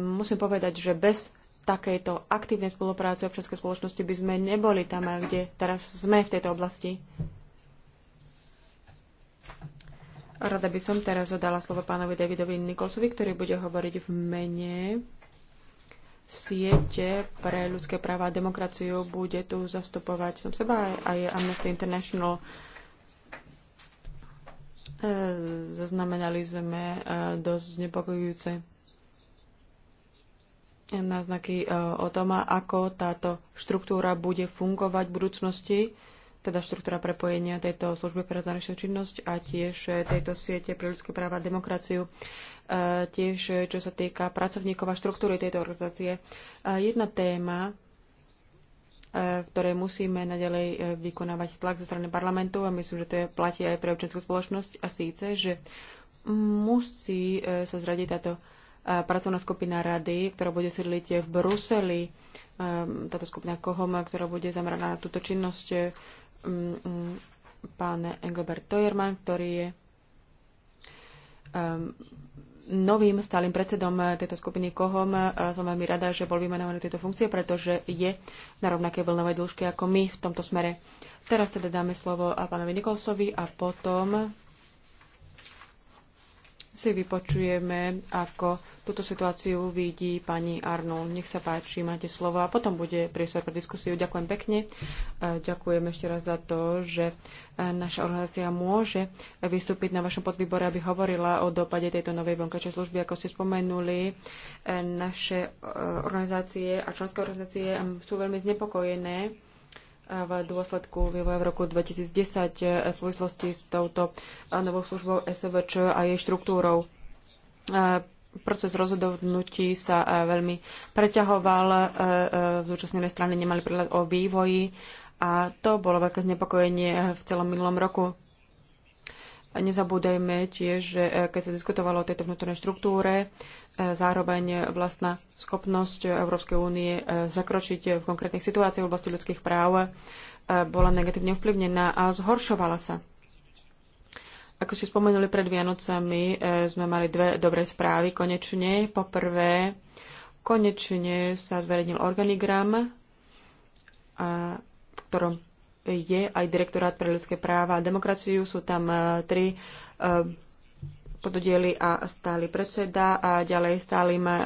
musím povedať, že bez takejto aktívnej spolupráce občianskej spoločnosti by sme neboli tam, kde teraz sme v tejto oblasti. Rada by som teraz zadala slovo pánovi Davidovi Nikolsovi, ktorý bude hovoriť v mene siete pre ľudské práva a demokraciu. Bude tu zastupovať som seba aj Amnesty International. Uh, E, zaznamenali sme e, dosť znepokojujúce náznaky e, o tom, ako táto štruktúra bude fungovať v budúcnosti, teda štruktúra prepojenia tejto služby pre zahraničnú činnosť a tiež tejto siete pre ľudské práva a demokraciu, tiež čo sa týka pracovníkov a štruktúry tejto organizácie. Jedna téma, E, ktoré musíme naďalej e, vykonávať tlak zo strany parlamentu a myslím, že to je, platí aj pre občianskú spoločnosť a síce, že musí e, sa zradiť táto pracovná skupina rady, ktorá bude sedliť v Bruseli, táto skupina KOHOM, ktorá bude zameraná na túto činnosť pán Engelbert Tojerman, ktorý je novým stálym predsedom tejto skupiny KOHOM. E, som veľmi rada, že bol vymenovaný tejto funkcie, pretože je na rovnakej vlnovej dĺžke ako my v tomto smere. Teraz teda dáme slovo a pánovi Nikolsovi a potom si vypočujeme, ako túto situáciu vidí pani Arnold. Nech sa páči, máte slovo a potom bude priestor pre diskusiu. Ďakujem pekne. E, ďakujem ešte raz za to, že e, naša organizácia môže vystúpiť na vašom podvýbore, aby hovorila o dopade tejto novej vonkajšej služby. Ako ste spomenuli, e, naše organizácie a členské organizácie sú veľmi znepokojené v dôsledku vývoja v roku 2010 e, v súvislosti s touto e, novou službou SVČ a jej štruktúrou. E, proces rozhodnutí sa veľmi preťahoval, zúčastnené strany nemali prehľad o vývoji a to bolo veľké znepokojenie v celom minulom roku. Nezabúdajme tiež, že e, keď sa diskutovalo o tejto vnútornej štruktúre, e, zároveň vlastná schopnosť Európskej únie e, zakročiť v konkrétnych situáciách v oblasti ľudských práv bola negatívne ovplyvnená a zhoršovala sa. Ako ste spomenuli pred Vianocami, sme mali dve dobré správy konečne. Poprvé, konečne sa zverejnil organigram, v ktorom je aj Direktorát pre ľudské práva a demokraciu. Sú tam e, tri e, pododiely a stály predseda a ďalej stálym e,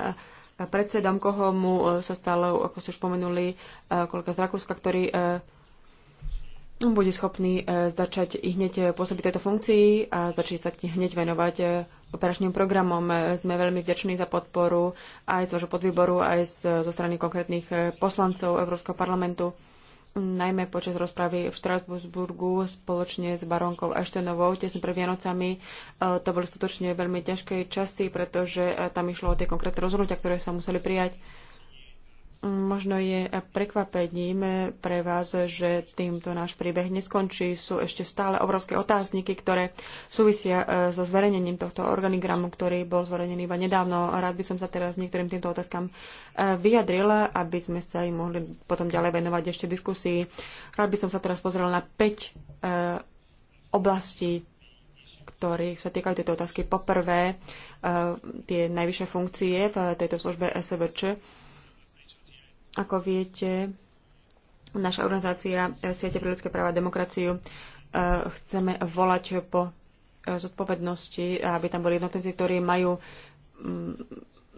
predsedom koho mu sa stalo, ako ste už spomenuli, kolega z Rakúska, ktorý bude schopný začať i hneď pôsobiť tejto funkcii a začať sa ti hneď venovať operačným programom. Sme veľmi vďační za podporu aj z vášho podvýboru, aj zo strany konkrétnych poslancov Európskeho parlamentu najmä počas rozpravy v Štrasburgu spoločne s baronkou Eštenovou, tesne pred Vianocami. E, to boli skutočne veľmi ťažké časy, pretože e, tam išlo o tie konkrétne rozhodnutia, ktoré sa museli prijať. Možno je prekvapením pre vás, že týmto náš príbeh neskončí. Sú ešte stále obrovské otázniky, ktoré súvisia e, so zverejnením tohto organigramu, ktorý bol zverejnený iba nedávno. Rád by som sa teraz niektorým týmto otázkam e, vyjadrila, aby sme sa im mohli potom ďalej venovať ešte diskusii. Rád by som sa teraz pozrel na 5 e, oblastí ktorých sa týkajú tejto otázky. Poprvé, tie najvyššie funkcie v tejto službe SVČ ako viete, naša organizácia e, Siete pre ľudské práva a demokraciu e, chceme volať po e, zodpovednosti, aby tam boli jednotlivci, ktorí majú mm,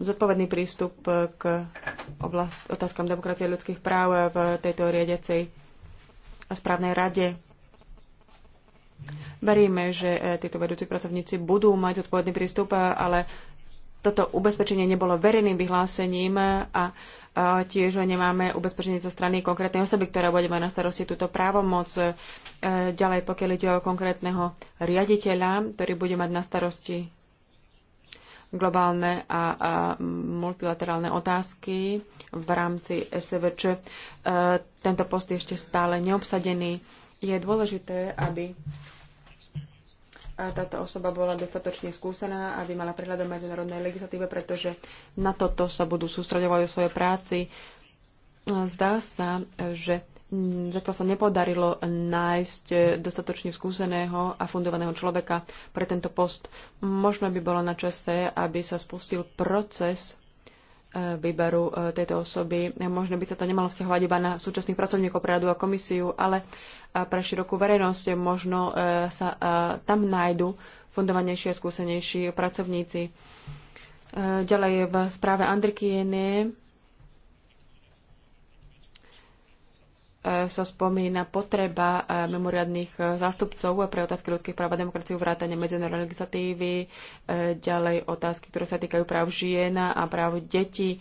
zodpovedný prístup k oblast, otázkam demokracie a ľudských práv v tejto riadiacej správnej rade. Veríme, že títo vedúci pracovníci budú mať zodpovedný prístup, ale toto ubezpečenie nebolo verejným vyhlásením a tiež nemáme ubezpečenie zo strany konkrétnej osoby, ktorá bude mať na starosti túto právomoc. E, ďalej, pokiaľ ide o konkrétneho riaditeľa, ktorý bude mať na starosti globálne a, a multilaterálne otázky v rámci SVČ. E, tento post je ešte stále neobsadený. Je dôležité, aby a táto osoba bola dostatočne skúsená, aby mala prehľad o medzinárodnej legislatíve, pretože na toto sa budú sústredovať o svojej práci. Zdá sa, že zatiaľ sa nepodarilo nájsť eh, dostatočne skúseného a fundovaného človeka pre tento post. Možno by bolo na čase, aby sa spustil proces eh, výberu eh, tejto osoby. Možno by sa to nemalo vzťahovať iba na súčasných pracovníkov pre radu a komisiu, ale pre širokú verejnosť. Možno e, sa e, tam nájdu fundovanejší a skúsenejší pracovníci. E, ďalej v správe Andrikiene sa spomína potreba memoriadných zástupcov pre otázky ľudských práv a demokracie vrátane medzinárodnej legislatívy, ďalej otázky, ktoré sa týkajú práv žien a práv detí.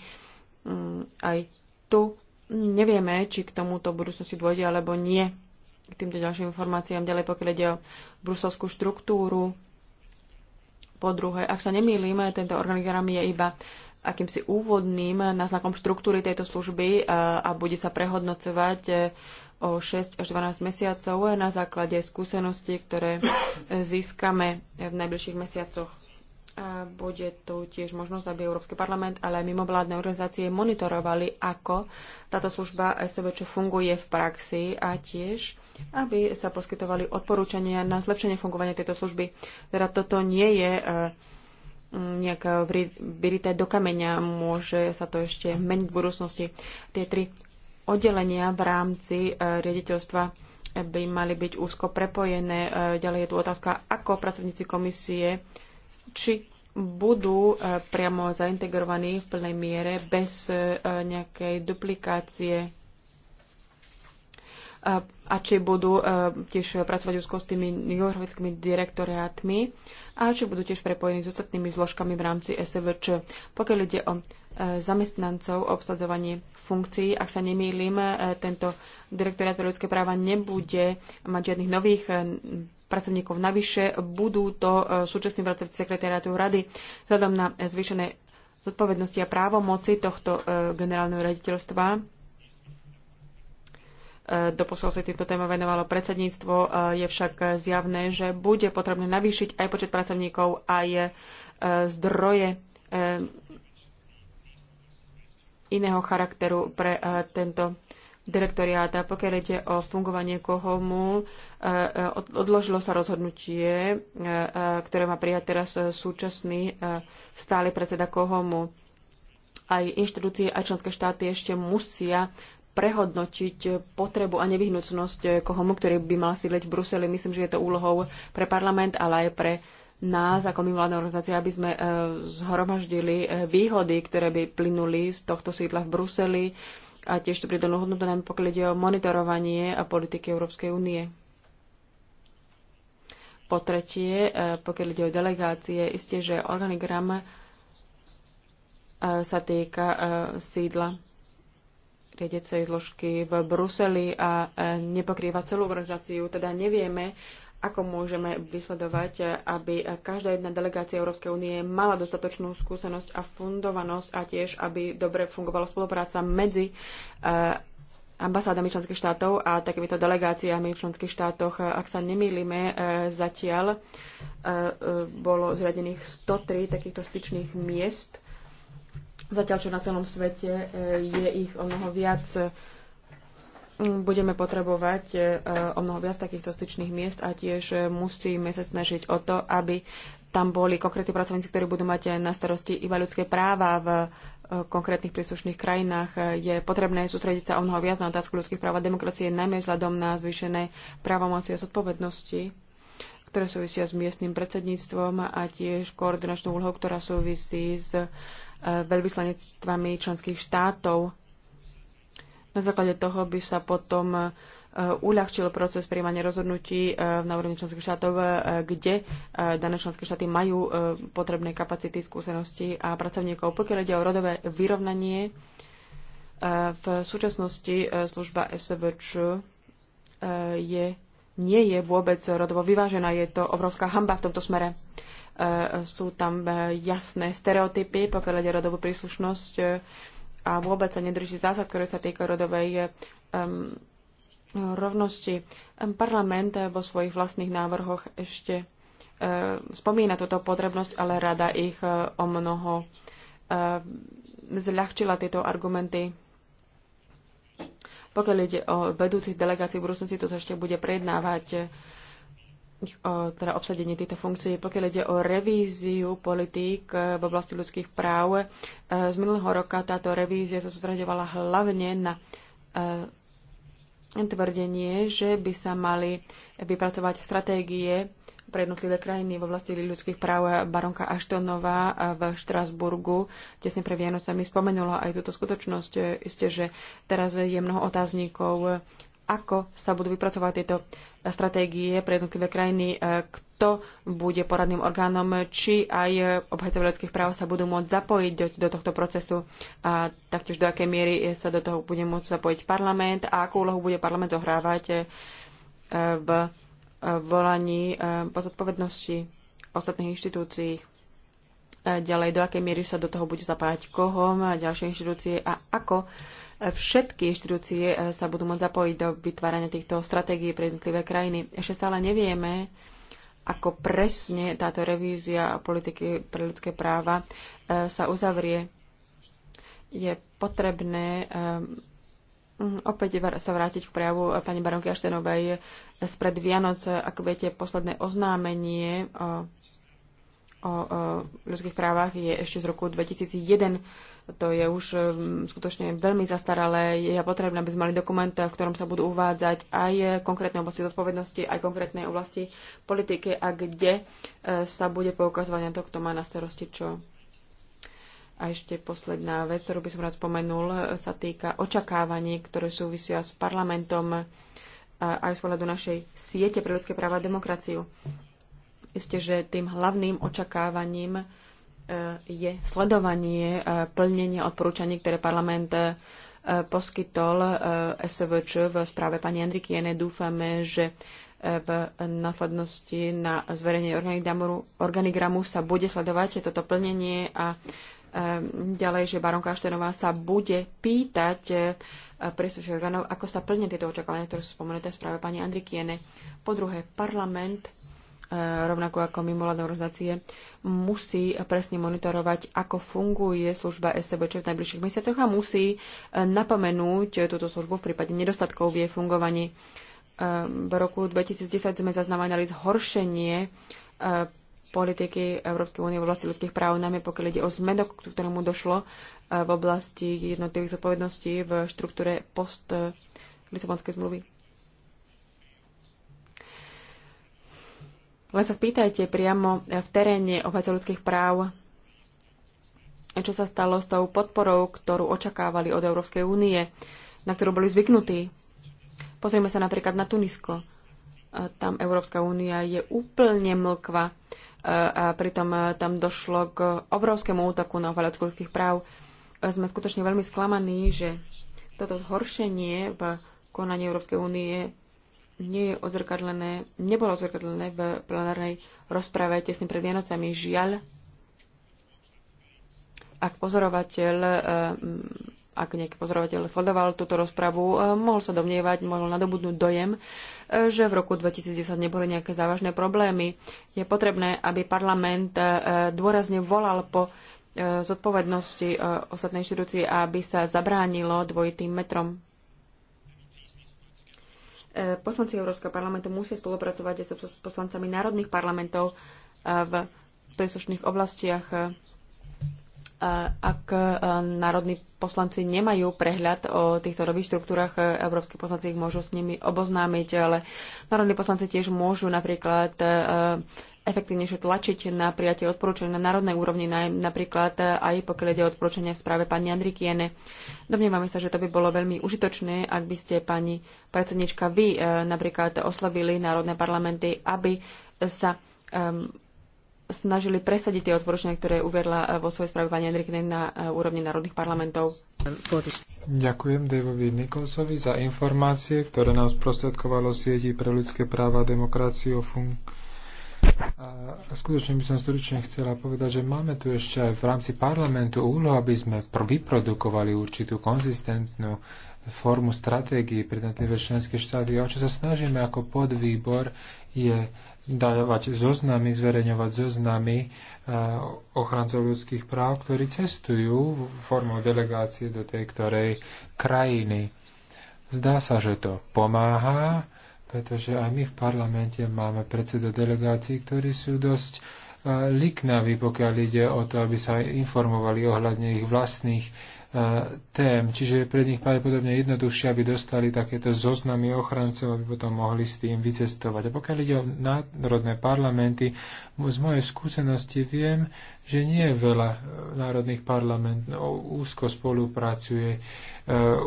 Mm, aj tu nevieme, či k tomuto budúcnosti dôjde alebo nie k týmto ďalším informáciám. Ďalej, pokiaľ ide o bruselskú štruktúru, po druhé, ak sa nemýlim, tento organigram je iba akýmsi úvodným náznakom štruktúry tejto služby a, eh, a bude sa prehodnocovať eh, o 6 až 12 mesiacov na základe skúseností, ktoré získame v najbližších mesiacoch. A bude to tiež možnosť, aby Európsky parlament, ale aj mimovládne organizácie monitorovali, ako táto služba SVČ funguje v praxi a tiež aby sa poskytovali odporúčania na zlepšenie fungovania tejto služby. Teda toto nie je eh, nejaká eh, vyrité do kameňa, môže sa to ešte meniť v budúcnosti. Tie tri oddelenia v rámci eh, riaditeľstva by mali byť úzko prepojené. Ďalej je tu otázka, ako pracovníci komisie, či budú priamo zaintegrovaní v plnej miere bez nejakej duplikácie a či budú e, tiež pracovať úzko s tými geografickými direktoriátmi a či budú tiež prepojení s ostatnými zložkami v rámci SVČ. Pokiaľ ide o e, zamestnancov, obsadzovanie funkcií, ak sa nemýlim, e, tento direktoriát pre ľudské práva nebude mať žiadnych nových pracovníkov navyše, budú to súčasní pracovníci sekretariátu rady. Vzhľadom na zvýšené zodpovednosti a právomoci tohto generálneho raditeľstva Doposiaľ sa týmto téma venovalo predsedníctvo. E, Je však zjavné, že bude potrebné navýšiť aj počet pracovníkov, aj e, zdroje e, iného charakteru pre tento direktoriát. A Pokiaľ ide o fungovanie Kohomu, odložilo sa rozhodnutie, ktoré má prijať teraz súčasný stály predseda Kohomu aj inštitúcie a členské štáty ešte musia prehodnotiť potrebu a nevyhnutnosť kohomu, ktorý by mal sídliť v Bruseli. Myslím, že je to úlohou pre parlament, ale aj pre nás ako mimovládna organizácie, aby sme e, zhromaždili e, výhody, ktoré by plynuli z tohto sídla v Bruseli a tiež to pridanú hodnotu nám pokiaľ ide o monitorovanie a politiky Európskej únie. Po tretie, e, pokiaľ ide o delegácie, isté, že organigram sa týka sídla riadiacej zložky v Bruseli a e, nepokrýva celú organizáciu. Teda nevieme, ako môžeme vysledovať, e, aby každá jedna delegácia Európskej únie mala dostatočnú skúsenosť a fundovanosť a tiež, aby dobre fungovala spolupráca medzi e, ambasádami členských štátov a takýmito delegáciami v členských štátoch. Ak sa nemýlime, zatiaľ bolo zriadených 103 takýchto styčných miest Zatiaľ, čo na celom svete e, je ich o mnoho viac, e, budeme potrebovať e, o mnoho viac takýchto styčných miest a tiež musíme sa snažiť o to, aby tam boli konkrétni pracovníci, ktorí budú mať na starosti iba ľudské práva v konkrétnych príslušných krajinách. Je potrebné sústrediť sa o mnoho viac na otázku ľudských práv a demokracie, najmä vzhľadom na zvýšené právomoci a zodpovednosti, ktoré súvisia s miestnym predsedníctvom a tiež koordinačnou úlohou, ktorá súvisí s veľvyslanectvami členských štátov. Na základe toho by sa potom e, uľahčil proces príjmania rozhodnutí e, na úrovni členských štátov, e, kde dané členské štáty majú potrebné kapacity, skúsenosti a pracovníkov. Pokiaľ ide o rodové vyrovnanie, v súčasnosti služba SVČ je, nie je vôbec rodovo vyvážená. Je to obrovská hamba v tomto smere. E, sú tam e, jasné stereotypy, pokiaľ ide rodovú príslušnosť e, a vôbec sa nedrží zásad, ktoré sa týka rodovej um, rovnosti. Parlament vo svojich vlastných návrhoch ešte uh, spomína túto potrebnosť, ale rada ich uh, o mnoho uh, zľahčila tieto argumenty. Pokiaľ ide o vedúcich delegácií v budúcnosti, to sa ešte bude prednávať. Uh, teda obsadenie tejto funkcie. Pokiaľ ide o revíziu politík e, v oblasti ľudských práv, e, z minulého roka táto revízia sa sústredovala hlavne na e, tvrdenie, že by sa mali vypracovať stratégie pre jednotlivé krajiny v oblasti ľudských práv. Baronka Aštonová v Štrasburgu tesne pre mi spomenula aj túto skutočnosť. Isté, že teraz je mnoho otáznikov ako sa budú vypracovať tieto stratégie pre jednotlivé krajiny, e, kto bude poradným orgánom, či aj obhajcovia ľudských práv sa budú môcť zapojiť do, do tohto procesu a taktiež do akej miery sa do toho bude môcť zapojiť parlament a akú úlohu bude parlament zohrávať e, v e, volaní po zodpovednosti ostatných inštitúcií. Ďalej, do akej miery sa do toho bude zapájať kohom a ďalšie inštitúcie a ako všetky inštitúcie e, sa budú môcť zapojiť do vytvárania týchto stratégií pre jednotlivé krajiny. Ešte stále nevieme, ako presne táto revízia politiky pre ľudské práva e, sa uzavrie. Je potrebné e, opäť sa vrátiť k prejavu pani baronky Aštenovej spred Vianoc, ako viete, posledné oznámenie o, o, o ľudských právach je ešte z roku 2001 to je už um, skutočne veľmi zastaralé. Je potrebné, aby sme mali dokument, v ktorom sa budú uvádzať aj konkrétne oblasti zodpovednosti, aj konkrétnej oblasti politiky a kde e, sa bude poukazovať na to, kto má na starosti čo. A ešte posledná vec, ktorú by som rád spomenul, e, sa týka očakávaní, ktoré súvisia s parlamentom e, aj z pohľadu našej siete pre ľudské práva a demokraciu. Isté, že tým hlavným očakávaním je sledovanie e, plnenia odporúčaní, ktoré parlament e, poskytol e, SVČ v správe pani Andriky. Jene. Dúfame, že v následnosti na zverejnenie organigramu sa bude sledovať toto plnenie a ďalej, že baronka Štenová sa bude pýtať príslušných orgánov, ako sa plnia tieto očakávania, ktoré sú spomenuté v správe pani Andrikiene. Po druhé, parlament E, rovnako ako mimoladné organizácie, musí presne monitorovať, ako funguje služba SBČ v najbližších mesiacoch a musí e, napomenúť túto službu v prípade nedostatkov v jej fungovaní. E, v roku 2010 sme zaznamenali zhoršenie politiky Európskej únie v oblasti ľudských práv, najmä pokiaľ ide o zmenu, k ktorému došlo v oblasti jednotlivých zodpovedností v štruktúre post Lisabonskej zmluvy. Len sa spýtajte priamo e, v teréne obhajcov ľudských práv, e, čo sa stalo s tou podporou, ktorú očakávali od Európskej únie, na ktorú boli zvyknutí. Pozrieme sa napríklad na Tunisko. E, tam Európska únia je úplne mlkva a pritom tam došlo k obrovskému útoku na obhajcov ľudských práv. Sme skutočne veľmi sklamaní, že toto zhoršenie v konaní Európskej únie nie je ozrkadlené, nebolo ozrkadlené v plenárnej rozprave tesne pred Vianocami. Žiaľ, ak pozorovateľ, eh, mm, ak nejaký pozorovateľ sledoval túto rozpravu, eh, mohol sa domnievať, mohol nadobudnúť dojem, eh, že v roku 2010 neboli nejaké závažné problémy. Je potrebné, aby parlament dôrazne volal po zodpovednosti ostatnej inštitúcii, aby sa zabránilo dvojitým metrom Poslanci Európskeho parlamentu musia spolupracovať s poslancami národných parlamentov e, v príslušných oblastiach. E, ak e, národní poslanci nemajú prehľad o týchto nových štruktúrach, európsky poslanci ich môžu s nimi oboznámiť, ale národní poslanci tiež môžu napríklad efektívnejšie tlačiť na prijatie odporúčania na národnej úrovni, napríklad e, aj pokiaľ ide o odporúčania v správe pani Andrikiene. Domnievame sa, že to by bolo veľmi užitočné, ak by ste, pani predsednička, vy e, napríklad oslovili národné parlamenty, aby sa um, snažili presadiť tie odporúčania, ktoré uvedla e, vo svojej správe pani Andrikiene na úrovni národných parlamentov. Ďakujem Davovi Nikolsovi za informácie, ktoré nám sprostredkovalo sieti pre ľudské práva a demokraciu o fun- a skutočne by som stručne chcela povedať, že máme tu ešte aj v rámci parlamentu úlohu, aby sme vyprodukovali určitú konzistentnú formu stratégie pre jednotlivé členské štáty. A čo sa snažíme ako podvýbor je dávať zoznamy, zverejňovať zoznamy ochrancov ľudských práv, ktorí cestujú formou delegácie do tej ktorej krajiny. Zdá sa, že to pomáha pretože aj my v parlamente máme predseda delegácií, ktorí sú dosť eh, liknaví, pokiaľ ide o to, aby sa informovali ohľadne ich vlastných E, tém, čiže je pre nich pravdepodobne jednoduchšie, aby dostali takéto zoznamy ochrancov, aby potom mohli s tým vycestovať. A pokiaľ ide o národné parlamenty, z mojej skúsenosti viem, že nie veľa e, národných parlamentov no, úzko spolupracuje e,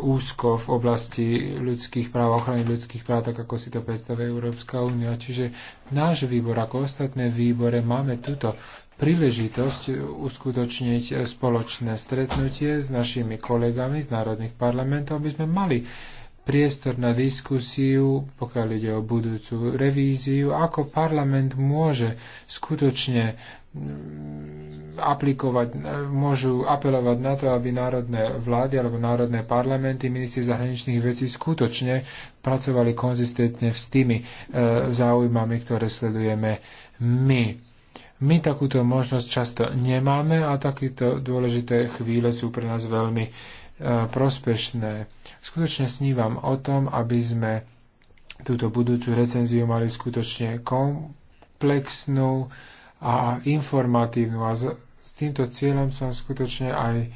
úzko v oblasti ľudských práv, ochrany ľudských práv, tak ako si to predstavuje Európska únia. Čiže náš výbor, ako ostatné výbore, máme túto príležitosť uskutočniť spoločné stretnutie s našimi kolegami z národných parlamentov, aby sme mali priestor na diskusiu, pokiaľ ide o budúcu revíziu, ako parlament môže skutočne mm, aplikovať, môžu apelovať na to, aby národné vlády alebo národné parlamenty, ministri zahraničných vecí skutočne pracovali konzistentne s tými e, záujmami, ktoré sledujeme my my takúto možnosť často nemáme a takéto dôležité chvíle sú pre nás veľmi e, prospešné. Skutočne snívam o tom, aby sme túto budúcu recenziu mali skutočne komplexnú a informatívnu. A s týmto cieľom som skutočne aj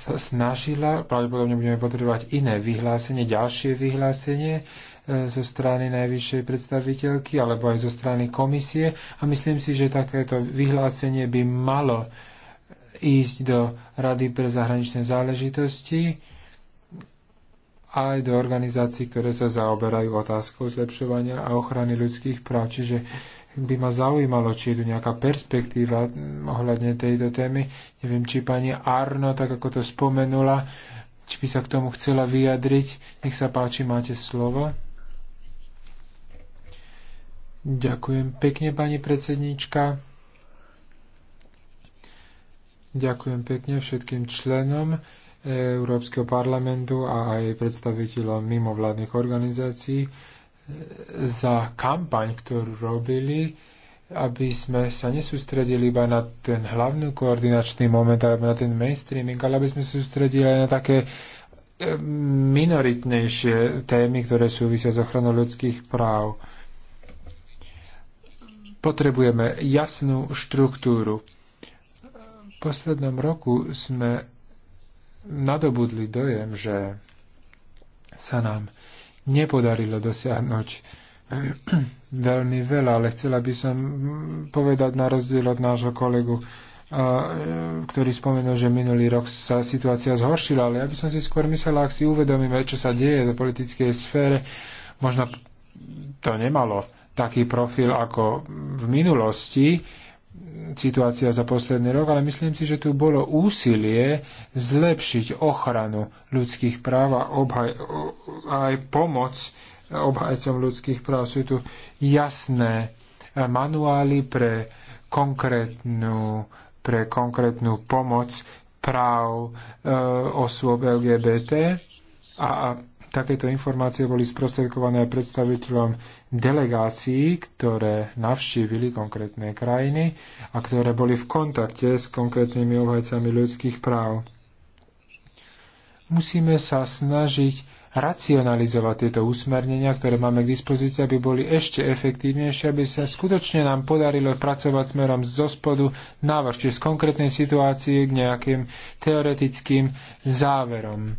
sa snažila, pravdepodobne budeme potrebovať iné vyhlásenie, ďalšie vyhlásenie, E, zo strany najvyššej predstaviteľky alebo aj zo strany komisie a myslím si, že takéto vyhlásenie by malo ísť do Rady pre zahraničné záležitosti aj do organizácií, ktoré sa zaoberajú otázkou zlepšovania a ochrany ľudských práv. Čiže by ma zaujímalo, či je tu nejaká perspektíva ohľadne tejto témy. Neviem, či pani Arno, tak ako to spomenula, či by sa k tomu chcela vyjadriť. Nech sa páči, máte slovo. Ďakujem pekne, pani predsednička. Ďakujem pekne všetkým členom eh, Európskeho parlamentu a aj predstaviteľom mimovládnych organizácií eh, za kampaň, ktorú robili, aby sme sa nesústredili iba na ten hlavný koordinačný moment alebo na ten mainstreaming, ale aby sme sústredili aj na také eh, minoritnejšie témy, ktoré súvisia s ochranou ľudských práv. Potrebujeme jasnú štruktúru. V poslednom roku sme nadobudli dojem, že sa nám nepodarilo dosiahnuť veľmi veľa, ale chcela by som povedať na rozdiel od nášho kolegu, ktorý spomenul, že minulý rok sa situácia zhoršila, ale ja by som si skôr myslela, ak si uvedomíme, čo sa deje do politickej sfére, možno to nemalo taký profil ako v minulosti, situácia za posledný rok, ale myslím si, že tu bolo úsilie zlepšiť ochranu ľudských práv a, obhaj, aj pomoc obhajcom ľudských práv. Sú tu jasné eh, manuály pre konkrétnu, pre konkrétnu pomoc práv e, osôb LGBT a, a Takéto informácie boli sprostredkované predstaviteľom delegácií, ktoré navštívili konkrétne krajiny a ktoré boli v kontakte s konkrétnymi obhajcami ľudských práv. Musíme sa snažiť racionalizovať tieto usmernenia, ktoré máme k dispozícii, aby boli ešte efektívnejšie, aby sa skutočne nám podarilo pracovať smerom zo spodu návrh, či z konkrétnej situácie k nejakým teoretickým záverom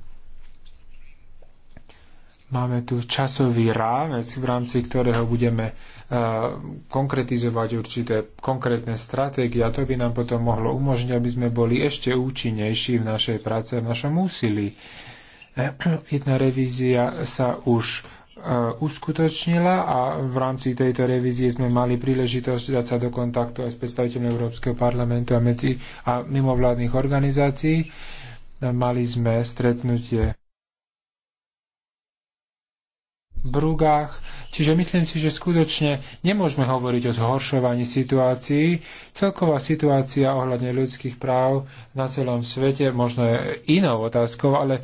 Máme tu časový rámec, v rámci ktorého budeme e, konkretizovať určité konkrétne stratégie a to by nám potom mohlo umožniť, aby sme boli ešte účinnejší v našej práce a v našom úsilí. E, jedna revízia sa už e, uskutočnila a v rámci tejto revízie sme mali príležitosť dať sa do kontaktu aj s predstaviteľmi Európskeho parlamentu a, medzi, a mimovládnych organizácií. Mali sme stretnutie Brugách. Čiže myslím si, že skutočne nemôžeme hovoriť o zhoršovaní situácií. Celková situácia ohľadne ľudských práv na celom svete možno je inou otázkou, ale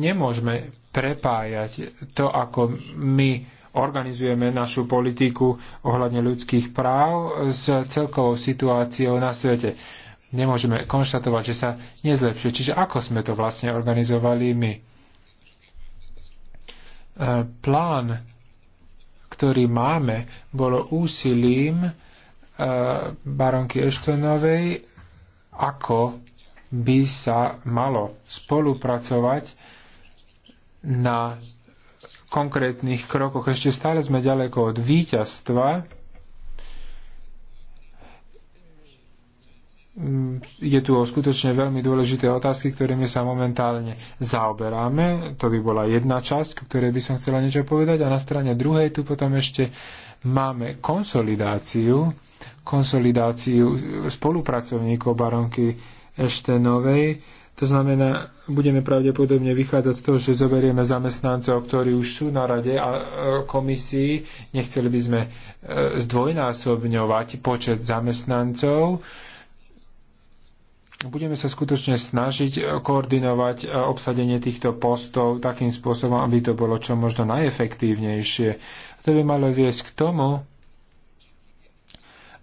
nemôžeme prepájať to, ako my organizujeme našu politiku ohľadne ľudských práv s celkovou situáciou na svete. Nemôžeme konštatovať, že sa nezlepšuje. Čiže ako sme to vlastne organizovali my? E, plán, ktorý máme, bolo úsilím e, baronky Eštonovej, ako by sa malo spolupracovať na konkrétnych krokoch. Ešte stále sme ďaleko od víťazstva, je tu o skutočne veľmi dôležité otázky, ktorými sa momentálne zaoberáme. To by bola jedna časť, ku ktorej by som chcela niečo povedať. A na strane druhej tu potom ešte máme konsolidáciu, konsolidáciu spolupracovníkov baronky Eštenovej. To znamená, budeme pravdepodobne vychádzať z toho, že zoberieme zamestnancov, ktorí už sú na rade a e, komisii. Nechceli by sme e, zdvojnásobňovať počet zamestnancov Budeme sa skutočne snažiť e, koordinovať e, obsadenie týchto postov takým spôsobom, aby to bolo čo možno najefektívnejšie. To by malo viesť k tomu,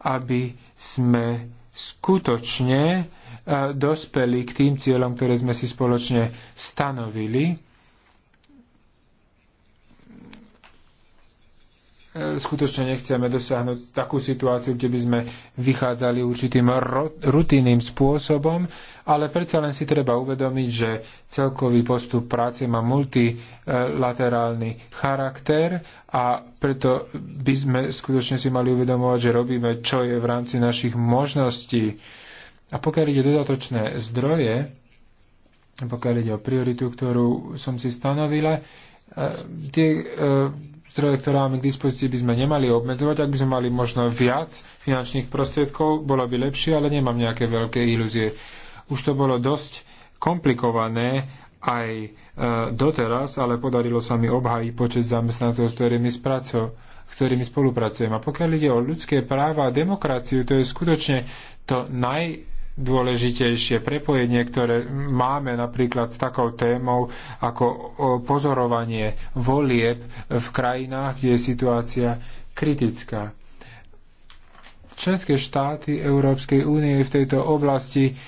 aby sme skutočne e, dospeli k tým cieľom, ktoré sme si spoločne stanovili skutočne nechceme dosiahnuť takú situáciu, kde by sme vychádzali určitým rutinným spôsobom, ale predsa len si treba uvedomiť, že celkový postup práce má multilaterálny charakter a preto by sme skutočne si mali uvedomovať, že robíme, čo je v rámci našich možností. A pokiaľ ide dodatočné zdroje, pokiaľ ide o prioritu, ktorú som si stanovila, E, tie e, zdroje, ktoré máme k dispozícii, by sme nemali obmedzovať. Ak by sme mali možno viac finančných prostriedkov, bolo by lepšie, ale nemám nejaké veľké ilúzie. Už to bolo dosť komplikované aj e, doteraz, ale podarilo sa mi obhájiť počet zamestnancov, s ktorými, spraco, s ktorými spolupracujem. A pokiaľ ide o ľudské práva a demokraciu, to je skutočne to naj, dôležitejšie prepojenie, ktoré máme napríklad s takou témou ako pozorovanie volieb v krajinách, kde je situácia kritická. Členské štáty Európskej únie v tejto oblasti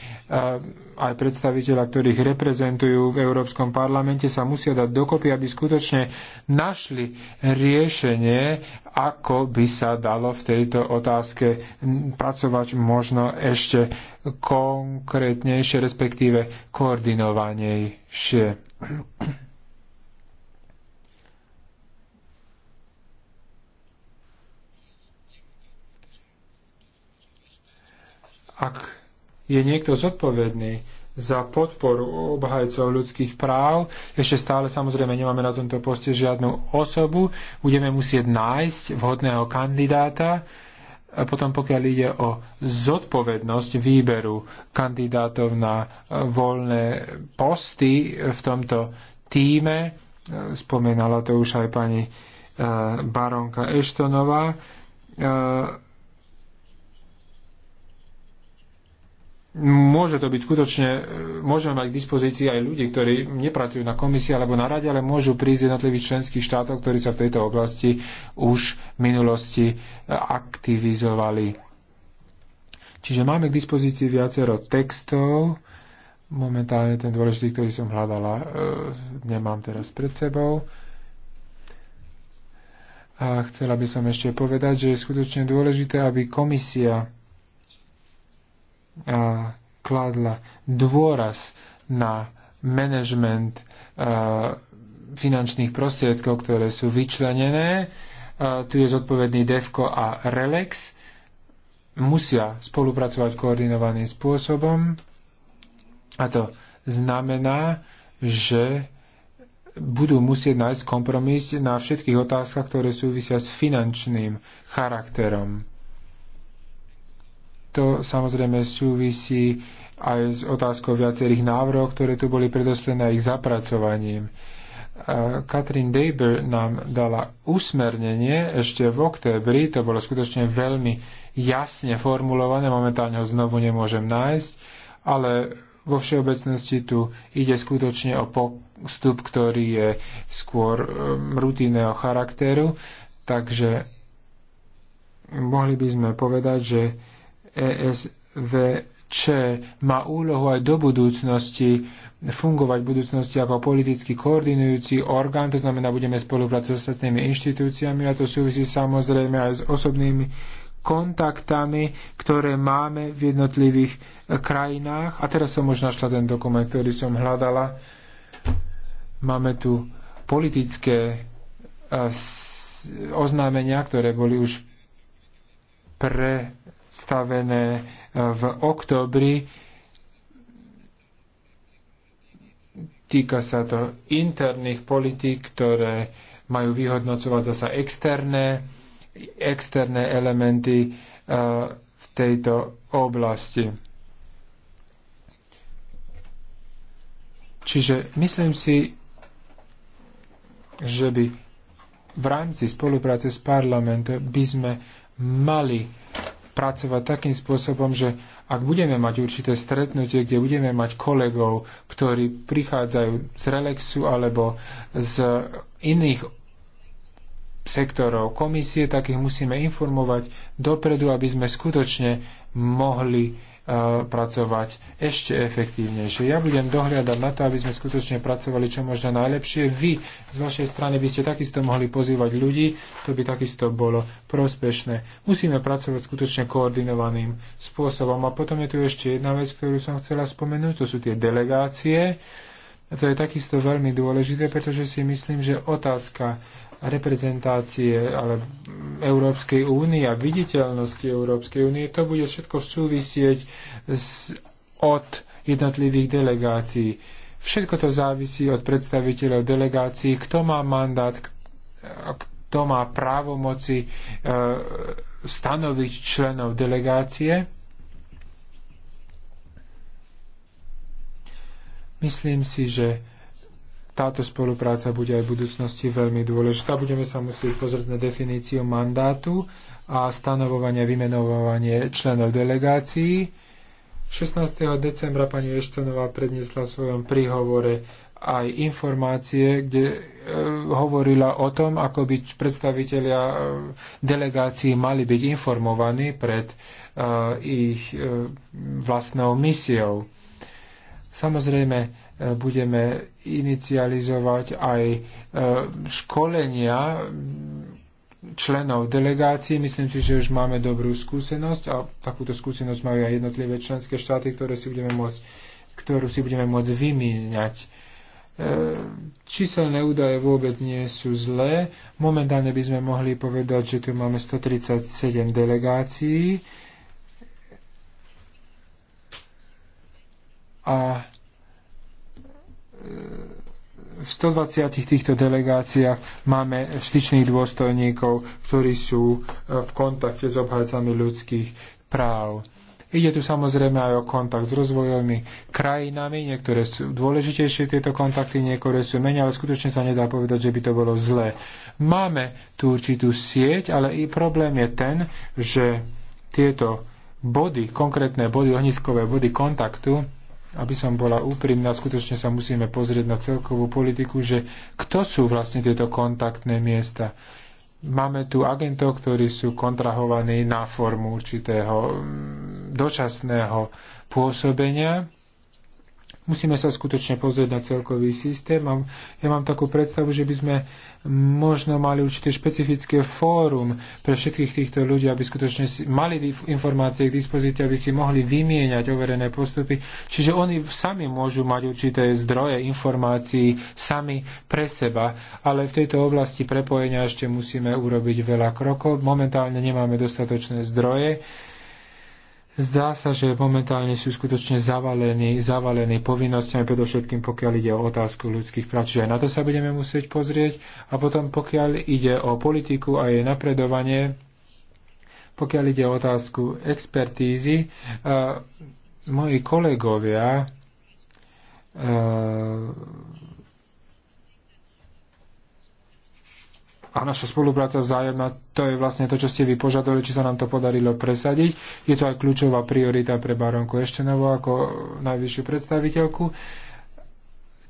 aj predstaviteľa, ktorých reprezentujú v Európskom parlamente, sa musia dať dokopy, aby skutočne našli riešenie, ako by sa dalo v tejto otázke pracovať možno ešte konkrétnejšie, respektíve koordinovanejšie. Ak je niekto zodpovedný za podporu obhajcov ľudských práv. Ešte stále samozrejme nemáme na tomto poste žiadnu osobu. Budeme musieť nájsť vhodného kandidáta. A potom pokiaľ ide o zodpovednosť výberu kandidátov na e, voľné posty v tomto týme, e, spomenala to už aj pani e, Baronka Eštonová, môže to byť skutočne, e, môžeme mať k dispozícii aj ľudí, ktorí nepracujú na komisii alebo na rade, ale môžu prísť jednotlivých členských štátov, ktorí sa v tejto oblasti už v minulosti e, aktivizovali. Čiže máme k dispozícii viacero textov. Momentálne ten dôležitý, ktorý som hľadala, e, nemám teraz pred sebou. A chcela by som ešte povedať, že je skutočne dôležité, aby komisia kládla dôraz na manažment finančných prostriedkov, ktoré sú vyčlenené. Tu je zodpovedný DEFCO a RELEX. Musia spolupracovať koordinovaným spôsobom a to znamená, že budú musieť nájsť kompromis na všetkých otázkach, ktoré súvisia s finančným charakterom. To samozrejme súvisí aj s otázkou viacerých návrhov, ktoré tu boli predoslené ich zapracovaním. Katrin Deiber nám dala usmernenie ešte v oktébri. to bolo skutočne veľmi jasne formulované, momentálne ho znovu nemôžem nájsť, ale vo všeobecnosti tu ide skutočne o postup, ktorý je skôr um, rutinného charakteru, takže mohli by sme povedať, že ESVČ má úlohu aj do budúcnosti fungovať v budúcnosti ako politicky koordinujúci orgán, to znamená, budeme spolupracovať s ostatnými inštitúciami a to súvisí samozrejme aj s osobnými kontaktami, ktoré máme v jednotlivých e, krajinách. A teraz som už našla ten dokument, ktorý som hľadala. Máme tu politické e, oznámenia, ktoré boli už pre predstavené eh, v oktobri. Týka sa to interných politík, ktoré majú vyhodnocovať zasa externé, externé elementy eh, v tejto oblasti. Čiže myslím si, že by v rámci spolupráce s parlamentom by sme mali pracovať takým spôsobom, že ak budeme mať určité stretnutie, kde budeme mať kolegov, ktorí prichádzajú z Relexu alebo z iných sektorov komisie, tak ich musíme informovať dopredu, aby sme skutočne mohli pracovať ešte efektívnejšie. Ja budem dohliadať na to, aby sme skutočne pracovali čo možno najlepšie. Vy z vašej strany by ste takisto mohli pozývať ľudí, to by takisto bolo prospešné. Musíme pracovať skutočne koordinovaným spôsobom. A potom je tu ešte jedna vec, ktorú som chcela spomenúť, to sú tie delegácie. A to je takisto veľmi dôležité, pretože si myslím, že otázka reprezentácie ale Európskej únie a viditeľnosti Európskej únie, to bude všetko súvisieť z, od jednotlivých delegácií. Všetko to závisí od predstaviteľov delegácií, kto má mandát, kto má právomoci e, stanoviť členov delegácie. Myslím si, že táto spolupráca bude aj v budúcnosti veľmi dôležitá. Budeme sa musieť pozrieť na definíciu mandátu a stanovovanie, vymenovanie členov delegácií. 16. decembra pani Eštonová predniesla v svojom príhovore aj informácie, kde e, hovorila o tom, ako by predstavitelia e, delegácií mali byť informovaní pred e, ich e, vlastnou misiou. Samozrejme, e, budeme inicializovať aj e, školenia členov delegácií. Myslím si, že už máme dobrú skúsenosť a takúto skúsenosť majú aj jednotlivé členské štáty, ktoré si budeme môcť, ktorú si budeme môcť vymieňať. E, číselné údaje vôbec nie sú zlé. Momentálne by sme mohli povedať, že tu máme 137 delegácií. A v 120 týchto delegáciách máme štyčných dôstojníkov, ktorí sú e, v kontakte s obhajcami ľudských práv. Ide tu samozrejme aj o kontakt s rozvojovými krajinami, niektoré sú dôležitejšie tieto kontakty, niektoré sú menej, ale skutočne sa nedá povedať, že by to bolo zlé. Máme tu určitú sieť, ale i problém je ten, že tieto body, konkrétne body, ohniskové body kontaktu, aby som bola úprimná, skutočne sa musíme pozrieť na celkovú politiku, že kto sú vlastne tieto kontaktné miesta. Máme tu agentov, ktorí sú kontrahovaní na formu určitého mm, dočasného pôsobenia, Musíme sa skutočne pozrieť na celkový systém a ja mám takú predstavu, že by sme možno mali určité špecifické fórum pre všetkých týchto ľudí, aby skutočne mali informácie k dispozícii, aby si mohli vymieňať overené postupy. Čiže oni sami môžu mať určité zdroje informácií sami pre seba, ale v tejto oblasti prepojenia ešte musíme urobiť veľa krokov. Momentálne nemáme dostatočné zdroje Zdá sa, že momentálne sú skutočne zavalení, zavalení povinnosťami, predovšetkým pokiaľ ide o otázku ľudských práv. Čiže aj na to sa budeme musieť pozrieť. A potom pokiaľ ide o politiku a jej napredovanie, pokiaľ ide o otázku expertízy, uh, moji kolegovia uh, a naša spolupráca vzájomná, to je vlastne to, čo ste vy požadovali, či sa nám to podarilo presadiť. Je to aj kľúčová priorita pre baronku Eštenovo ako najvyššiu predstaviteľku.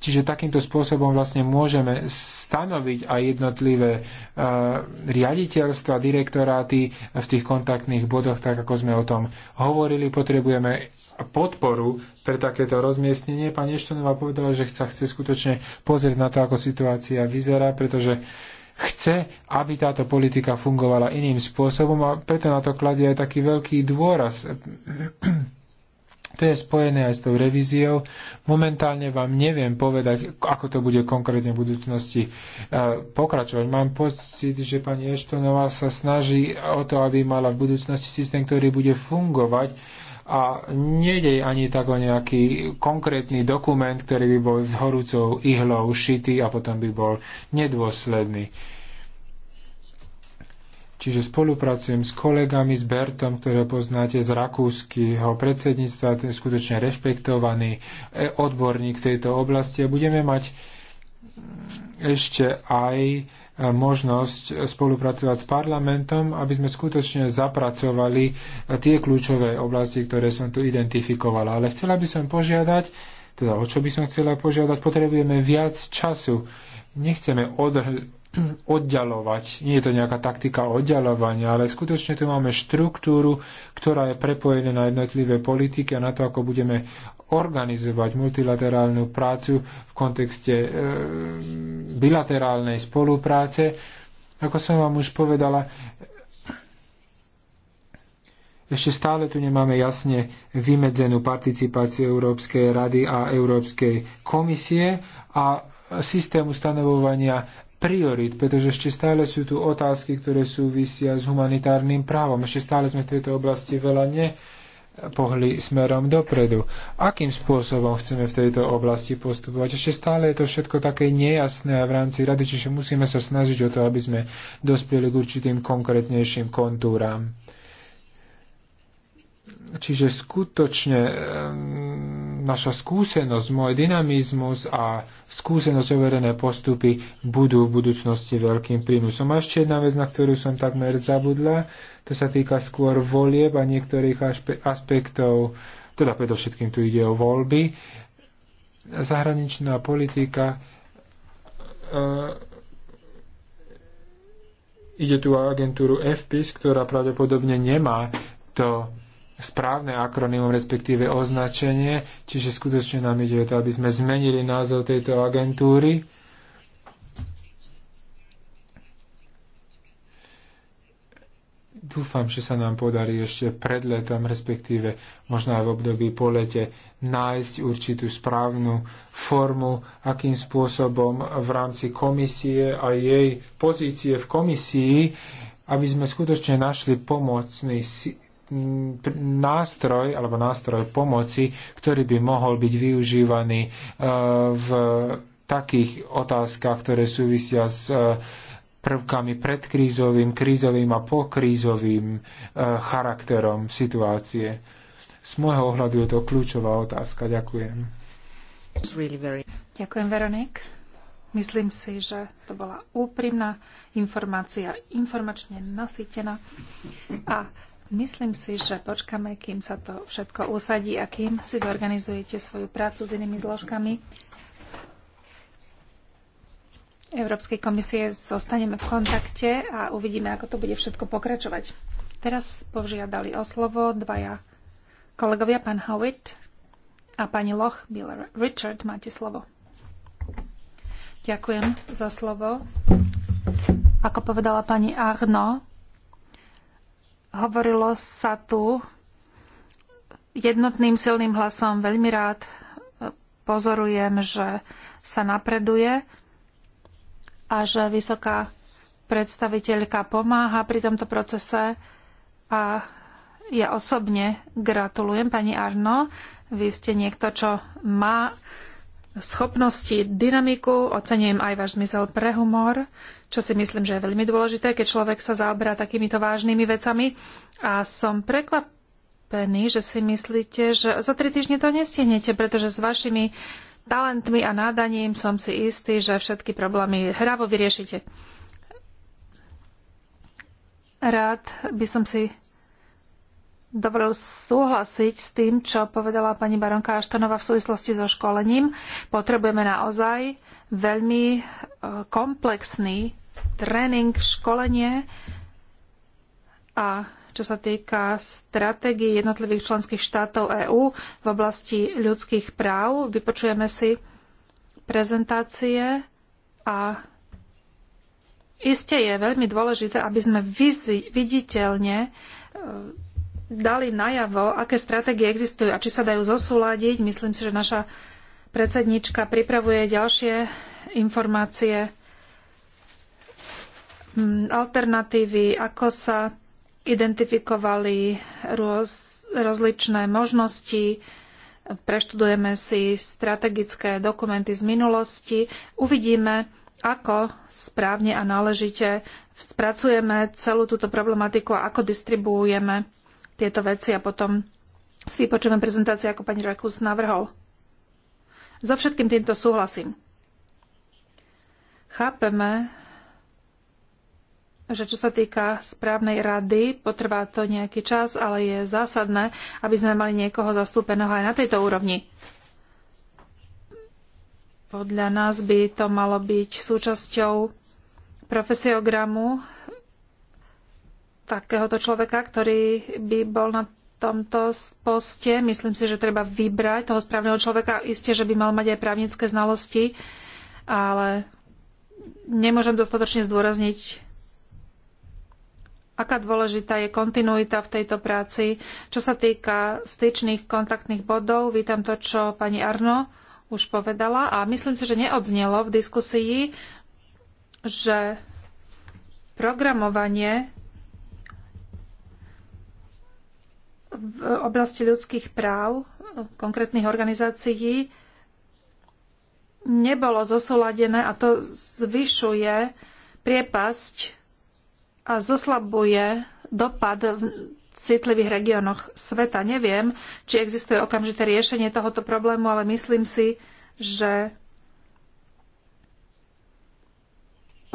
Čiže takýmto spôsobom vlastne môžeme stanoviť aj jednotlivé uh, riaditeľstva, direktoráty v tých kontaktných bodoch, tak ako sme o tom hovorili. Potrebujeme podporu pre takéto rozmiestnenie. Pani Eštonová povedala, že sa chce skutočne pozrieť na to, ako situácia vyzerá, pretože uh, chce, aby táto politika fungovala iným spôsobom a preto na to kladie aj taký veľký dôraz. To je spojené aj s tou revíziou. Momentálne vám neviem povedať, ako to bude konkrétne v budúcnosti eh, pokračovať. Mám pocit, že pani Eštonová sa snaží o to, aby mala v budúcnosti systém, ktorý bude fungovať a nejde ani tak o nejaký konkrétny dokument, ktorý by bol s horúcou ihlou šitý a potom by bol nedôsledný. Čiže spolupracujem s kolegami, s Bertom, ktorého poznáte z rakúskyho predsedníctva, ten je skutočne rešpektovaný e, odborník v tejto oblasti a budeme mať mm, ešte aj možnosť spolupracovať s parlamentom, aby sme skutočne zapracovali tie kľúčové oblasti, ktoré som tu identifikovala. Ale chcela by som požiadať, teda o čo by som chcela požiadať, potrebujeme viac času. Nechceme odhr- oddalovať. Nie je to nejaká taktika oddalovania, ale skutočne tu máme štruktúru, ktorá je prepojená na jednotlivé politiky a na to, ako budeme organizovať multilaterálnu prácu v kontekste e, bilaterálnej spolupráce. Ako som vám už povedala, ešte stále tu nemáme jasne vymedzenú participáciu Európskej rady a Európskej komisie a systém ustanovovania priorit, pretože ešte stále sú tu otázky, ktoré súvisia s humanitárnym právom. Ešte stále sme v tejto oblasti veľa nepohli smerom dopredu. Akým spôsobom chceme v tejto oblasti postupovať? Ešte stále je to všetko také nejasné a v rámci rady, čiže musíme sa snažiť o to, aby sme dospeli k určitým konkrétnejším kontúram. Čiže skutočne um, naša skúsenosť, môj dynamizmus a skúsenosť overené postupy budú v budúcnosti veľkým prínosom. A ešte jedna vec, na ktorú som takmer zabudla, to sa týka skôr volieb a niektorých aspektov, teda predovšetkým tu ide o voľby. Zahraničná politika e, Ide tu o agentúru FPIS, ktorá pravdepodobne nemá to správne akronymum, respektíve označenie, čiže skutočne nám ide o to, aby sme zmenili názov tejto agentúry. Dúfam, že sa nám podarí ešte pred letom, respektíve možno aj v období po lete, nájsť určitú správnu formu, akým spôsobom v rámci komisie a jej pozície v komisii, aby sme skutočne našli pomocný nástroj alebo nástroj pomoci, ktorý by mohol byť využívaný e, v takých otázkach, ktoré súvisia s e, prvkami predkrízovým, krízovým a pokrízovým e, charakterom situácie. Z môjho ohľadu je to kľúčová otázka. Ďakujem. Ďakujem, Veronik. Myslím si, že to bola úprimná informácia, informačne nasýtená. A Myslím si, že počkame, kým sa to všetko usadí a kým si zorganizujete svoju prácu s inými zložkami. Európskej komisie zostaneme v kontakte a uvidíme, ako to bude všetko pokračovať. Teraz požiadali o slovo dvaja kolegovia, pán Howitt a pani Loch Miller. Richard, máte slovo. Ďakujem za slovo. Ako povedala pani Arno, Hovorilo sa tu jednotným silným hlasom. Veľmi rád e, pozorujem, že sa napreduje a že vysoká predstaviteľka pomáha pri tomto procese a ja osobne gratulujem pani Arno. Vy ste niekto, čo má schopnosti, dynamiku, ocením aj váš zmysel pre humor, čo si myslím, že je veľmi dôležité, keď človek sa zaoberá takýmito vážnymi vecami. A som prekvapený, že si myslíte, že za tri týždne to nestihnete, pretože s vašimi talentmi a nádaním som si istý, že všetky problémy hravo vyriešite. Rád by som si dovolil súhlasiť s tým, čo povedala pani baronka Aštanova v súvislosti so školením. Potrebujeme naozaj veľmi e, komplexný tréning, školenie a čo sa týka stratégií jednotlivých členských štátov EÚ v oblasti ľudských práv. Vypočujeme si prezentácie a iste je veľmi dôležité, aby sme viditeľne e, dali najavo, aké stratégie existujú a či sa dajú zosúľadiť. Myslím si, že naša predsednička pripravuje ďalšie informácie, hm, alternatívy, ako sa identifikovali roz, rozličné možnosti, preštudujeme si strategické dokumenty z minulosti, uvidíme, ako správne a náležite spracujeme celú túto problematiku a ako distribuujeme tieto veci a potom si vypočujem prezentáciu, ako pani Rakus navrhol. So všetkým týmto súhlasím. Chápeme, že čo sa týka správnej rady, potrvá to nejaký čas, ale je zásadné, aby sme mali niekoho zastúpeného aj na tejto úrovni. Podľa nás by to malo byť súčasťou profesiogramu takéhoto človeka, ktorý by bol na tomto poste. Myslím si, že treba vybrať toho správneho človeka. Isté, že by mal mať aj právnické znalosti, ale nemôžem dostatočne zdôrazniť, aká dôležitá je kontinuita v tejto práci. Čo sa týka styčných kontaktných bodov, vítam to, čo pani Arno už povedala a myslím si, že neodznelo v diskusii, že programovanie v oblasti ľudských práv konkrétnych organizácií nebolo zosúladené a to zvyšuje priepasť a zoslabuje dopad v citlivých regiónoch sveta. Neviem, či existuje okamžité riešenie tohoto problému, ale myslím si, že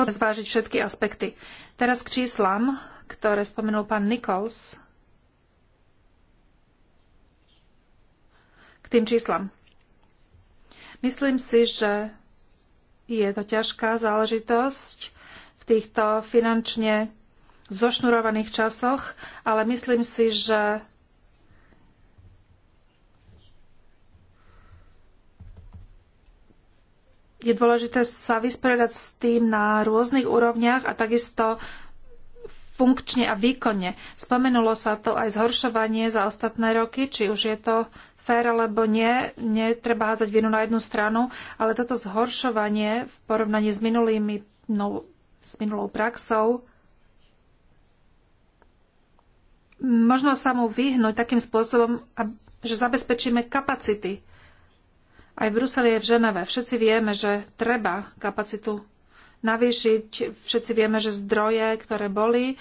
zvážiť všetky aspekty. Teraz k číslam, ktoré spomenul pán Nichols. tým číslam. Myslím si, že je to ťažká záležitosť v týchto finančne zošnurovaných časoch, ale myslím si, že je dôležité sa vysporiadať s tým na rôznych úrovniach a takisto funkčne a výkonne. Spomenulo sa to aj zhoršovanie za ostatné roky, či už je to fér alebo nie, netreba házať vinu na jednu stranu, ale toto zhoršovanie v porovnaní s, minulými, no, s minulou praxou možno sa mu vyhnúť takým spôsobom, že zabezpečíme kapacity. Aj v Bruseli je v Ženeve. Všetci vieme, že treba kapacitu navýšiť. Všetci vieme, že zdroje, ktoré boli,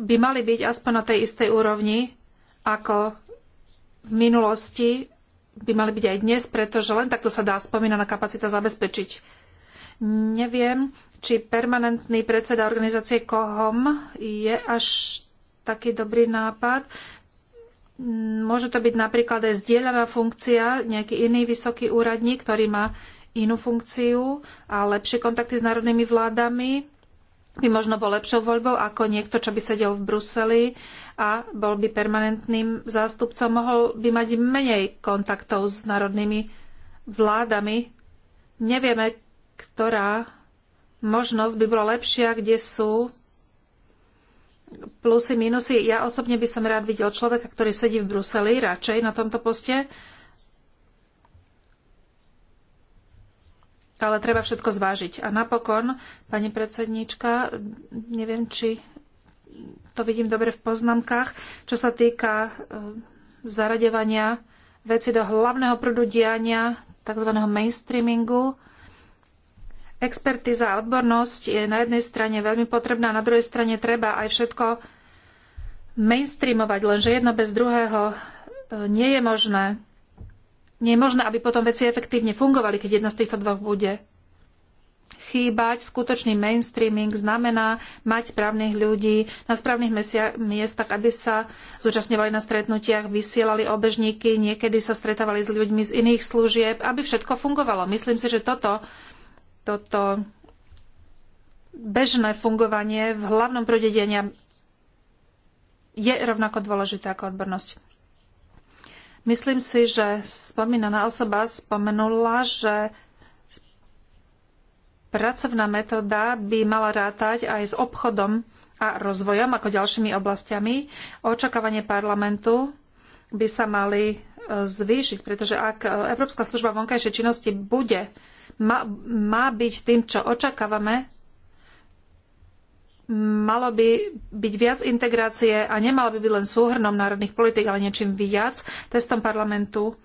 by mali byť aspoň na tej istej úrovni, ako v minulosti by mali byť aj dnes, pretože len takto sa dá spomínaná kapacita zabezpečiť. Neviem, či permanentný predseda organizácie KOHOM je až taký dobrý nápad. Môže to byť napríklad aj zdieľaná funkcia, nejaký iný vysoký úradník, ktorý má inú funkciu a lepšie kontakty s národnými vládami by možno bol lepšou voľbou ako niekto, čo by sedel v Bruseli a bol by permanentným zástupcom, mohol by mať menej kontaktov s národnými vládami. Nevieme, ktorá možnosť by bola lepšia, kde sú plusy, minusy. Ja osobne by som rád videl človeka, ktorý sedí v Bruseli radšej na tomto poste ale treba všetko zvážiť. A napokon, pani predsedníčka, neviem, či to vidím dobre v poznámkach, čo sa týka e, zaradevania veci do hlavného prúdu diania, tzv. mainstreamingu. Expertiza a odbornosť je na jednej strane veľmi potrebná, na druhej strane treba aj všetko mainstreamovať, lenže jedno bez druhého e, nie je možné nie je možné, aby potom veci efektívne fungovali, keď jedna z týchto dvoch bude chýbať. Skutočný mainstreaming znamená mať správnych ľudí na správnych miestach, aby sa zúčastňovali na stretnutiach, vysielali obežníky, niekedy sa stretávali s ľuďmi z iných služieb, aby všetko fungovalo. Myslím si, že toto, toto bežné fungovanie v hlavnom prúde je rovnako dôležité ako odbornosť. Myslím si, že spomínaná osoba spomenula, že pracovná metóda by mala rátať aj s obchodom a rozvojom ako ďalšími oblastiami. Očakávanie parlamentu by sa mali e, zvýšiť, pretože ak e, Európska služba vonkajšej činnosti bude, má, má byť tým, čo očakávame, malo by byť viac integrácie a nemalo by byť len súhrnom národných politik, ale niečím viac. Testom parlamentu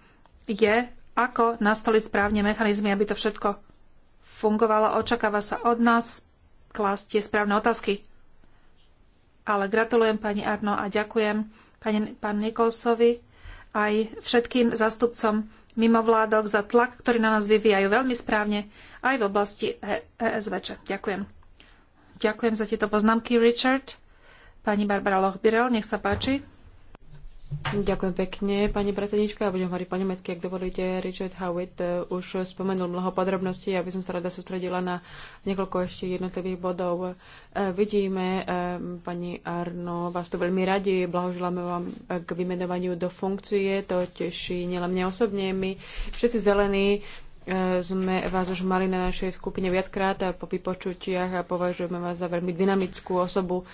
je, ako nastoliť správne mechanizmy, aby to všetko fungovalo. Očakáva sa od nás klásť tie správne otázky. Ale gratulujem pani Arno a ďakujem pani, pán Nikolsovi aj všetkým zastupcom mimovládok za tlak, ktorý na nás vyvíjajú veľmi správne aj v oblasti ESVČ. E ďakujem. Ďakujem za tieto poznámky, Richard. Pani Barbara Lochbirel, nech sa páči. Ďakujem pekne, pani predsednička. Ja budem hovoriť po nemecky, ak dovolíte. Richard Howitt eh, už spomenul mnoho podrobností, ja by som sa rada sústredila na niekoľko ešte jednotlivých bodov. Eh, vidíme, eh, pani Arno, vás to veľmi radi. Blahoželáme vám k vymenovaniu do funkcie. To teší nielen mňa osobne. My všetci zelení sme vás už mali na našej skupine viackrát a po vypočutiach a považujeme vás za veľmi dynamickú osobu.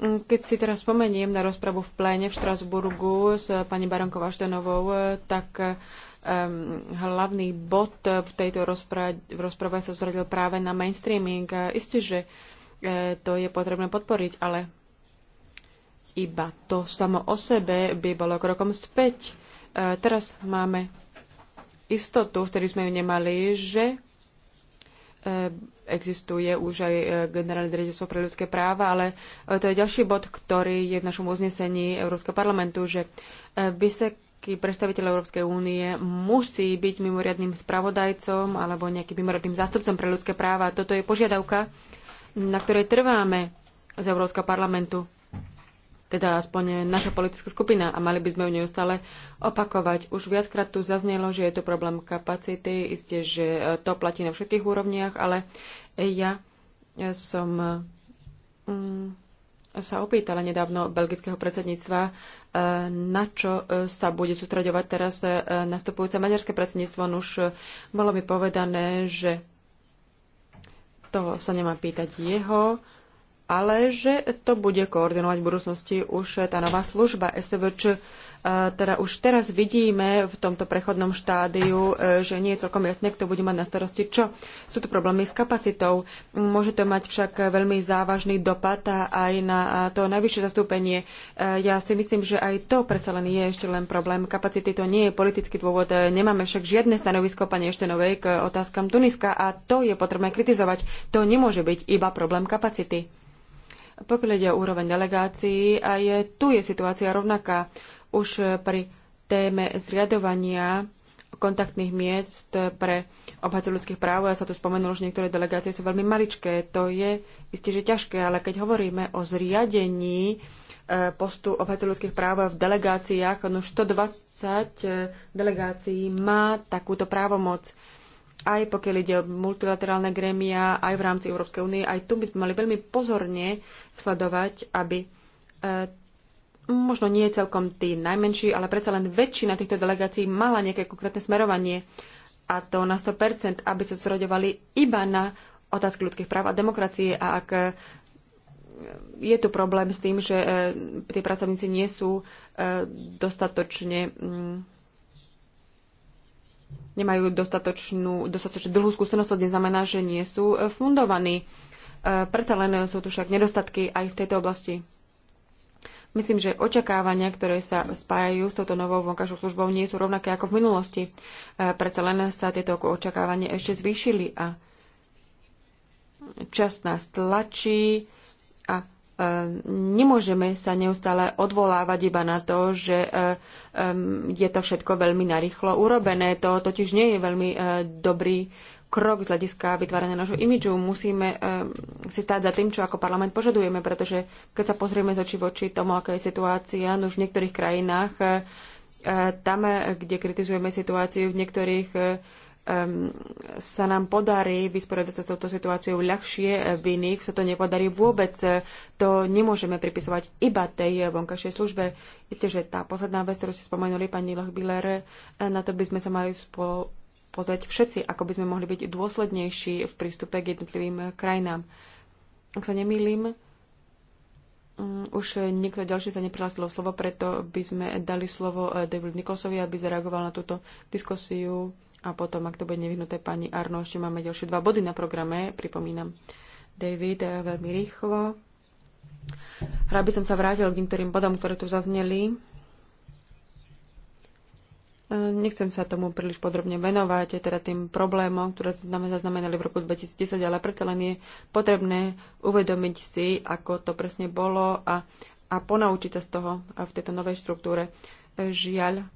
Keď si teraz spomeniem na rozpravu v pléne v Štrasburgu s pani Baronkou Aštenovou, tak um, hlavný bod v tejto rozprave, v rozprave sa zradil práve na mainstreaming. Isté, že e, to je potrebné podporiť, ale iba to samo o sebe by bolo krokom späť. E, teraz máme istotu, vtedy sme ju nemali, že e, existuje už aj e, generálne riaditeľstvo pre ľudské práva, ale e, to je ďalší bod, ktorý je v našom uznesení Európskeho parlamentu, že vysoký predstaviteľ Európskej únie musí byť mimoriadným spravodajcom alebo nejakým mimoriadným zástupcom pre ľudské práva. Toto je požiadavka, na ktorej trváme z Európskeho parlamentu teda aspoň naša politická skupina a mali by sme ju neustále opakovať. Už viackrát tu zaznelo, že je to problém kapacity, isté, že e, to platí na všetkých úrovniach, ale ja e, som mm, sa opýtala nedávno belgického predsedníctva, e, na čo sa bude sústredovať teraz nastupujúce maďarské predsedníctvo. Už bolo mi povedané, že to sa nemá pýtať jeho, ale že to bude koordinovať v budúcnosti už tá nová služba SVČ. E, teda už teraz vidíme v tomto prechodnom štádiu, e, že nie je celkom jasné, kto bude mať na starosti čo. Sú tu problémy s kapacitou. Môže to mať však veľmi závažný dopad aj na to najvyššie zastúpenie. E, ja si myslím, že aj to predsa len je ešte len problém kapacity. To nie je politický dôvod. Nemáme však žiadne stanovisko pani Eštenovej k otázkam Tuniska a to je potrebné kritizovať. To nemôže byť iba problém kapacity. Pokiaľ ide o úroveň delegácií, aj tu je situácia rovnaká. Už e, pri téme zriadovania kontaktných miest pre obhajcov ľudských práv. Ja sa tu spomenul, že niektoré delegácie sú veľmi maličké. To je isté, že ťažké, ale keď hovoríme o zriadení e, postu obhajcov ľudských práv v delegáciách, no 120 e, delegácií má takúto právomoc aj pokiaľ ide o multilaterálne grémia, aj v rámci Európskej únie, aj tu by sme mali veľmi pozorne sledovať, aby e, možno nie celkom tí najmenší, ale predsa len väčšina týchto delegácií mala nejaké konkrétne smerovanie a to na 100%, aby sa zrodovali iba na otázky ľudských práv a demokracie a ak e, je tu problém s tým, že e, tie pracovníci nie sú e, dostatočne mm, nemajú dostatočnú, dostatočnú dlhú skúsenosť, to neznamená, že nie sú e, fundovaní. E, Preto len e, sú tu však nedostatky aj v tejto oblasti. Myslím, že očakávania, ktoré sa spájajú s touto novou vonkajšou službou, nie sú rovnaké ako v minulosti. Preto len sa tieto očakávania ešte zvýšili a čas nás tlačí a Ehm, nemôžeme sa neustále odvolávať iba na to, že ehm, je to všetko veľmi narýchlo urobené. To totiž nie je veľmi e, dobrý krok z hľadiska vytvárania nášho imidžu. Musíme ehm, si stáť za tým, čo ako parlament požadujeme, pretože keď sa pozrieme z oči voči tomu, aká je situácia, no už v niektorých krajinách, e, e, tam, kde kritizujeme situáciu, v niektorých sa nám podarí vysporiadať sa s touto situáciou ľahšie, eh, v iných sa to nepodarí vôbec. To nemôžeme pripisovať iba tej eh, vonkajšej službe. Isté, že tá posledná vec, ktorú ste spomenuli, pani Lochbiller, eh, na to by sme sa mali spolu pozrieť všetci, ako by sme mohli byť dôslednejší v prístupe k jednotlivým krajinám. Ak sa nemýlim, mm, už niekto ďalší sa neprihlásil slovo, preto by sme dali slovo David Nikolsovi, aby zareagoval na túto diskusiu a potom, ak to bude nevyhnuté, pani Arno, ešte máme ďalšie dva body na programe, pripomínam. David, eh, veľmi rýchlo. Rád by som sa vrátil k niektorým bodom, ktoré tu zazneli. Eh, nechcem sa tomu príliš podrobne venovať, teda tým problémom, ktoré sme zaznamenali v roku 2010, ale predsa len je potrebné uvedomiť si, ako to presne bolo a, a ponaučiť sa z toho v tejto novej štruktúre. Eh, žiaľ,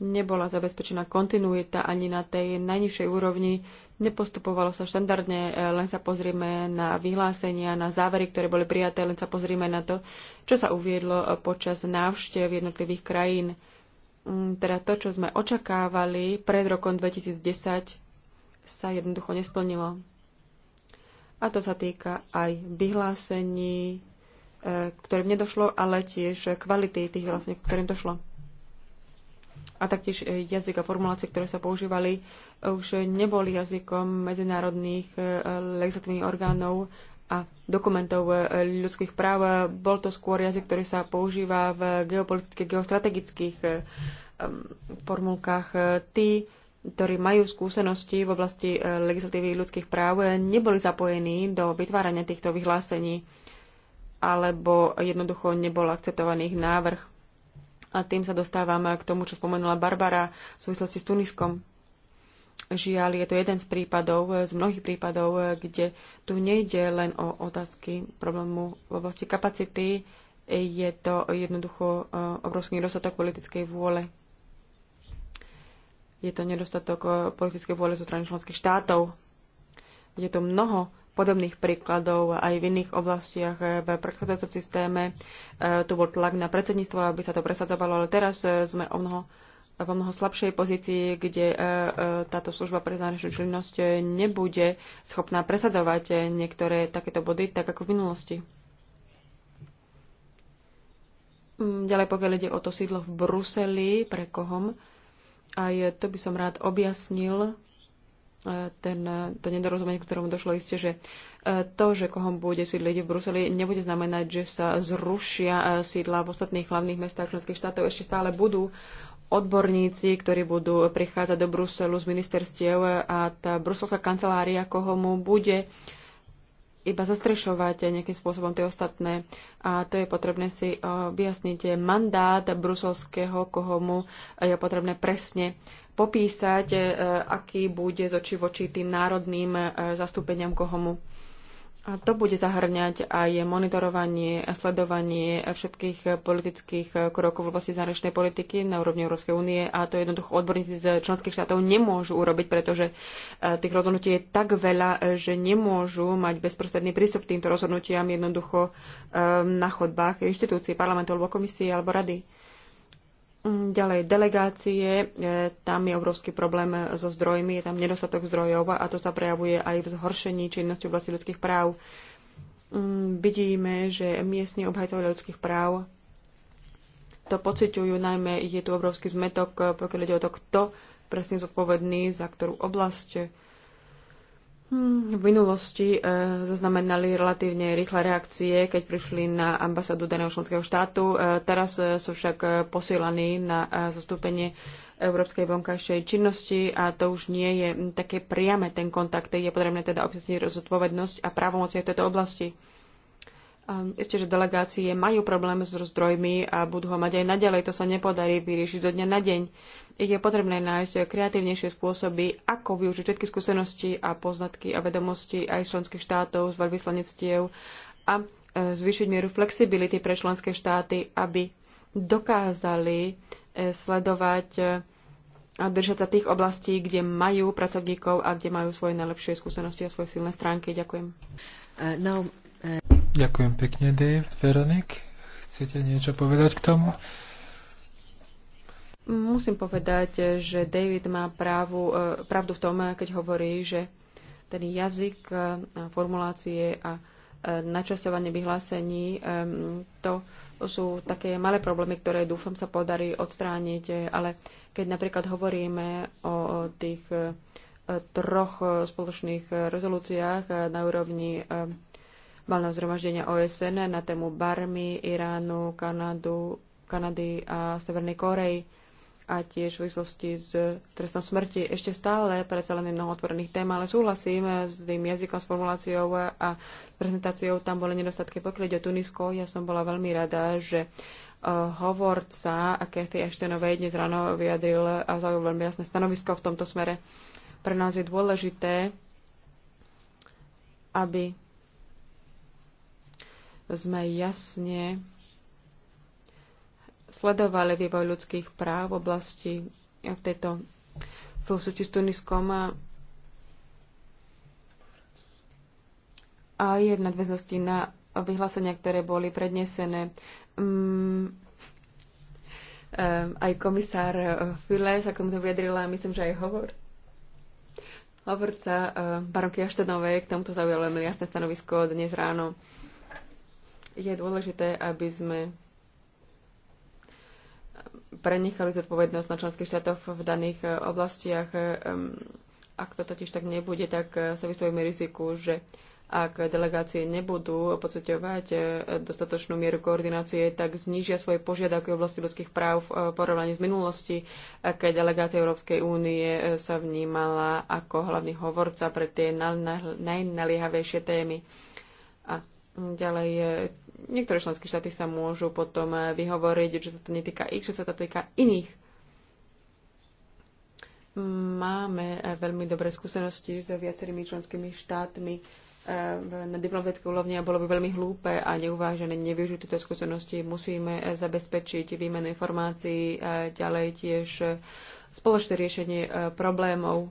nebola zabezpečená kontinuita ani na tej najnižšej úrovni. Nepostupovalo sa štandardne, e, len sa pozrieme na vyhlásenia, na závery, ktoré boli prijaté, len sa pozrieme na to, čo sa uviedlo e, počas návštev jednotlivých krajín. Mm, teda to, čo sme očakávali pred rokom 2010, sa jednoducho nesplnilo. A to sa týka aj vyhlásení, e, ktorým nedošlo, ale tiež kvality tých vyhlásení, ktorým došlo a taktiež e, jazyk a formulácie, ktoré sa používali, už neboli jazykom medzinárodných e, legislatívnych orgánov a dokumentov e, ľudských práv. Bol to skôr jazyk, ktorý sa používa v geopolitických, geostrategických formulkách. Tí, ktorí majú skúsenosti v oblasti legislatívy ľudských práv, neboli zapojení do vytvárania týchto vyhlásení alebo jednoducho nebol akceptovaný ich návrh a tým sa dostávam k tomu, čo spomenula Barbara v súvislosti s Tuniskom. Žiaľ, je to jeden z prípadov, z mnohých prípadov, kde tu nejde len o otázky problému v oblasti kapacity, je to jednoducho eh, obrovský nedostatok politickej vôle. Je to nedostatok eh, politickej vôle zo strany členských štátov. Je to mnoho podobných príkladov aj v iných oblastiach eh, v predchádzajúcom systéme. Eh, tu bol tlak na predsedníctvo, aby sa to presadzovalo, ale teraz eh, sme o mnoho vo mnoho slabšej pozícii, kde táto služba pre zahraničnú činnosť nebude schopná presadzovať niektoré takéto body, tak ako v minulosti. Mm, ďalej pokiaľ ide o to sídlo v Bruseli, pre kohom, aj to by som rád objasnil, E, ten, e, to nedorozumenie, ktorému došlo isté, že e, to, že kohom bude sídliť v Bruseli, nebude znamenať, že sa zrušia sídla v ostatných hlavných mestách členských štátov. Ešte stále budú odborníci, ktorí budú prichádzať do Bruselu z ministerstiev a tá bruselská kancelária kohomu bude iba zastrešovať nejakým spôsobom tie ostatné. A to je potrebné si vyjasniť. Mandát bruselského kohomu je potrebné presne popísať, e, aký bude z oči voči tým národným e, zastúpeniam kohomu. A to bude zahrňať aj monitorovanie a sledovanie všetkých politických krokov v oblasti zahraničnej politiky na úrovni Európskej únie a to jednoducho odborníci z členských štátov nemôžu urobiť, pretože e, tých rozhodnutí je tak veľa, že nemôžu mať bezprostredný prístup k týmto rozhodnutiam jednoducho na chodbách inštitúcií, parlamentu alebo komisie alebo rady. Mm, ďalej, delegácie, e, tam je obrovský problém so zdrojmi, je tam nedostatok zdrojov a to sa prejavuje aj v zhoršení činnosti v oblasti ľudských práv. Mm, vidíme, že miestni obhajcovia ľudských práv to pociťujú, najmä je tu obrovský zmetok, e, pokiaľ ide o to, kto presne zodpovedný za ktorú oblasť Hm, v minulosti e, zaznamenali relatívne rýchle reakcie, keď prišli na ambasádu daného členského štátu. E, teraz e, sú však posielaní na e, zastúpenie európskej vonkajšej činnosti a to už nie je hm, také priame ten kontakt. Je potrebné teda obsesniť zodpovednosť a právomoci v tejto oblasti. Isté, že delegácie majú problém s zdrojmi a budú ho mať aj naďalej. To sa nepodarí vyriešiť zo dňa na deň. Je potrebné nájsť kreatívnejšie spôsoby, ako využiť všetky skúsenosti a poznatky a vedomosti aj členských štátov, z veľvyslanectiev a e, zvýšiť mieru flexibility pre členské štáty, aby dokázali e, sledovať e, a držať sa tých oblastí, kde majú pracovníkov a kde majú svoje najlepšie skúsenosti a svoje silné stránky. Ďakujem. Uh, no, uh... Ďakujem pekne, Dave. Veronik, chcete niečo povedať k tomu? Musím povedať, že David má právu, e, pravdu v tom, keď hovorí, že ten jazyk, e, formulácie a e, načasovanie vyhlásení, to sú také malé problémy, ktoré dúfam sa podarí odstrániť, ale keď napríklad hovoríme o tých troch spoločných rezolúciách na úrovni valného zhromaždenia OSN na tému Barmy, Iránu, Kanadu, Kanady a Severnej Korei a tiež v súvislosti s trestom smrti. Ešte stále predsa len je mnoho otvorených tém, ale súhlasím s tým jazykom, s formuláciou a prezentáciou. Tam boli nedostatky pokryť o Tunisko. Ja som bola veľmi rada, že eh, hovorca a Kathy Ashtonovej dnes ráno vyjadril a zaujal veľmi jasné stanovisko v tomto smere. Pre nás je dôležité, aby sme jasne sledovali vývoj ľudských práv v oblasti v tejto súvislosti s Tuniskom a aj v nadväznosti na vyhlásenia, ktoré boli prednesené. Um, aj komisár eh, File sa k tomu vyjadrila, myslím, že aj hovor. Hovorca uh, baronky Aštenovej k tomuto zaujalo jasné stanovisko dnes ráno je dôležité, aby sme prenechali zodpovednosť na členských štátov v daných eh, oblastiach. Ak to totiž tak nebude, tak eh, sa vystavíme riziku, že ak delegácie nebudú pocitovať eh, dostatočnú mieru koordinácie, tak znížia svoje požiadavky v oblasti ľudských práv v porovnaní s minulosti, keď delegácia Európskej únie sa vnímala ako hlavný hovorca pre tie najnaliehavejšie témy. A ďalej Niektoré členské štáty sa môžu potom eh, vyhovoriť, že sa to netýka ich, že sa to týka iných. Máme eh, veľmi dobré skúsenosti s viacerými členskými štátmi eh, na diplomatické úrovni a bolo by veľmi hlúpe a neuvážené nevyužiť tieto skúsenosti. Musíme zabezpečiť výmenu informácií, ďalej tiež spoločné riešenie problémov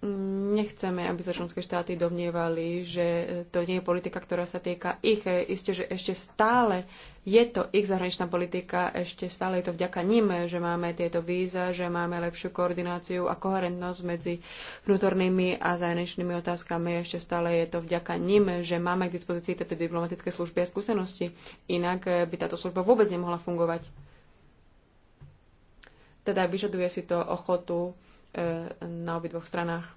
nechceme, aby sa členské štáty domnievali, že to nie je politika, ktorá sa týka ich. Isté, že ešte stále je to ich zahraničná politika, ešte stále je to vďaka nim, že máme tieto víza, že máme lepšiu koordináciu a koherentnosť medzi vnútornými a zahraničnými otázkami. Ešte stále je to vďaka nim, že máme k dispozícii tieto diplomatické služby a skúsenosti. Inak eh, by táto služba vôbec nemohla fungovať. Teda vyžaduje si to ochotu E, na obidvoch stranách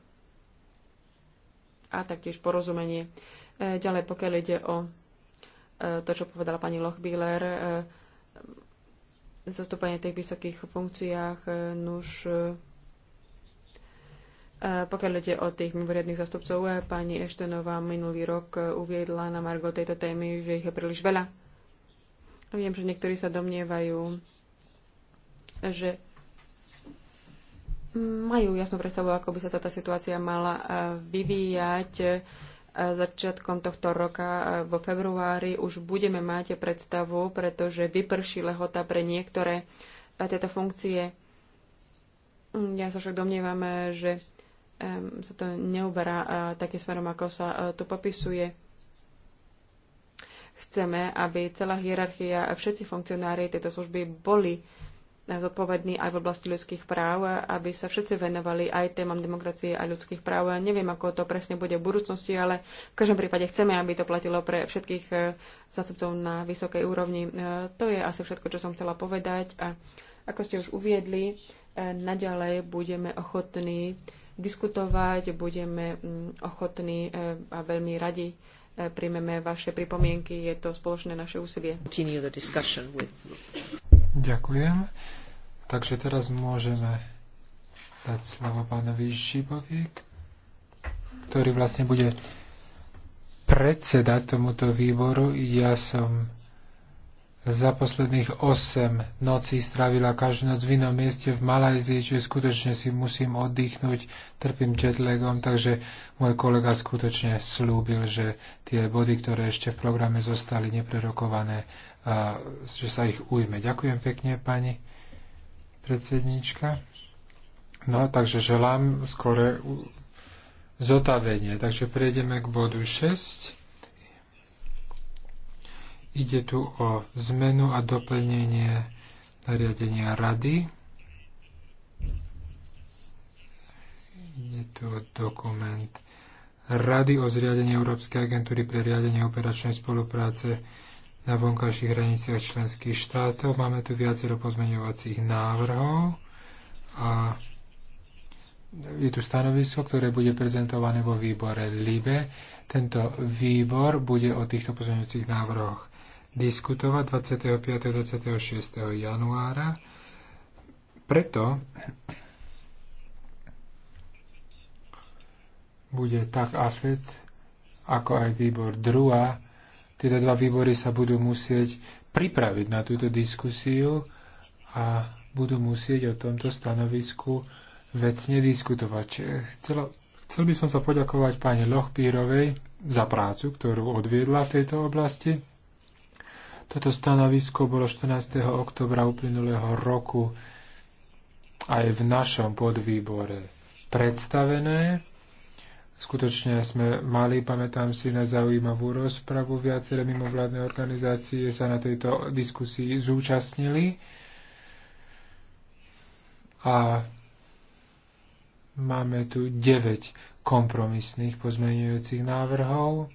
a taktiež porozumenie. E, ďalej, pokiaľ ide o e, to, čo povedala pani Lochbíler, zastúpanie tých vysokých funkciách, nuž pokiaľ ide o tých mimoriadných zastupcov, pani Eštenová minulý rok uviedla na Margo tejto témy, že ich je príliš veľa. Viem, že niektorí sa domnievajú, že majú jasnú predstavu, ako by sa táto situácia mala eh, vyvíjať. Eh, začiatkom tohto roka eh, vo februári už budeme mať predstavu, pretože vyprší lehota pre niektoré tieto funkcie. Ja sa však domnievam, že sa to neuberá takým smerom, ako sa tu popisuje. Chceme, aby celá hierarchia a všetci funkcionári tejto služby boli zodpovední aj v oblasti ľudských práv, aby sa všetci venovali aj témam demokracie a ľudských práv. Neviem, ako to presne bude v budúcnosti, ale v každom prípade chceme, aby to platilo pre všetkých eh, zástupcov na vysokej úrovni. Eh, to je asi všetko, čo som chcela povedať. A ako ste už uviedli, eh, naďalej budeme ochotní diskutovať, budeme mm, ochotní a veľmi radi príjmeme vaše pripomienky. Je to spoločné naše úsilie. Ďakujem. Takže teraz môžeme dať slovo pánovi Žibovi, ktorý vlastne bude predsedať tomuto výboru. Ja som za posledných 8 nocí strávila každú noc v inom mieste v Malajzii, čiže skutočne si musím oddychnúť, trpím jetlagom, takže môj kolega skutočne slúbil, že tie body, ktoré ešte v programe zostali neprerokované, že sa ich ujme. Ďakujem pekne, pani predsedníčka. No, takže želám skore zotavenie. Takže prejdeme k bodu 6. Ide tu o zmenu a doplnenie nariadenia rady. Ide tu o dokument Rady o zriadení Európskej agentúry pre riadenie operačnej spolupráce na vonkajších hraniciach členských štátov. Máme tu viacero pozmeňovacích návrhov a je tu stanovisko, ktoré bude prezentované vo výbore LIBE. Tento výbor bude o týchto pozmeňujúcich návrhoch diskutovať 25. a 26. januára. Preto bude tak AFED ako aj výbor DRUA tieto dva výbory sa budú musieť pripraviť na túto diskusiu a budú musieť o tomto stanovisku vecne diskutovať. Chcel, chcel by som sa poďakovať pani Lochpírovej za prácu, ktorú odviedla v tejto oblasti. Toto stanovisko bolo 14. oktobra uplynulého roku aj v našom podvýbore predstavené Skutočne sme mali, pamätám si, na zaujímavú rozpravu. Viaceré mimovládne organizácie sa na tejto diskusii zúčastnili. A máme tu 9 kompromisných pozmeňujúcich návrhov.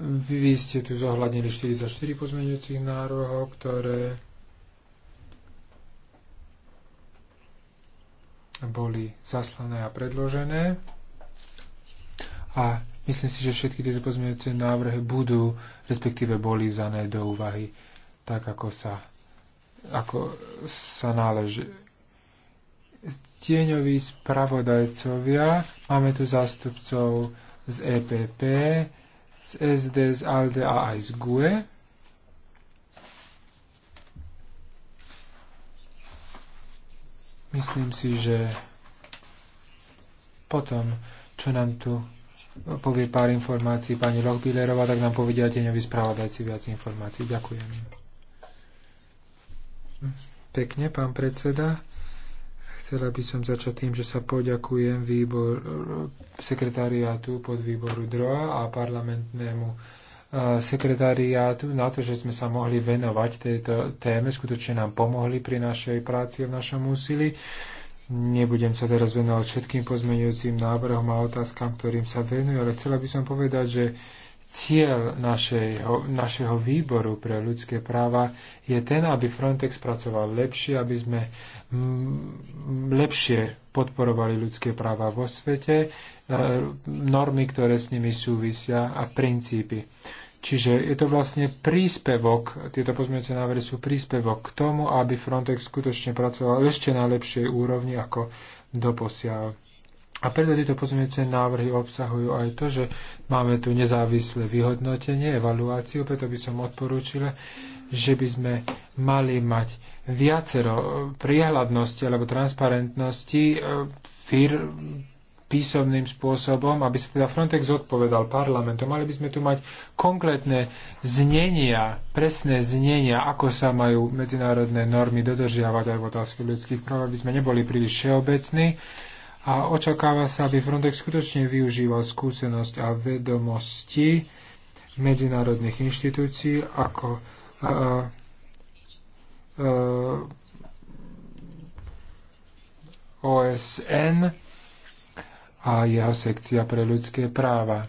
Vy ste tu zohľadnili 44 pozmeňujúcich návrhov, ktoré boli zaslané a predložené. A myslím si, že všetky tieto pozmeňujúce návrhy budú, respektíve boli vzané do úvahy tak, ako sa, ako sa náleží. Tieňoví spravodajcovia, máme tu zástupcov z EPP, z SD, z ALDE a aj z GUE. Myslím si, že potom, čo nám tu povie pár informácií pani Lochbillerová, tak nám povedia tieňoví spravodajci viac informácií. Ďakujem. Pekne, pán predseda. Chcela by som začať tým, že sa poďakujem výbor, sekretariátu pod výboru DROA a parlamentnému sekretariátu na to, že sme sa mohli venovať tejto téme. Skutočne nám pomohli pri našej práci a v našom úsilí. Nebudem sa teraz venovať všetkým pozmeňujúcim návrhom a otázkam, ktorým sa venujú, ale chcela by som povedať, že cieľ našeho, našeho výboru pre ľudské práva je ten, aby Frontex pracoval lepšie, aby sme lepšie podporovali ľudské práva vo svete, e, normy, ktoré s nimi súvisia a princípy. Čiže je to vlastne príspevok, tieto pozmeňujúce návrhy sú príspevok k tomu, aby Frontex skutočne pracoval ešte na lepšej úrovni ako doposiaľ. A preto tieto pozmeňujúce návrhy obsahujú aj to, že máme tu nezávislé vyhodnotenie, evaluáciu, preto by som odporúčila, že by sme mali mať viacero priehľadnosti alebo transparentnosti eh, fir, písomným spôsobom, aby sa teda Frontex odpovedal parlamentu. Mali by sme tu mať konkrétne znenia, presné znenia, ako sa majú medzinárodné normy dodržiavať aj v otázke ľudských práv, aby sme neboli príliš všeobecní. A očakáva sa, aby Frontex skutočne využíval skúsenosť a vedomosti medzinárodných inštitúcií ako uh, uh, OSN, a jeho sekcia pre ľudské práva.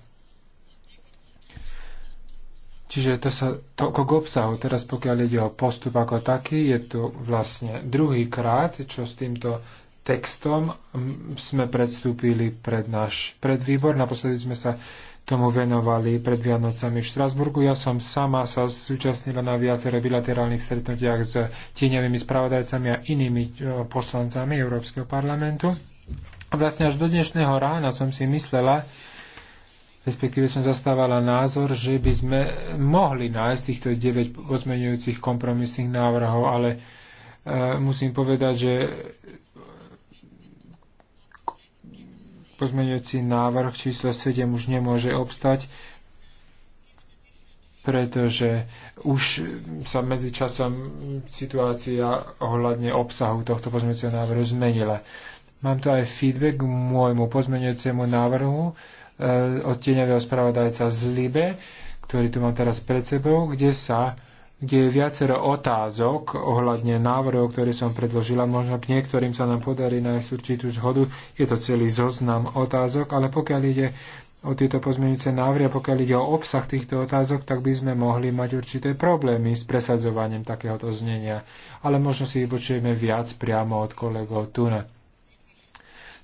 Čiže to sa toľko k obsahu. Teraz pokiaľ ide o postup ako taký, je tu vlastne druhý krát, čo s týmto textom sme predstúpili pred náš predvýbor. Naposledy sme sa tomu venovali pred Vianocami v Štrasburgu. Ja som sama sa zúčastnila na viacero bilaterálnych stretnutiach s tieňovými spravodajcami a inými e, poslancami Európskeho parlamentu. Vlastne až do dnešného rána som si myslela, respektíve som zastávala názor, že by sme mohli nájsť týchto 9 pozmeňujúcich kompromisných návrhov, ale e, musím povedať, že pozmeňujúci návrh číslo 7 už nemôže obstať, pretože už sa medzičasom situácia ohľadne obsahu tohto pozmeňujúceho návrhu zmenila. Mám tu aj feedback k môjmu pozmeňujúcemu návrhu uh, od tieňového spravodajca z Libe, ktorý tu mám teraz pred sebou, kde sa kde je viacero otázok ohľadne návrhov, ktoré som predložila. Možno k niektorým sa nám podarí nájsť určitú zhodu. Je to celý zoznam otázok, ale pokiaľ ide o tieto pozmeňujúce návrhy a pokiaľ ide o obsah týchto otázok, tak by sme mohli mať určité problémy s presadzovaním takéhoto znenia. Ale možno si vypočujeme viac priamo od kolegov Tuna.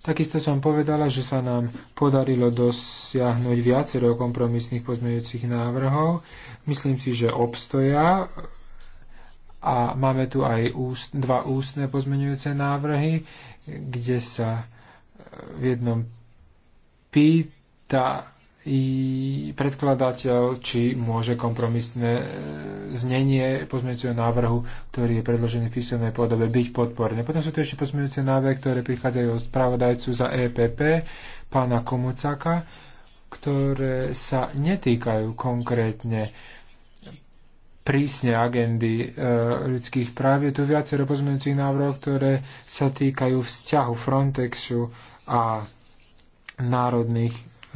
Takisto som povedala, že sa nám podarilo dosiahnuť viacero kompromisných pozmeňujúcich návrhov. Myslím si, že obstoja a máme tu aj úst, dva ústne pozmeňujúce návrhy, kde sa e, v jednom pýta i predkladateľ, či môže kompromisné e, znenie pozmeňujúceho návrhu, ktorý je predložený v písomnej podobe, byť podporné. Potom sú tu ešte pozmeňujúce návrhy, ktoré prichádzajú od spravodajcu za EPP, pána Komucaka, ktoré sa netýkajú konkrétne prísne agendy e, ľudských práv. Je tu viacero pozmeňujúcich návrhov, ktoré sa týkajú vzťahu Frontexu a národných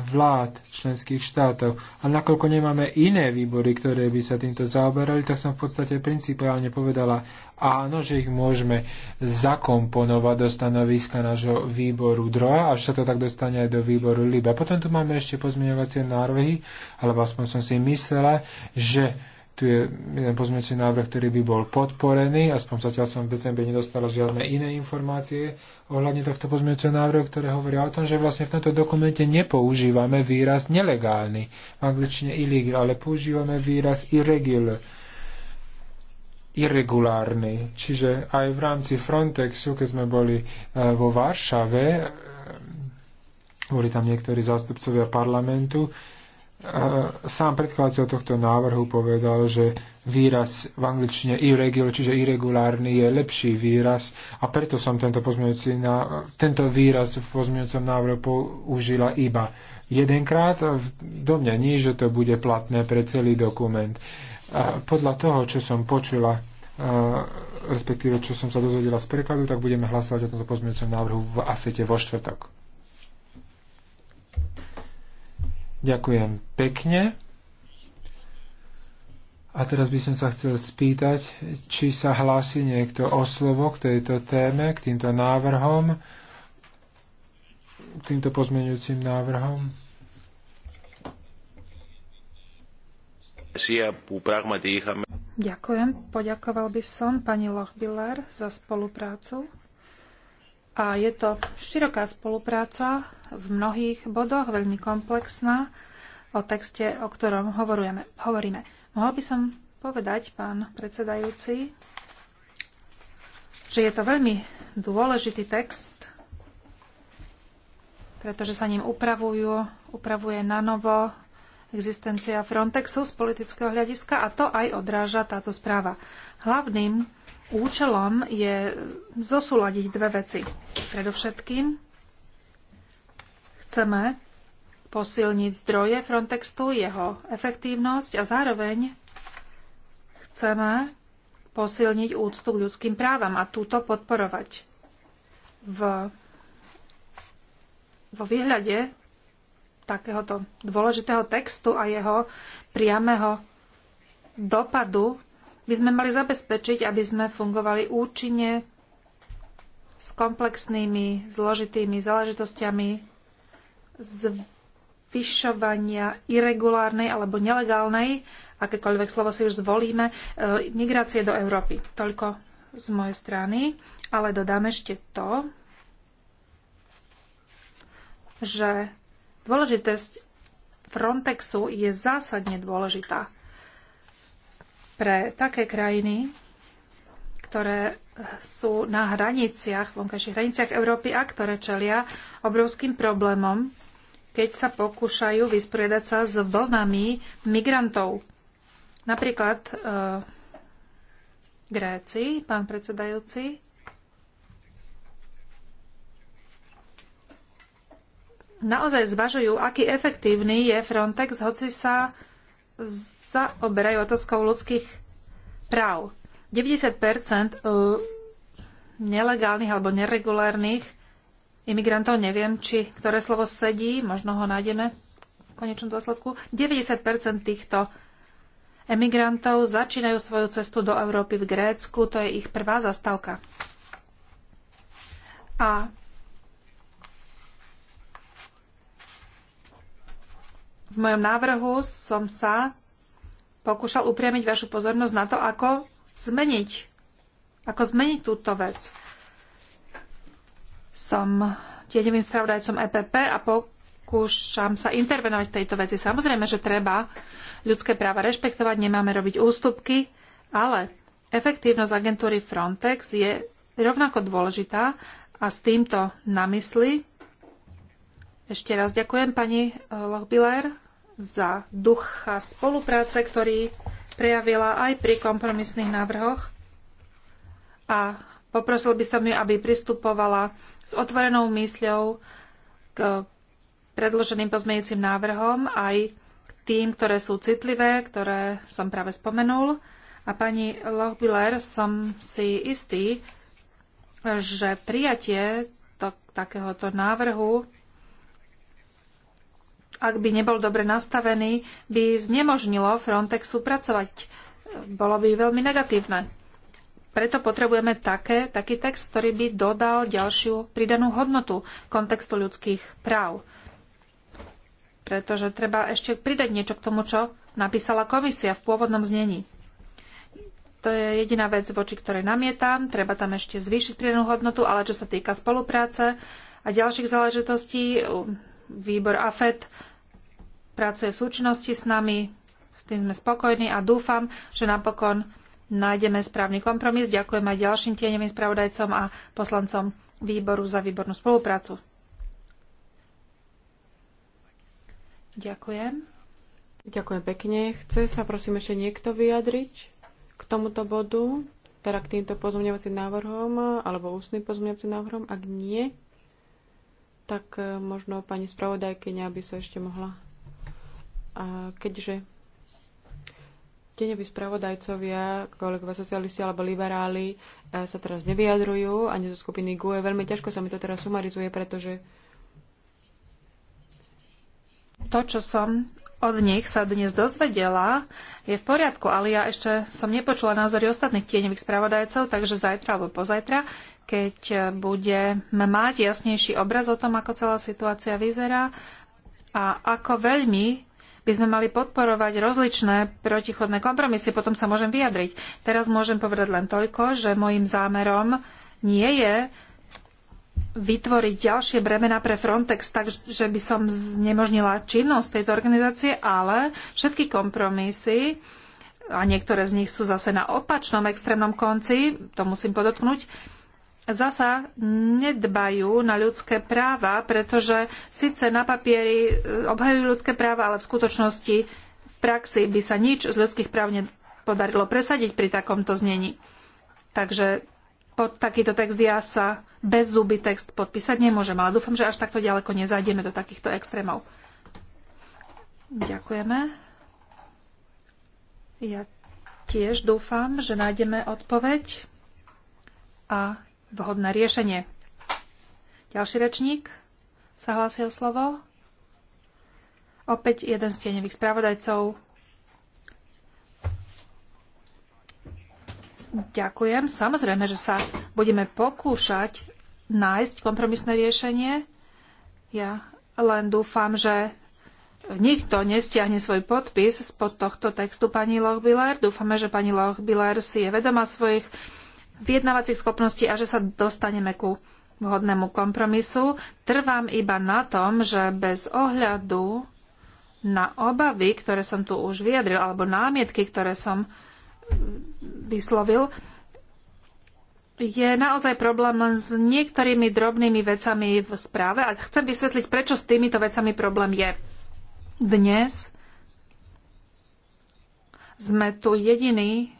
vlád členských štátov. A nakoľko nemáme iné výbory, ktoré by sa týmto zaoberali, tak som v podstate principiálne povedala áno, že ich môžeme zakomponovať do stanoviska nášho výboru DROA, až sa to tak dostane aj do výboru LIBA. Potom tu máme ešte pozmeňovacie návrhy, alebo aspoň som si myslela, že tu je jeden pozmeňujúci návrh, ktorý by bol podporený, aspoň zatiaľ som v decembri nedostala žiadne iné informácie ohľadne tohto pozmeňujúceho návrhu, ktoré hovoria o tom, že vlastne v tomto dokumente nepoužívame výraz nelegálny, v angličtine illegal, ale používame výraz irregular, irregulárny. Čiže aj v rámci Frontexu, keď sme boli e, vo Varšave, e, boli tam niektorí zástupcovia parlamentu, Eh, sám predkladateľ tohto návrhu povedal, že výraz v angličtine irregular, čiže irregulárny, je lepší výraz a preto som tento, na, tento výraz v pozmeňujúcom návrhu použila iba jedenkrát a v domnení, že to bude platné pre celý dokument. A eh, podľa toho, čo som počula, eh, respektíve čo som sa dozvedela z prekladu, tak budeme hlasovať o tomto pozmeňujúcom návrhu v afete vo štvrtok. Ďakujem pekne. A teraz by som sa chcel spýtať, či sa hlási niekto o slovo k tejto téme, k týmto návrhom, k týmto pozmeňujúcim návrhom. Ďakujem. Poďakoval by som pani Lochbiller za spoluprácu a je to široká spolupráca v mnohých bodoch, veľmi komplexná, o texte, o ktorom hovorujeme, hovoríme. Mohol by som povedať, pán predsedajúci, že je to veľmi dôležitý text, pretože sa ním upravujú, upravuje na novo existencia Frontexu z politického hľadiska a to aj odráža táto správa. Hlavným Účelom je zosúľadiť dve veci. Predovšetkým chceme posilniť zdroje Frontextu, jeho efektívnosť a zároveň chceme posilniť úctu k ľudským právam a túto podporovať. V, vo výhľade takéhoto dôležitého textu a jeho priamého dopadu by sme mali zabezpečiť, aby sme fungovali účinne s komplexnými, zložitými záležitostiami zvyšovania irregulárnej alebo nelegálnej, akékoľvek slovo si už zvolíme, e, migrácie do Európy. Toľko z mojej strany, ale dodám ešte to, že dôležitosť Frontexu je zásadne dôležitá pre také krajiny, ktoré sú na hraniciach, vonkajších hraniciach Európy a ktoré čelia obrovským problémom, keď sa pokúšajú vysporiadať sa s vlnami migrantov. Napríklad e, Gréci, pán predsedajúci, naozaj zvažujú, aký efektívny je Frontex, hoci sa z oberajú otázkou ľudských práv. 90 e, nelegálnych alebo neregulárnych imigrantov, neviem, či ktoré slovo sedí, možno ho nájdeme v konečnom dôsledku. 90 týchto emigrantov začínajú svoju cestu do Európy v Grécku, to je ich prvá zastavka. A v mojom návrhu som sa pokúšal upriamiť vašu pozornosť na to, ako zmeniť, ako zmeniť túto vec. Som tieňovým spravodajcom EPP a pokúšam sa intervenovať v tejto veci. Samozrejme, že treba ľudské práva rešpektovať, nemáme robiť ústupky, ale efektívnosť agentúry Frontex je rovnako dôležitá a s týmto na mysli ešte raz ďakujem pani Lochbiller za ducha spolupráce, ktorý prejavila aj pri kompromisných návrhoch a poprosil by som ju, aby pristupovala s otvorenou mysľou k predloženým pozmeňujúcim návrhom aj k tým, ktoré sú citlivé, ktoré som práve spomenul. A pani Lochbiller, som si istý, že prijatie to, takéhoto návrhu ak by nebol dobre nastavený, by znemožnilo Frontexu pracovať. Bolo by veľmi negatívne. Preto potrebujeme také, taký text, ktorý by dodal ďalšiu pridanú hodnotu kontextu ľudských práv. Pretože treba ešte pridať niečo k tomu, čo napísala komisia v pôvodnom znení. To je jediná vec, voči ktorej namietam. Treba tam ešte zvýšiť pridanú hodnotu, ale čo sa týka spolupráce a ďalších záležitostí, výbor AFET pracuje v súčinnosti s nami, v tým sme spokojní a dúfam, že napokon nájdeme správny kompromis. Ďakujem aj ďalším tieňovým spravodajcom a poslancom výboru za výbornú spoluprácu. Ďakujem. Ďakujem pekne. Chce sa prosím ešte niekto vyjadriť k tomuto bodu, teda k týmto pozmeňovacím návrhom alebo ústnym pozmeňovacím návrhom? Ak nie, tak eh, možno pani spravodajkyňa by sa ešte mohla a keďže tieňoví spravodajcovia, kolegovia socialisti alebo liberáli e, sa teraz nevyjadrujú, ani zo skupiny GUE, veľmi ťažko sa mi to teraz sumarizuje, pretože to, čo som od nich sa dnes dozvedela, je v poriadku, ale ja ešte som nepočula názory ostatných tieňových spravodajcov, takže zajtra alebo pozajtra, keď e, bude mať jasnejší obraz o tom, ako celá situácia vyzerá a ako veľmi by sme mali podporovať rozličné protichodné kompromisy, potom sa môžem vyjadriť. Teraz môžem povedať len toľko, že môjim zámerom nie je vytvoriť ďalšie bremena pre Frontex, takže by som znemožnila činnosť tejto organizácie, ale všetky kompromisy, a niektoré z nich sú zase na opačnom extrémnom konci, to musím podotknúť, zasa nedbajú na ľudské práva, pretože síce na papieri e, obhajujú ľudské práva, ale v skutočnosti v praxi by sa nič z ľudských práv nepodarilo presadiť pri takomto znení. Takže pod takýto text ja sa bez zuby text podpísať nemôžem, ale dúfam, že až takto ďaleko nezajdeme do takýchto extrémov. Ďakujeme. Ja tiež dúfam, že nájdeme odpoveď a vhodné riešenie. Ďalší rečník sa hlásil slovo. Opäť jeden z tieňových spravodajcov. Ďakujem. Samozrejme, že sa budeme pokúšať nájsť kompromisné riešenie. Ja len dúfam, že nikto nestiahne svoj podpis spod tohto textu pani Lochbiller. Dúfame, že pani Lochbiller si je vedoma svojich vyjednávacích schopností a že sa dostaneme ku vhodnému kompromisu. Trvám iba na tom, že bez ohľadu na obavy, ktoré som tu už vyjadril, alebo námietky, ktoré som vyslovil, je naozaj problém len s niektorými drobnými vecami v správe a chcem vysvetliť, prečo s týmito vecami problém je. Dnes sme tu jediní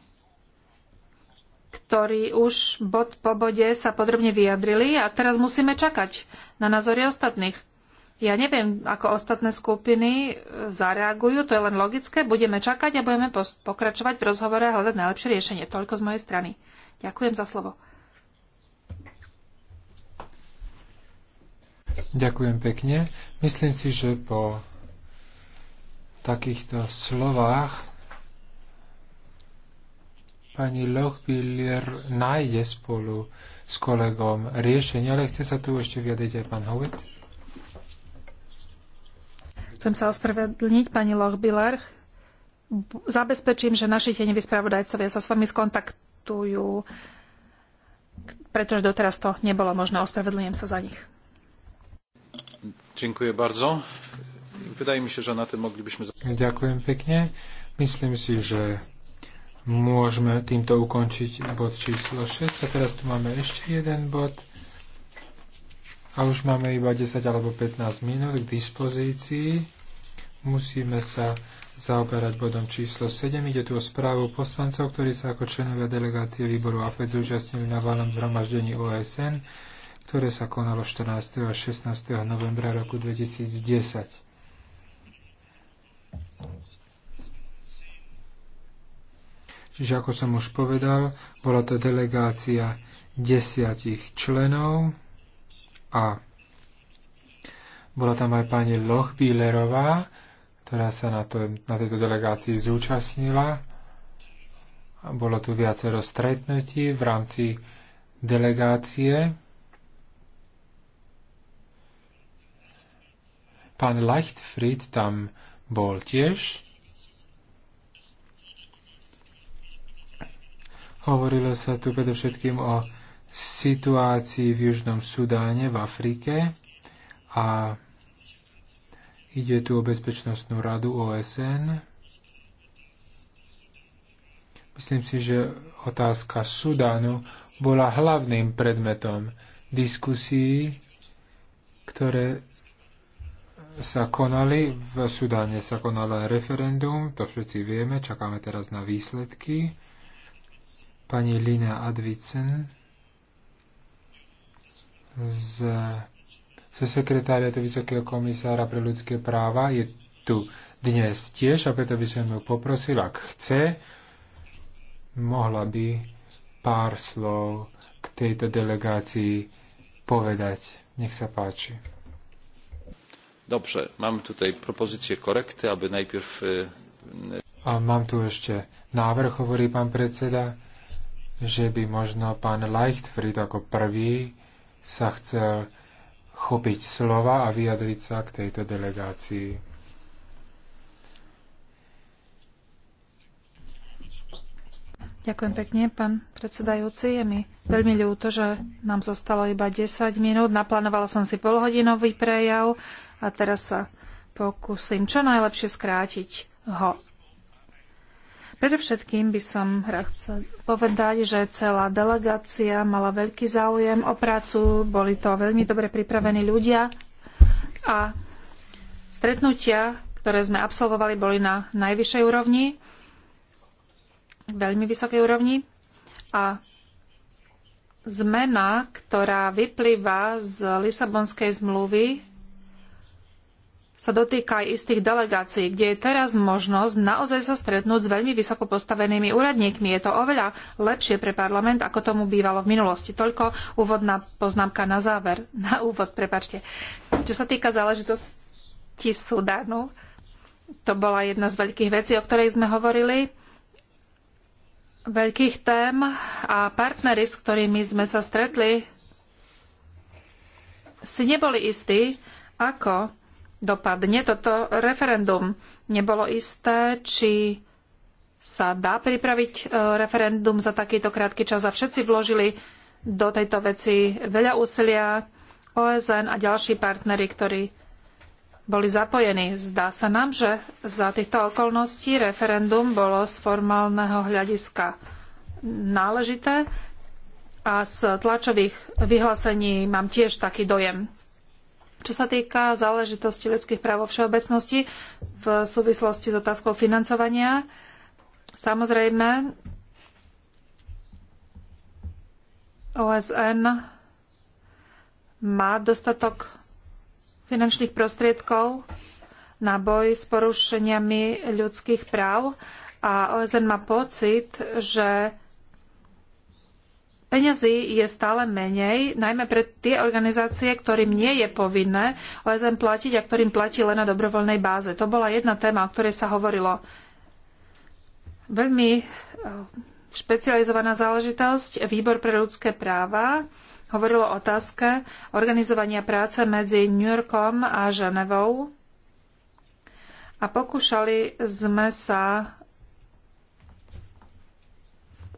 ktorí už bod po bode sa podrobne vyjadrili a teraz musíme čakať na názory ostatných. Ja neviem, ako ostatné skupiny e, zareagujú, to je len logické. Budeme čakať a budeme pokračovať v rozhovore a hľadať najlepšie riešenie. Toľko z mojej strany. Ďakujem za slovo. Ďakujem pekne. Myslím si, že po takýchto slovách pani Lochbiller nájde spolu s kolegom riešenie, ale chce sa tu ešte vyjadriť aj pán Howitt. Chcem sa ospravedlniť, pani Lochbiller. Zabezpečím, že naši teneví spravodajcovia sa s vami skontaktujú, pretože doteraz to nebolo možné. Ospravedlňujem sa za nich. Dziękuję bardzo. Wydaje mi się, że na tym moglibyśmy... Ďakujem pekne. Myslím si, že môžeme týmto ukončiť bod číslo 6. A teraz tu máme ešte jeden bod. A už máme iba 10 alebo 15 minút k dispozícii. Musíme sa zaoberať bodom číslo 7. Ide tu o správu poslancov, ktorí sa ako členovia delegácie výboru AFED zúčastnili na valnom zhromaždení OSN, ktoré sa konalo 14. a 16. novembra roku 2010. Čiže ako som už povedal, bola to delegácia desiatich členov a bola tam aj pani Lochbílerová, ktorá sa na, to, na tejto delegácii zúčastnila. Bolo tu viacero stretnutí v rámci delegácie. Pán Leichtfried tam bol tiež. Hovorilo sa tu predovšetkým o situácii v Južnom Sudáne, v Afrike a ide tu o Bezpečnostnú radu OSN. Myslím si, že otázka Sudánu bola hlavným predmetom diskusí, ktoré sa konali. V Sudáne sa konalo referendum, to všetci vieme, čakáme teraz na výsledky pani Lina Advicen z, zo sekretáriatu Vysokého komisára pre ľudské práva je tu dnes tiež a preto by som ju poprosil, ak chce, mohla by pár slov k tejto delegácii povedať. Nech sa páči. mám tu tej propozície korekty, aby najprv... E, a mám tu ešte návrh, hovorí pán predseda že by možno pán Leichtfried ako prvý sa chcel chopiť slova a vyjadriť sa k tejto delegácii. Ďakujem pekne, pán predsedajúci. Je mi veľmi ľúto, že nám zostalo iba 10 minút. Naplánovala som si polhodinový prejav a teraz sa pokúsim čo najlepšie skrátiť ho. Predovšetkým by som chcel povedať, že celá delegácia mala veľký záujem o prácu, boli to veľmi dobre pripravení ľudia a stretnutia, ktoré sme absolvovali, boli na najvyššej úrovni, veľmi vysokej úrovni a zmena, ktorá vyplýva z Lisabonskej zmluvy, sa dotýka aj istých delegácií, kde je teraz možnosť naozaj sa stretnúť s veľmi vysoko postavenými úradníkmi. Je to oveľa lepšie pre parlament, ako tomu bývalo v minulosti. Toľko úvodná poznámka na záver. Na úvod, prepačte. Čo sa týka záležitosti Sudánu, to bola jedna z veľkých vecí, o ktorej sme hovorili veľkých tém a partnery, s ktorými sme sa stretli, si neboli istí, ako dopadne toto referendum. Nebolo isté, či sa dá pripraviť e, referendum za takýto krátky čas a všetci vložili do tejto veci veľa úsilia OSN a ďalší partnery, ktorí boli zapojení. Zdá sa nám, že za týchto okolností referendum bolo z formálneho hľadiska náležité a z tlačových vyhlásení mám tiež taký dojem. Čo sa týka záležitosti ľudských práv vo všeobecnosti v súvislosti s otázkou financovania, samozrejme OSN má dostatok finančných prostriedkov na boj s porušeniami ľudských práv a OSN má pocit, že Peňazí je stále menej, najmä pre tie organizácie, ktorým nie je povinné OSN platiť a ktorým platí len na dobrovoľnej báze. To bola jedna téma, o ktorej sa hovorilo. Veľmi e, špecializovaná záležitosť. Výbor pre ľudské práva hovorilo o otázke organizovania práce medzi New Yorkom a Ženevou. A pokúšali sme sa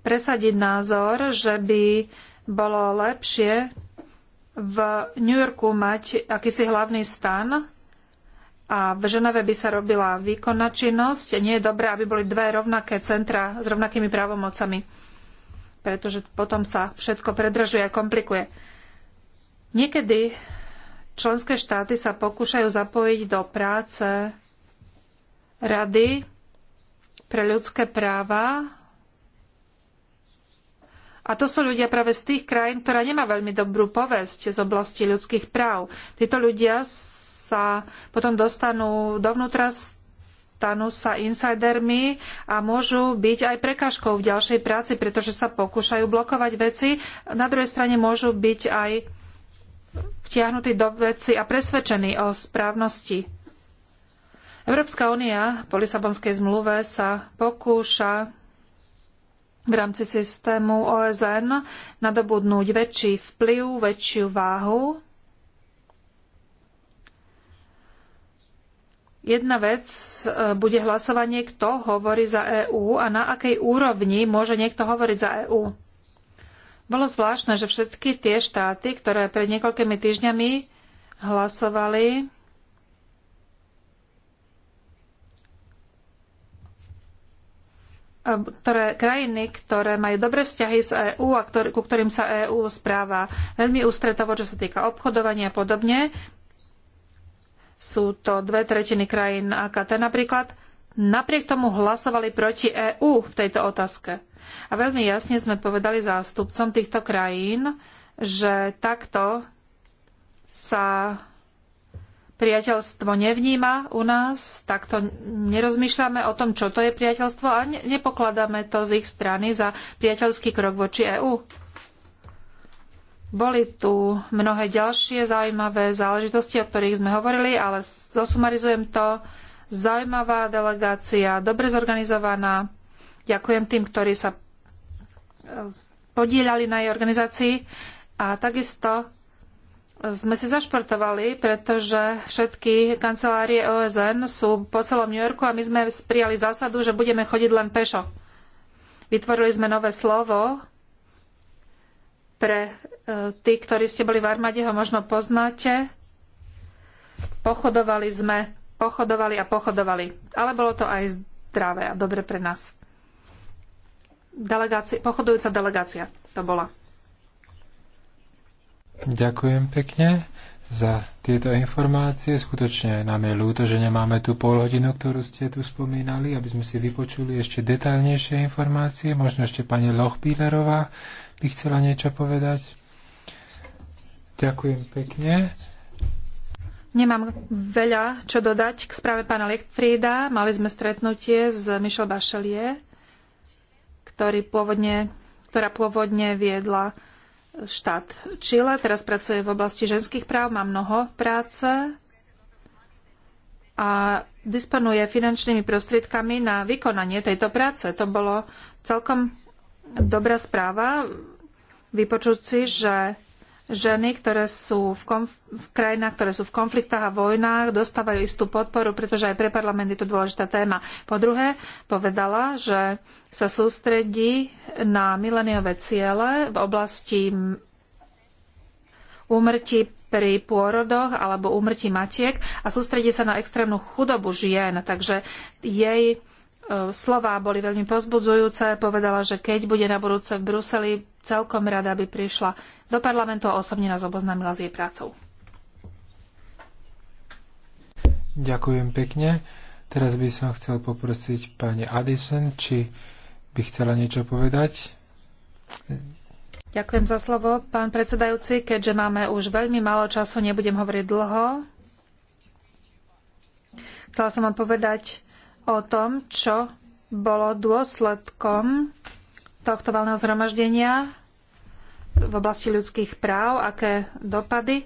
presadiť názor, že by bolo lepšie v New Yorku mať akýsi hlavný stan a v Ženeve by sa robila výkonná činnosť. Nie je dobré, aby boli dve rovnaké centra s rovnakými právomocami, pretože potom sa všetko predržuje a komplikuje. Niekedy členské štáty sa pokúšajú zapojiť do práce Rady pre ľudské práva a to sú ľudia práve z tých krajín, ktorá nemá veľmi dobrú povesť z oblasti ľudských práv. Títo ľudia sa potom dostanú dovnútra, stanú sa insidermi a môžu byť aj prekážkou v ďalšej práci, pretože sa pokúšajú blokovať veci. Na druhej strane môžu byť aj vtiahnutí do veci a presvedčení o správnosti. Európska únia po Lisabonskej zmluve sa pokúša v rámci systému OSN nadobudnúť väčší vplyv, väčšiu váhu. Jedna vec e, bude hlasovanie, kto hovorí za EÚ a na akej úrovni môže niekto hovoriť za EÚ. Bolo zvláštne, že všetky tie štáty, ktoré pred niekoľkými týždňami hlasovali ktoré, krajiny, ktoré majú dobré vzťahy s EÚ a ku ktorým sa EÚ správa veľmi ústretovo, čo sa týka obchodovania a podobne, sú to dve tretiny krajín AKT napríklad, napriek tomu hlasovali proti EÚ v tejto otázke. A veľmi jasne sme povedali zástupcom týchto krajín, že takto sa priateľstvo nevníma u nás, takto nerozmýšľame o tom, čo to je priateľstvo a nepokladáme to z ich strany za priateľský krok voči EÚ. Boli tu mnohé ďalšie zaujímavé záležitosti, o ktorých sme hovorili, ale zosumarizujem to. Zaujímavá delegácia, dobre zorganizovaná. Ďakujem tým, ktorí sa eh, podielali na jej organizácii a takisto sme si zašportovali, pretože všetky kancelárie OSN sú po celom New Yorku a my sme prijali zásadu, že budeme chodiť len pešo. Vytvorili sme nové slovo pre e, tí, ktorí ste boli v armáde, ho možno poznáte. Pochodovali sme, pochodovali a pochodovali. Ale bolo to aj zdravé a dobre pre nás. pochodujúca delegácia to bola. Ďakujem pekne za tieto informácie. Skutočne nám je ľúto, že nemáme tú pol hodinu, ktorú ste tu spomínali, aby sme si vypočuli ešte detaľnejšie informácie. Možno ešte pani Lochbílerová by chcela niečo povedať. Ďakujem pekne. Nemám veľa čo dodať k správe pána Lechfrieda. Mali sme stretnutie s Michel Bachelier, ktorý pôvodne, ktorá pôvodne viedla štát Čile, teraz pracuje v oblasti ženských práv, má mnoho práce a disponuje finančnými prostriedkami na vykonanie tejto práce. To bolo celkom dobrá správa vypočuť si, že ženy, ktoré sú v, konf- v krajinách, ktoré sú v konfliktách a vojnách, dostávajú istú podporu, pretože aj pre parlament je to dôležitá téma. Po druhé, povedala, že sa sústredí na mileniové ciele v oblasti úmrtí pri pôrodoch alebo úmrtí matiek a sústredí sa na extrémnu chudobu žien. Takže jej E, slová boli veľmi pozbudzujúce. Povedala, že keď bude na budúce v Bruseli, celkom rada by prišla do parlamentu a osobne nás oboznámila s jej prácou. Ďakujem pekne. Teraz by som chcel poprosiť pani Addison, či by chcela niečo povedať. Ďakujem za slovo, pán predsedajúci. Keďže máme už veľmi málo času, nebudem hovoriť dlho. Chcela som vám povedať, o tom, čo bolo dôsledkom tohto valného zhromaždenia v oblasti ľudských práv, aké dopady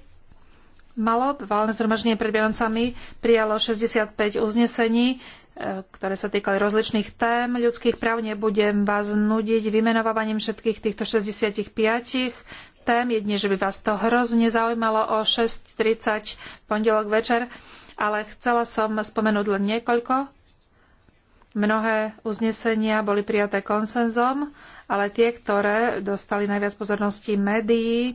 malo. Valné zhromaždenie pred Vianocami prijalo 65 uznesení, e, ktoré sa týkali rozličných tém ľudských práv. Nebudem vás nudiť vymenovávaním všetkých týchto 65 tém, jedne, že by vás to hrozne zaujímalo o 6.30 pondelok večer, ale chcela som spomenúť len niekoľko Mnohé uznesenia boli prijaté konsenzom, ale tie, ktoré dostali najviac pozornosti médií,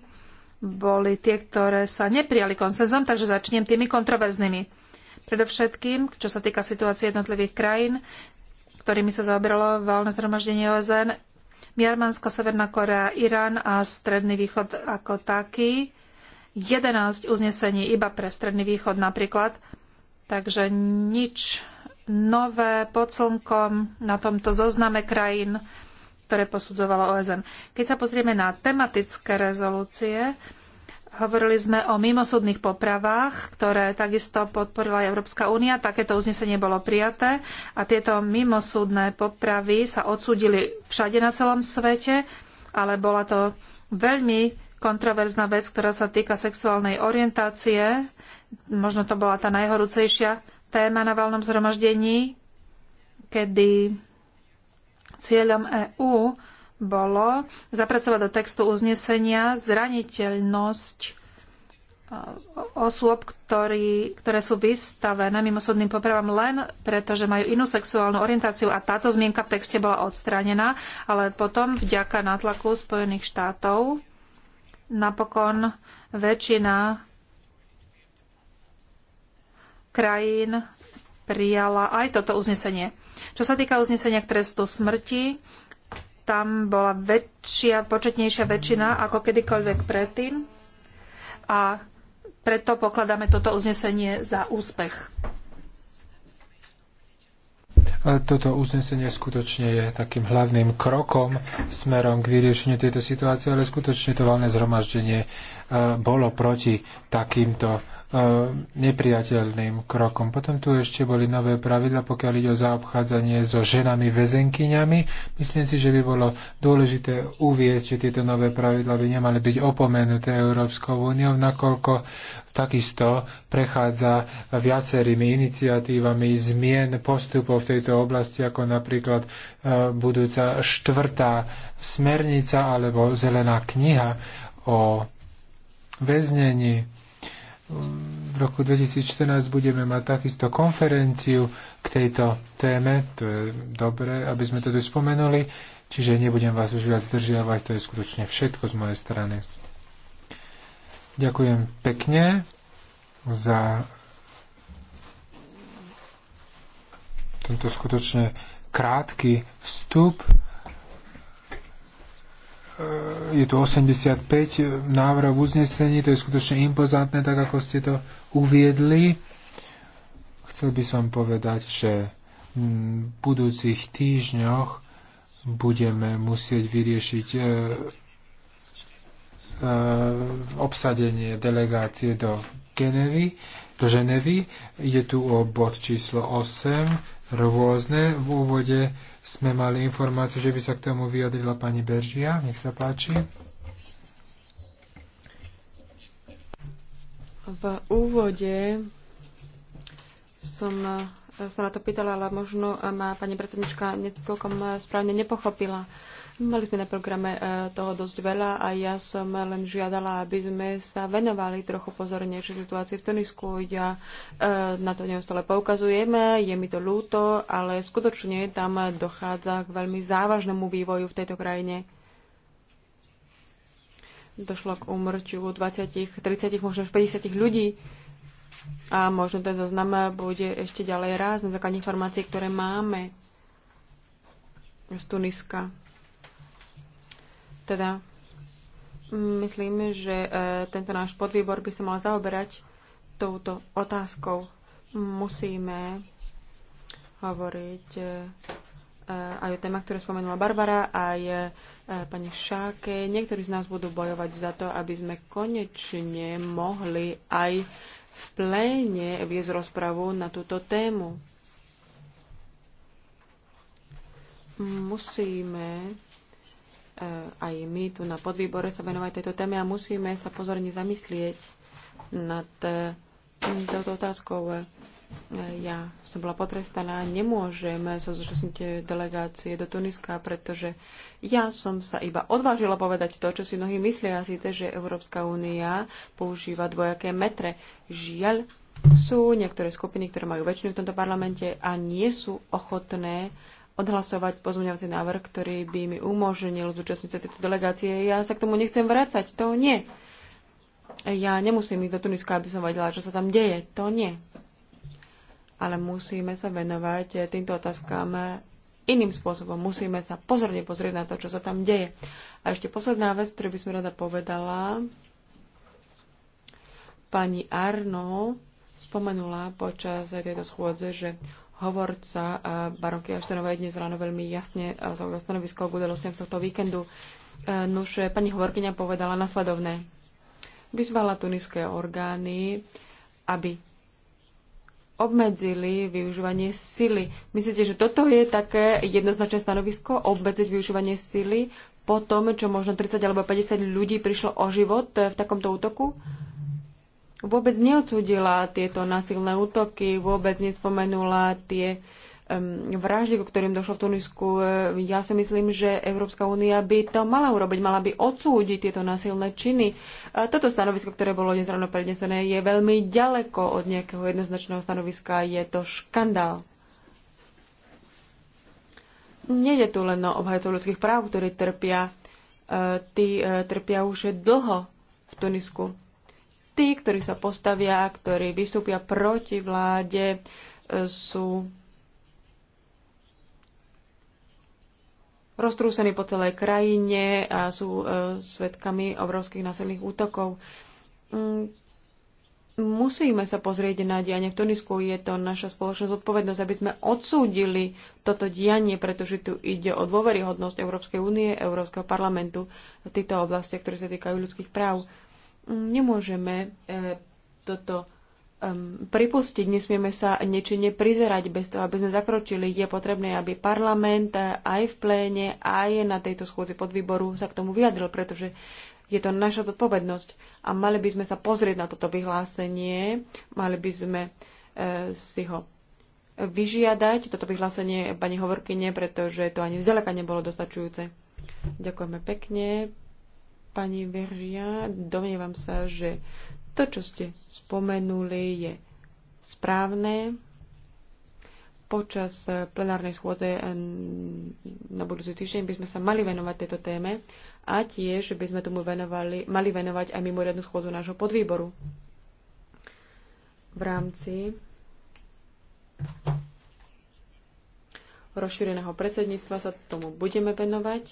boli tie, ktoré sa neprijali konsenzom, takže začnem tými kontroverznými. Predovšetkým, čo sa týka situácie jednotlivých krajín, ktorými sa zaoberalo valné zhromaždenie OSN, Miarmansko, Severná Korea, Irán a Stredný východ ako taký. 11 uznesení iba pre Stredný východ napríklad, takže nič nové pod slnkom na tomto zozname krajín, ktoré posudzovala OSN. Keď sa pozrieme na tematické rezolúcie, hovorili sme o mimosúdnych popravách, ktoré takisto podporila aj Európska únia. Takéto uznesenie bolo prijaté a tieto mimosúdne popravy sa odsúdili všade na celom svete, ale bola to veľmi kontroverzná vec, ktorá sa týka sexuálnej orientácie. Možno to bola tá najhorúcejšia téma na valnom zhromaždení, kedy cieľom EÚ bolo zapracovať do textu uznesenia zraniteľnosť e, osôb, ktorý, ktoré sú vystavené mimosúdnym popravám len preto, že majú inú sexuálnu orientáciu a táto zmienka v texte bola odstranená, ale potom vďaka nátlaku Spojených štátov napokon väčšina krajín prijala aj toto uznesenie. Čo sa týka uznesenia k trestu smrti, tam bola väčšia, početnejšia väčšina ako kedykoľvek predtým a preto pokladáme toto uznesenie za úspech. Toto uznesenie skutočne je takým hlavným krokom smerom k vyriešeniu tejto situácie, ale skutočne to valné zhromaždenie e, bolo proti takýmto nepriateľným krokom. Potom tu ešte boli nové pravidla, pokiaľ ide o zaobchádzanie so ženami väzenkyňami. Myslím si, že by bolo dôležité uvieť, že tieto nové pravidla by nemali byť opomenuté Európskou úniou, nakoľko takisto prechádza viacerými iniciatívami zmien postupov v tejto oblasti, ako napríklad e, budúca štvrtá smernica alebo zelená kniha o väznení v roku 2014 budeme mať takisto konferenciu k tejto téme, to je dobré, aby sme to tu spomenuli, čiže nebudem vás už viac zdržiavať, to je skutočne všetko z mojej strany. Ďakujem pekne za tento skutočne krátky vstup. E, je tu 85 návrhov uznesení, to je skutočne impozantné, tak ako ste to uviedli. Chcel by som povedať, že v budúcich týždňoch budeme musieť vyriešiť e, e, obsadenie delegácie do Genevy, do Ženevy. Je tu o bod číslo 8, rôzne v úvode sme mali informáciu, že by sa k tomu vyjadrila pani Beržia. Nech sa páči. V úvode som sa na to pýtala, ale možno ma pani predsednička celkom správne nepochopila. Uh, Mali sme na programe e, toho dosť veľa a ja som len žiadala, aby sme sa venovali trochu pozornejšej situácii v Tunisku. Ja e, na to neustále poukazujeme, je mi to ľúto, ale skutočne tam dochádza k veľmi závažnému vývoju v tejto krajine. Došlo k úmrťu 20, 30, možno až 50 ľudí a možno ten zoznam bude ešte ďalej raz na informácie, informácií, ktoré máme z Tuniska. Teda myslím, že e, tento náš podvýbor by sa mal zaoberať touto otázkou. Musíme hovoriť e, e, aj o téma, ktoré spomenula Barbara, aj pani Šáke. Niektorí z nás budú bojovať za to, aby sme konečne mohli aj v pléne viesť rozpravu na túto tému. Musíme E, aj my tu na podvýbore sa venovať tejto téme a musíme sa pozorne zamyslieť nad e, touto otázkou. E, ja som bola potrestaná, nemôžem sa zúčastniť delegácie do Tuniska, pretože ja som sa iba odvážila povedať to, čo si mnohí myslia, síce, že Európska únia používa dvojaké metre. Žiaľ, sú niektoré skupiny, ktoré majú väčšinu v tomto parlamente a nie sú ochotné uh, odhlasovať pozmeňovací návrh, ktorý by mi umožnil zúčastniť sa tejto delegácie. Ja sa k tomu nechcem vrácať, to nie. Ja nemusím ísť do Tuniska, aby som vedela, čo sa tam deje, to nie. Ale musíme sa venovať týmto otázkam iným spôsobom. Musíme sa pozorne pozrieť na to, čo sa tam deje. A ešte posledná vec, ktorú by som rada povedala. Pani Arno spomenula počas tejto schôdze, že hovorca baronky Aštenovej dnes ráno veľmi jasne zaujal stanovisko k udalostiam tohto víkendu. E, nuž, pani hovorkyňa povedala nasledovné. Vyzvala tuniské orgány, aby obmedzili využívanie sily. Myslíte, že toto je také jednoznačné stanovisko, obmedziť využívanie sily po tom, čo možno 30 alebo 50 ľudí prišlo o život v takomto útoku? Mm vôbec neodsudila tieto násilné útoky, vôbec nespomenula tie vraždy, o ktorým došlo v Tunisku. E, ja si myslím, že Európska únia by to mala urobiť, mala by odsúdiť tieto násilné činy. E, toto stanovisko, ktoré bolo dnes ráno prednesené, je veľmi ďaleko od nejakého jednoznačného stanoviska. Je to škandál. je tu len o obhajcov ľudských práv, ktorí trpia. E, tí trpia už dlho v Tunisku. Tí, ktorí sa postavia, ktorí vystúpia proti vláde, e, sú roztrúsení po celej krajine a sú e, svetkami obrovských násilných útokov. Mm, musíme sa pozrieť na dianie v Tunisku. Je to naša spoločná zodpovednosť, aby sme odsúdili toto dianie, pretože tu ide o dôveryhodnosť Európskej únie, Európskeho parlamentu v týchto oblastiach, ktoré sa týkajú ľudských práv. Nemôžeme e, toto pripustiť, nesmieme sa nečine prizerať bez toho, aby sme zakročili. Je potrebné, aby parlament e, aj v pléne, aj na tejto schôdzi podvýboru sa k tomu vyjadril, pretože je to naša zodpovednosť a mali by sme sa pozrieť na toto vyhlásenie, mali by sme e, si ho vyžiadať, toto vyhlásenie pani hovorkyne, pretože to ani vzďaleka nebolo dostačujúce. Ďakujeme pekne. Pani Veržia, domnievam sa, že to, čo ste spomenuli, je správne. Počas plenárnej schôdze na budúci týždeň by sme sa mali venovať tejto téme a tiež by sme tomu venovali, mali venovať aj mimoriadnu schôdzu nášho podvýboru v rámci rozšíreného predsedníctva sa tomu budeme venovať.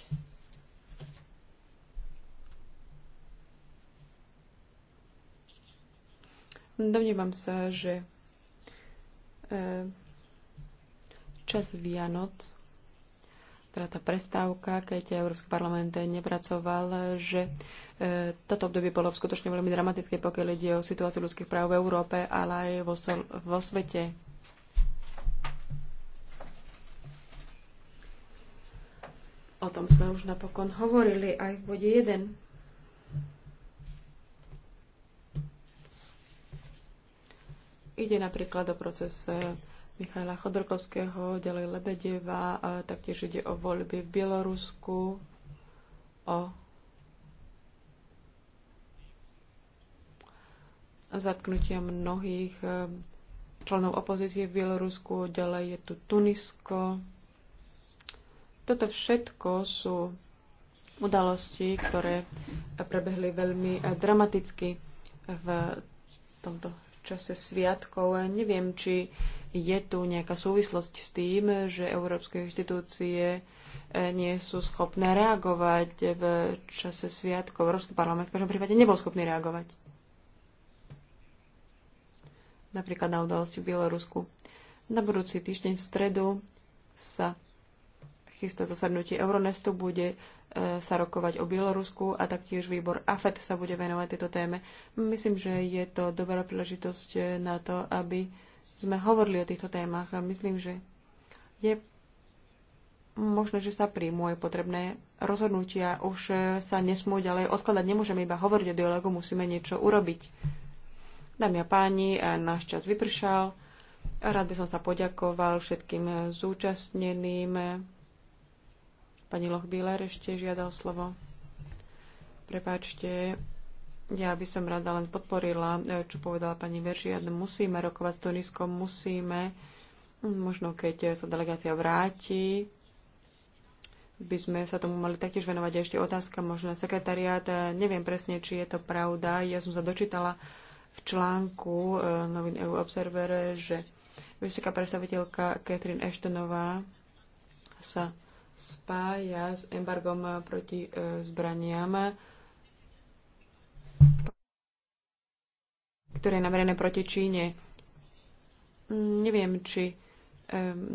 Domnievam sa, že e, čas Vianoc, teda tá prestávka, keď Európsky parlament nepracoval, že e, toto obdobie bolo skutočne veľmi dramatické, pokiaľ ide o situáciu ľudských práv v Európe, ale aj vo, vo svete. O tom sme už napokon hovorili aj v bode 1. Ide napríklad o proces e, Michaila Chodorkovského, ďalej Lebedeva, a taktiež ide o voľby v Bielorusku, o zatknutia mnohých e, členov opozície v Bielorusku, ďalej je tu Tunisko. Toto všetko sú udalosti, ktoré prebehli veľmi e, dramaticky v tomto čase sviatkov. Neviem, či je tu nejaká súvislosť s tým, že európske inštitúcie eh, nie sú schopné reagovať v čase sviatkov. Európsky parlament v každom prípade nebol schopný reagovať. Napríklad na udalosti v Bielorusku. Na budúci týždeň v stredu sa chystá zasadnutie Euronestu, bude E, sa rokovať o Bielorusku a taktiež výbor AFET sa bude venovať tejto téme. Myslím, že je to dobrá príležitosť na to, aby sme hovorili o týchto témach a myslím, že je možné, že sa príjmu aj potrebné rozhodnutia. Už e, sa nesmú ďalej odkladať. Nemôžeme iba hovoriť o dialogu, musíme niečo urobiť. Dámy a páni, e, náš čas vypršal. Rád by som sa poďakoval všetkým zúčastneným. Pani Lochbíler ešte žiada o slovo. Prepáčte, ja by som rada len podporila, e, čo povedala pani Veržiad. Musíme rokovať s Tuniskom, musíme, možno keď sa delegácia vráti, by sme sa tomu mali taktiež venovať. ešte otázka možno na sekretariát. E, neviem presne, či je to pravda. Ja som sa dočítala v článku e, novin EU Observer, že vysoká predstaviteľka Catherine Ashtonová sa spája s embargom proti e, zbraniam, ktoré je namerené proti Číne. Neviem, či e,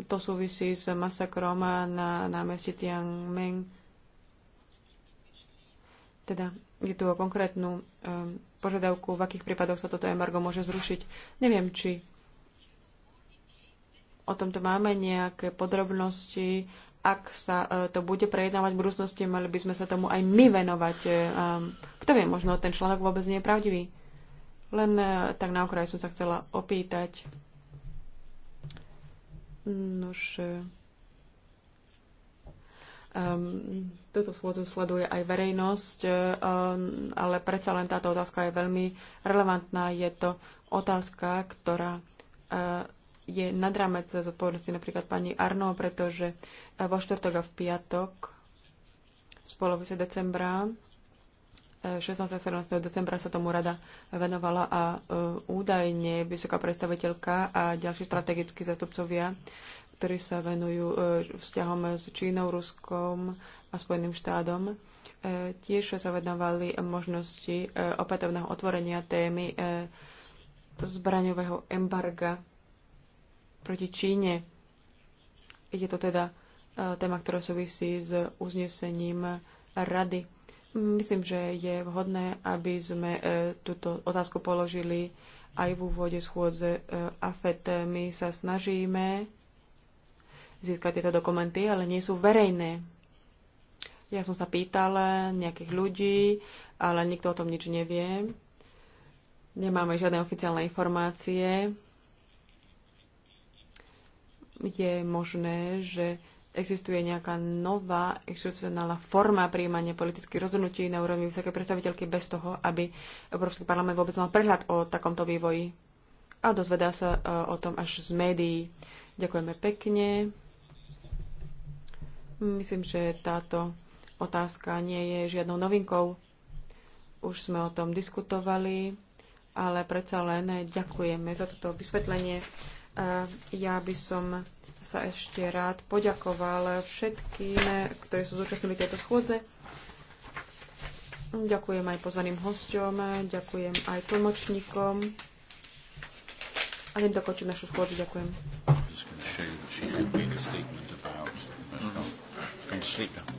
to súvisí s masakrom na námestí Tiananmen. Teda je tu o konkrétnu e, požiadavku, v akých prípadoch sa toto embargo môže zrušiť. Neviem, či o tomto máme nejaké podrobnosti, ak sa e, to bude prejednávať v budúcnosti, mali by sme sa tomu aj my venovať. E, kto vie, možno ten článok vôbec nie je pravdivý. Len e, tak na okraj som sa chcela opýtať. Nož, um, ehm, túto schôdzu sleduje aj verejnosť, um, ale predsa len táto otázka je veľmi relevantná. Je to otázka, ktorá uh, je nad rámec zodpovednosti napríklad pani Arno, pretože vo štvrtok a v piatok z polovice decembra 16. E, a 17. decembra sa tomu rada venovala a e, údajne vysoká predstaviteľka a ďalší strategickí zastupcovia, ktorí sa venujú e, vzťahom s Čínou, Ruskom a Spojeným štátom, tiež sa venovali možnosti opätovného otvorenia témy zbraňového embarga proti Číne. Ide to teda téma, ktorá súvisí s uznesením rady. Myslím, že je vhodné, aby sme e, túto otázku položili aj v úvode schôdze e, AFET. My sa snažíme získať tieto dokumenty, ale nie sú verejné. Ja som sa pýtala nejakých ľudí, ale nikto o tom nič nevie. Nemáme žiadne oficiálne informácie. Je možné, že existuje nejaká nová inštitucionálna forma príjmania politických rozhodnutí na úrovni vysokej predstaviteľky bez toho, aby Európsky parlament vôbec mal prehľad o takomto vývoji. A dozvedá sa e, o tom až z médií. Ďakujeme pekne. Myslím, že táto otázka nie je žiadnou novinkou. Už sme o tom diskutovali, ale predsa len ďakujeme za toto vysvetlenie. E, ja by som sa ešte rád poďakoval všetkým, ktorí sa zúčastnili tejto schôdze. Ďakujem aj pozvaným hosťom, ďakujem aj tlmočníkom. A tým dokončím našu schôdzu. Ďakujem. She, she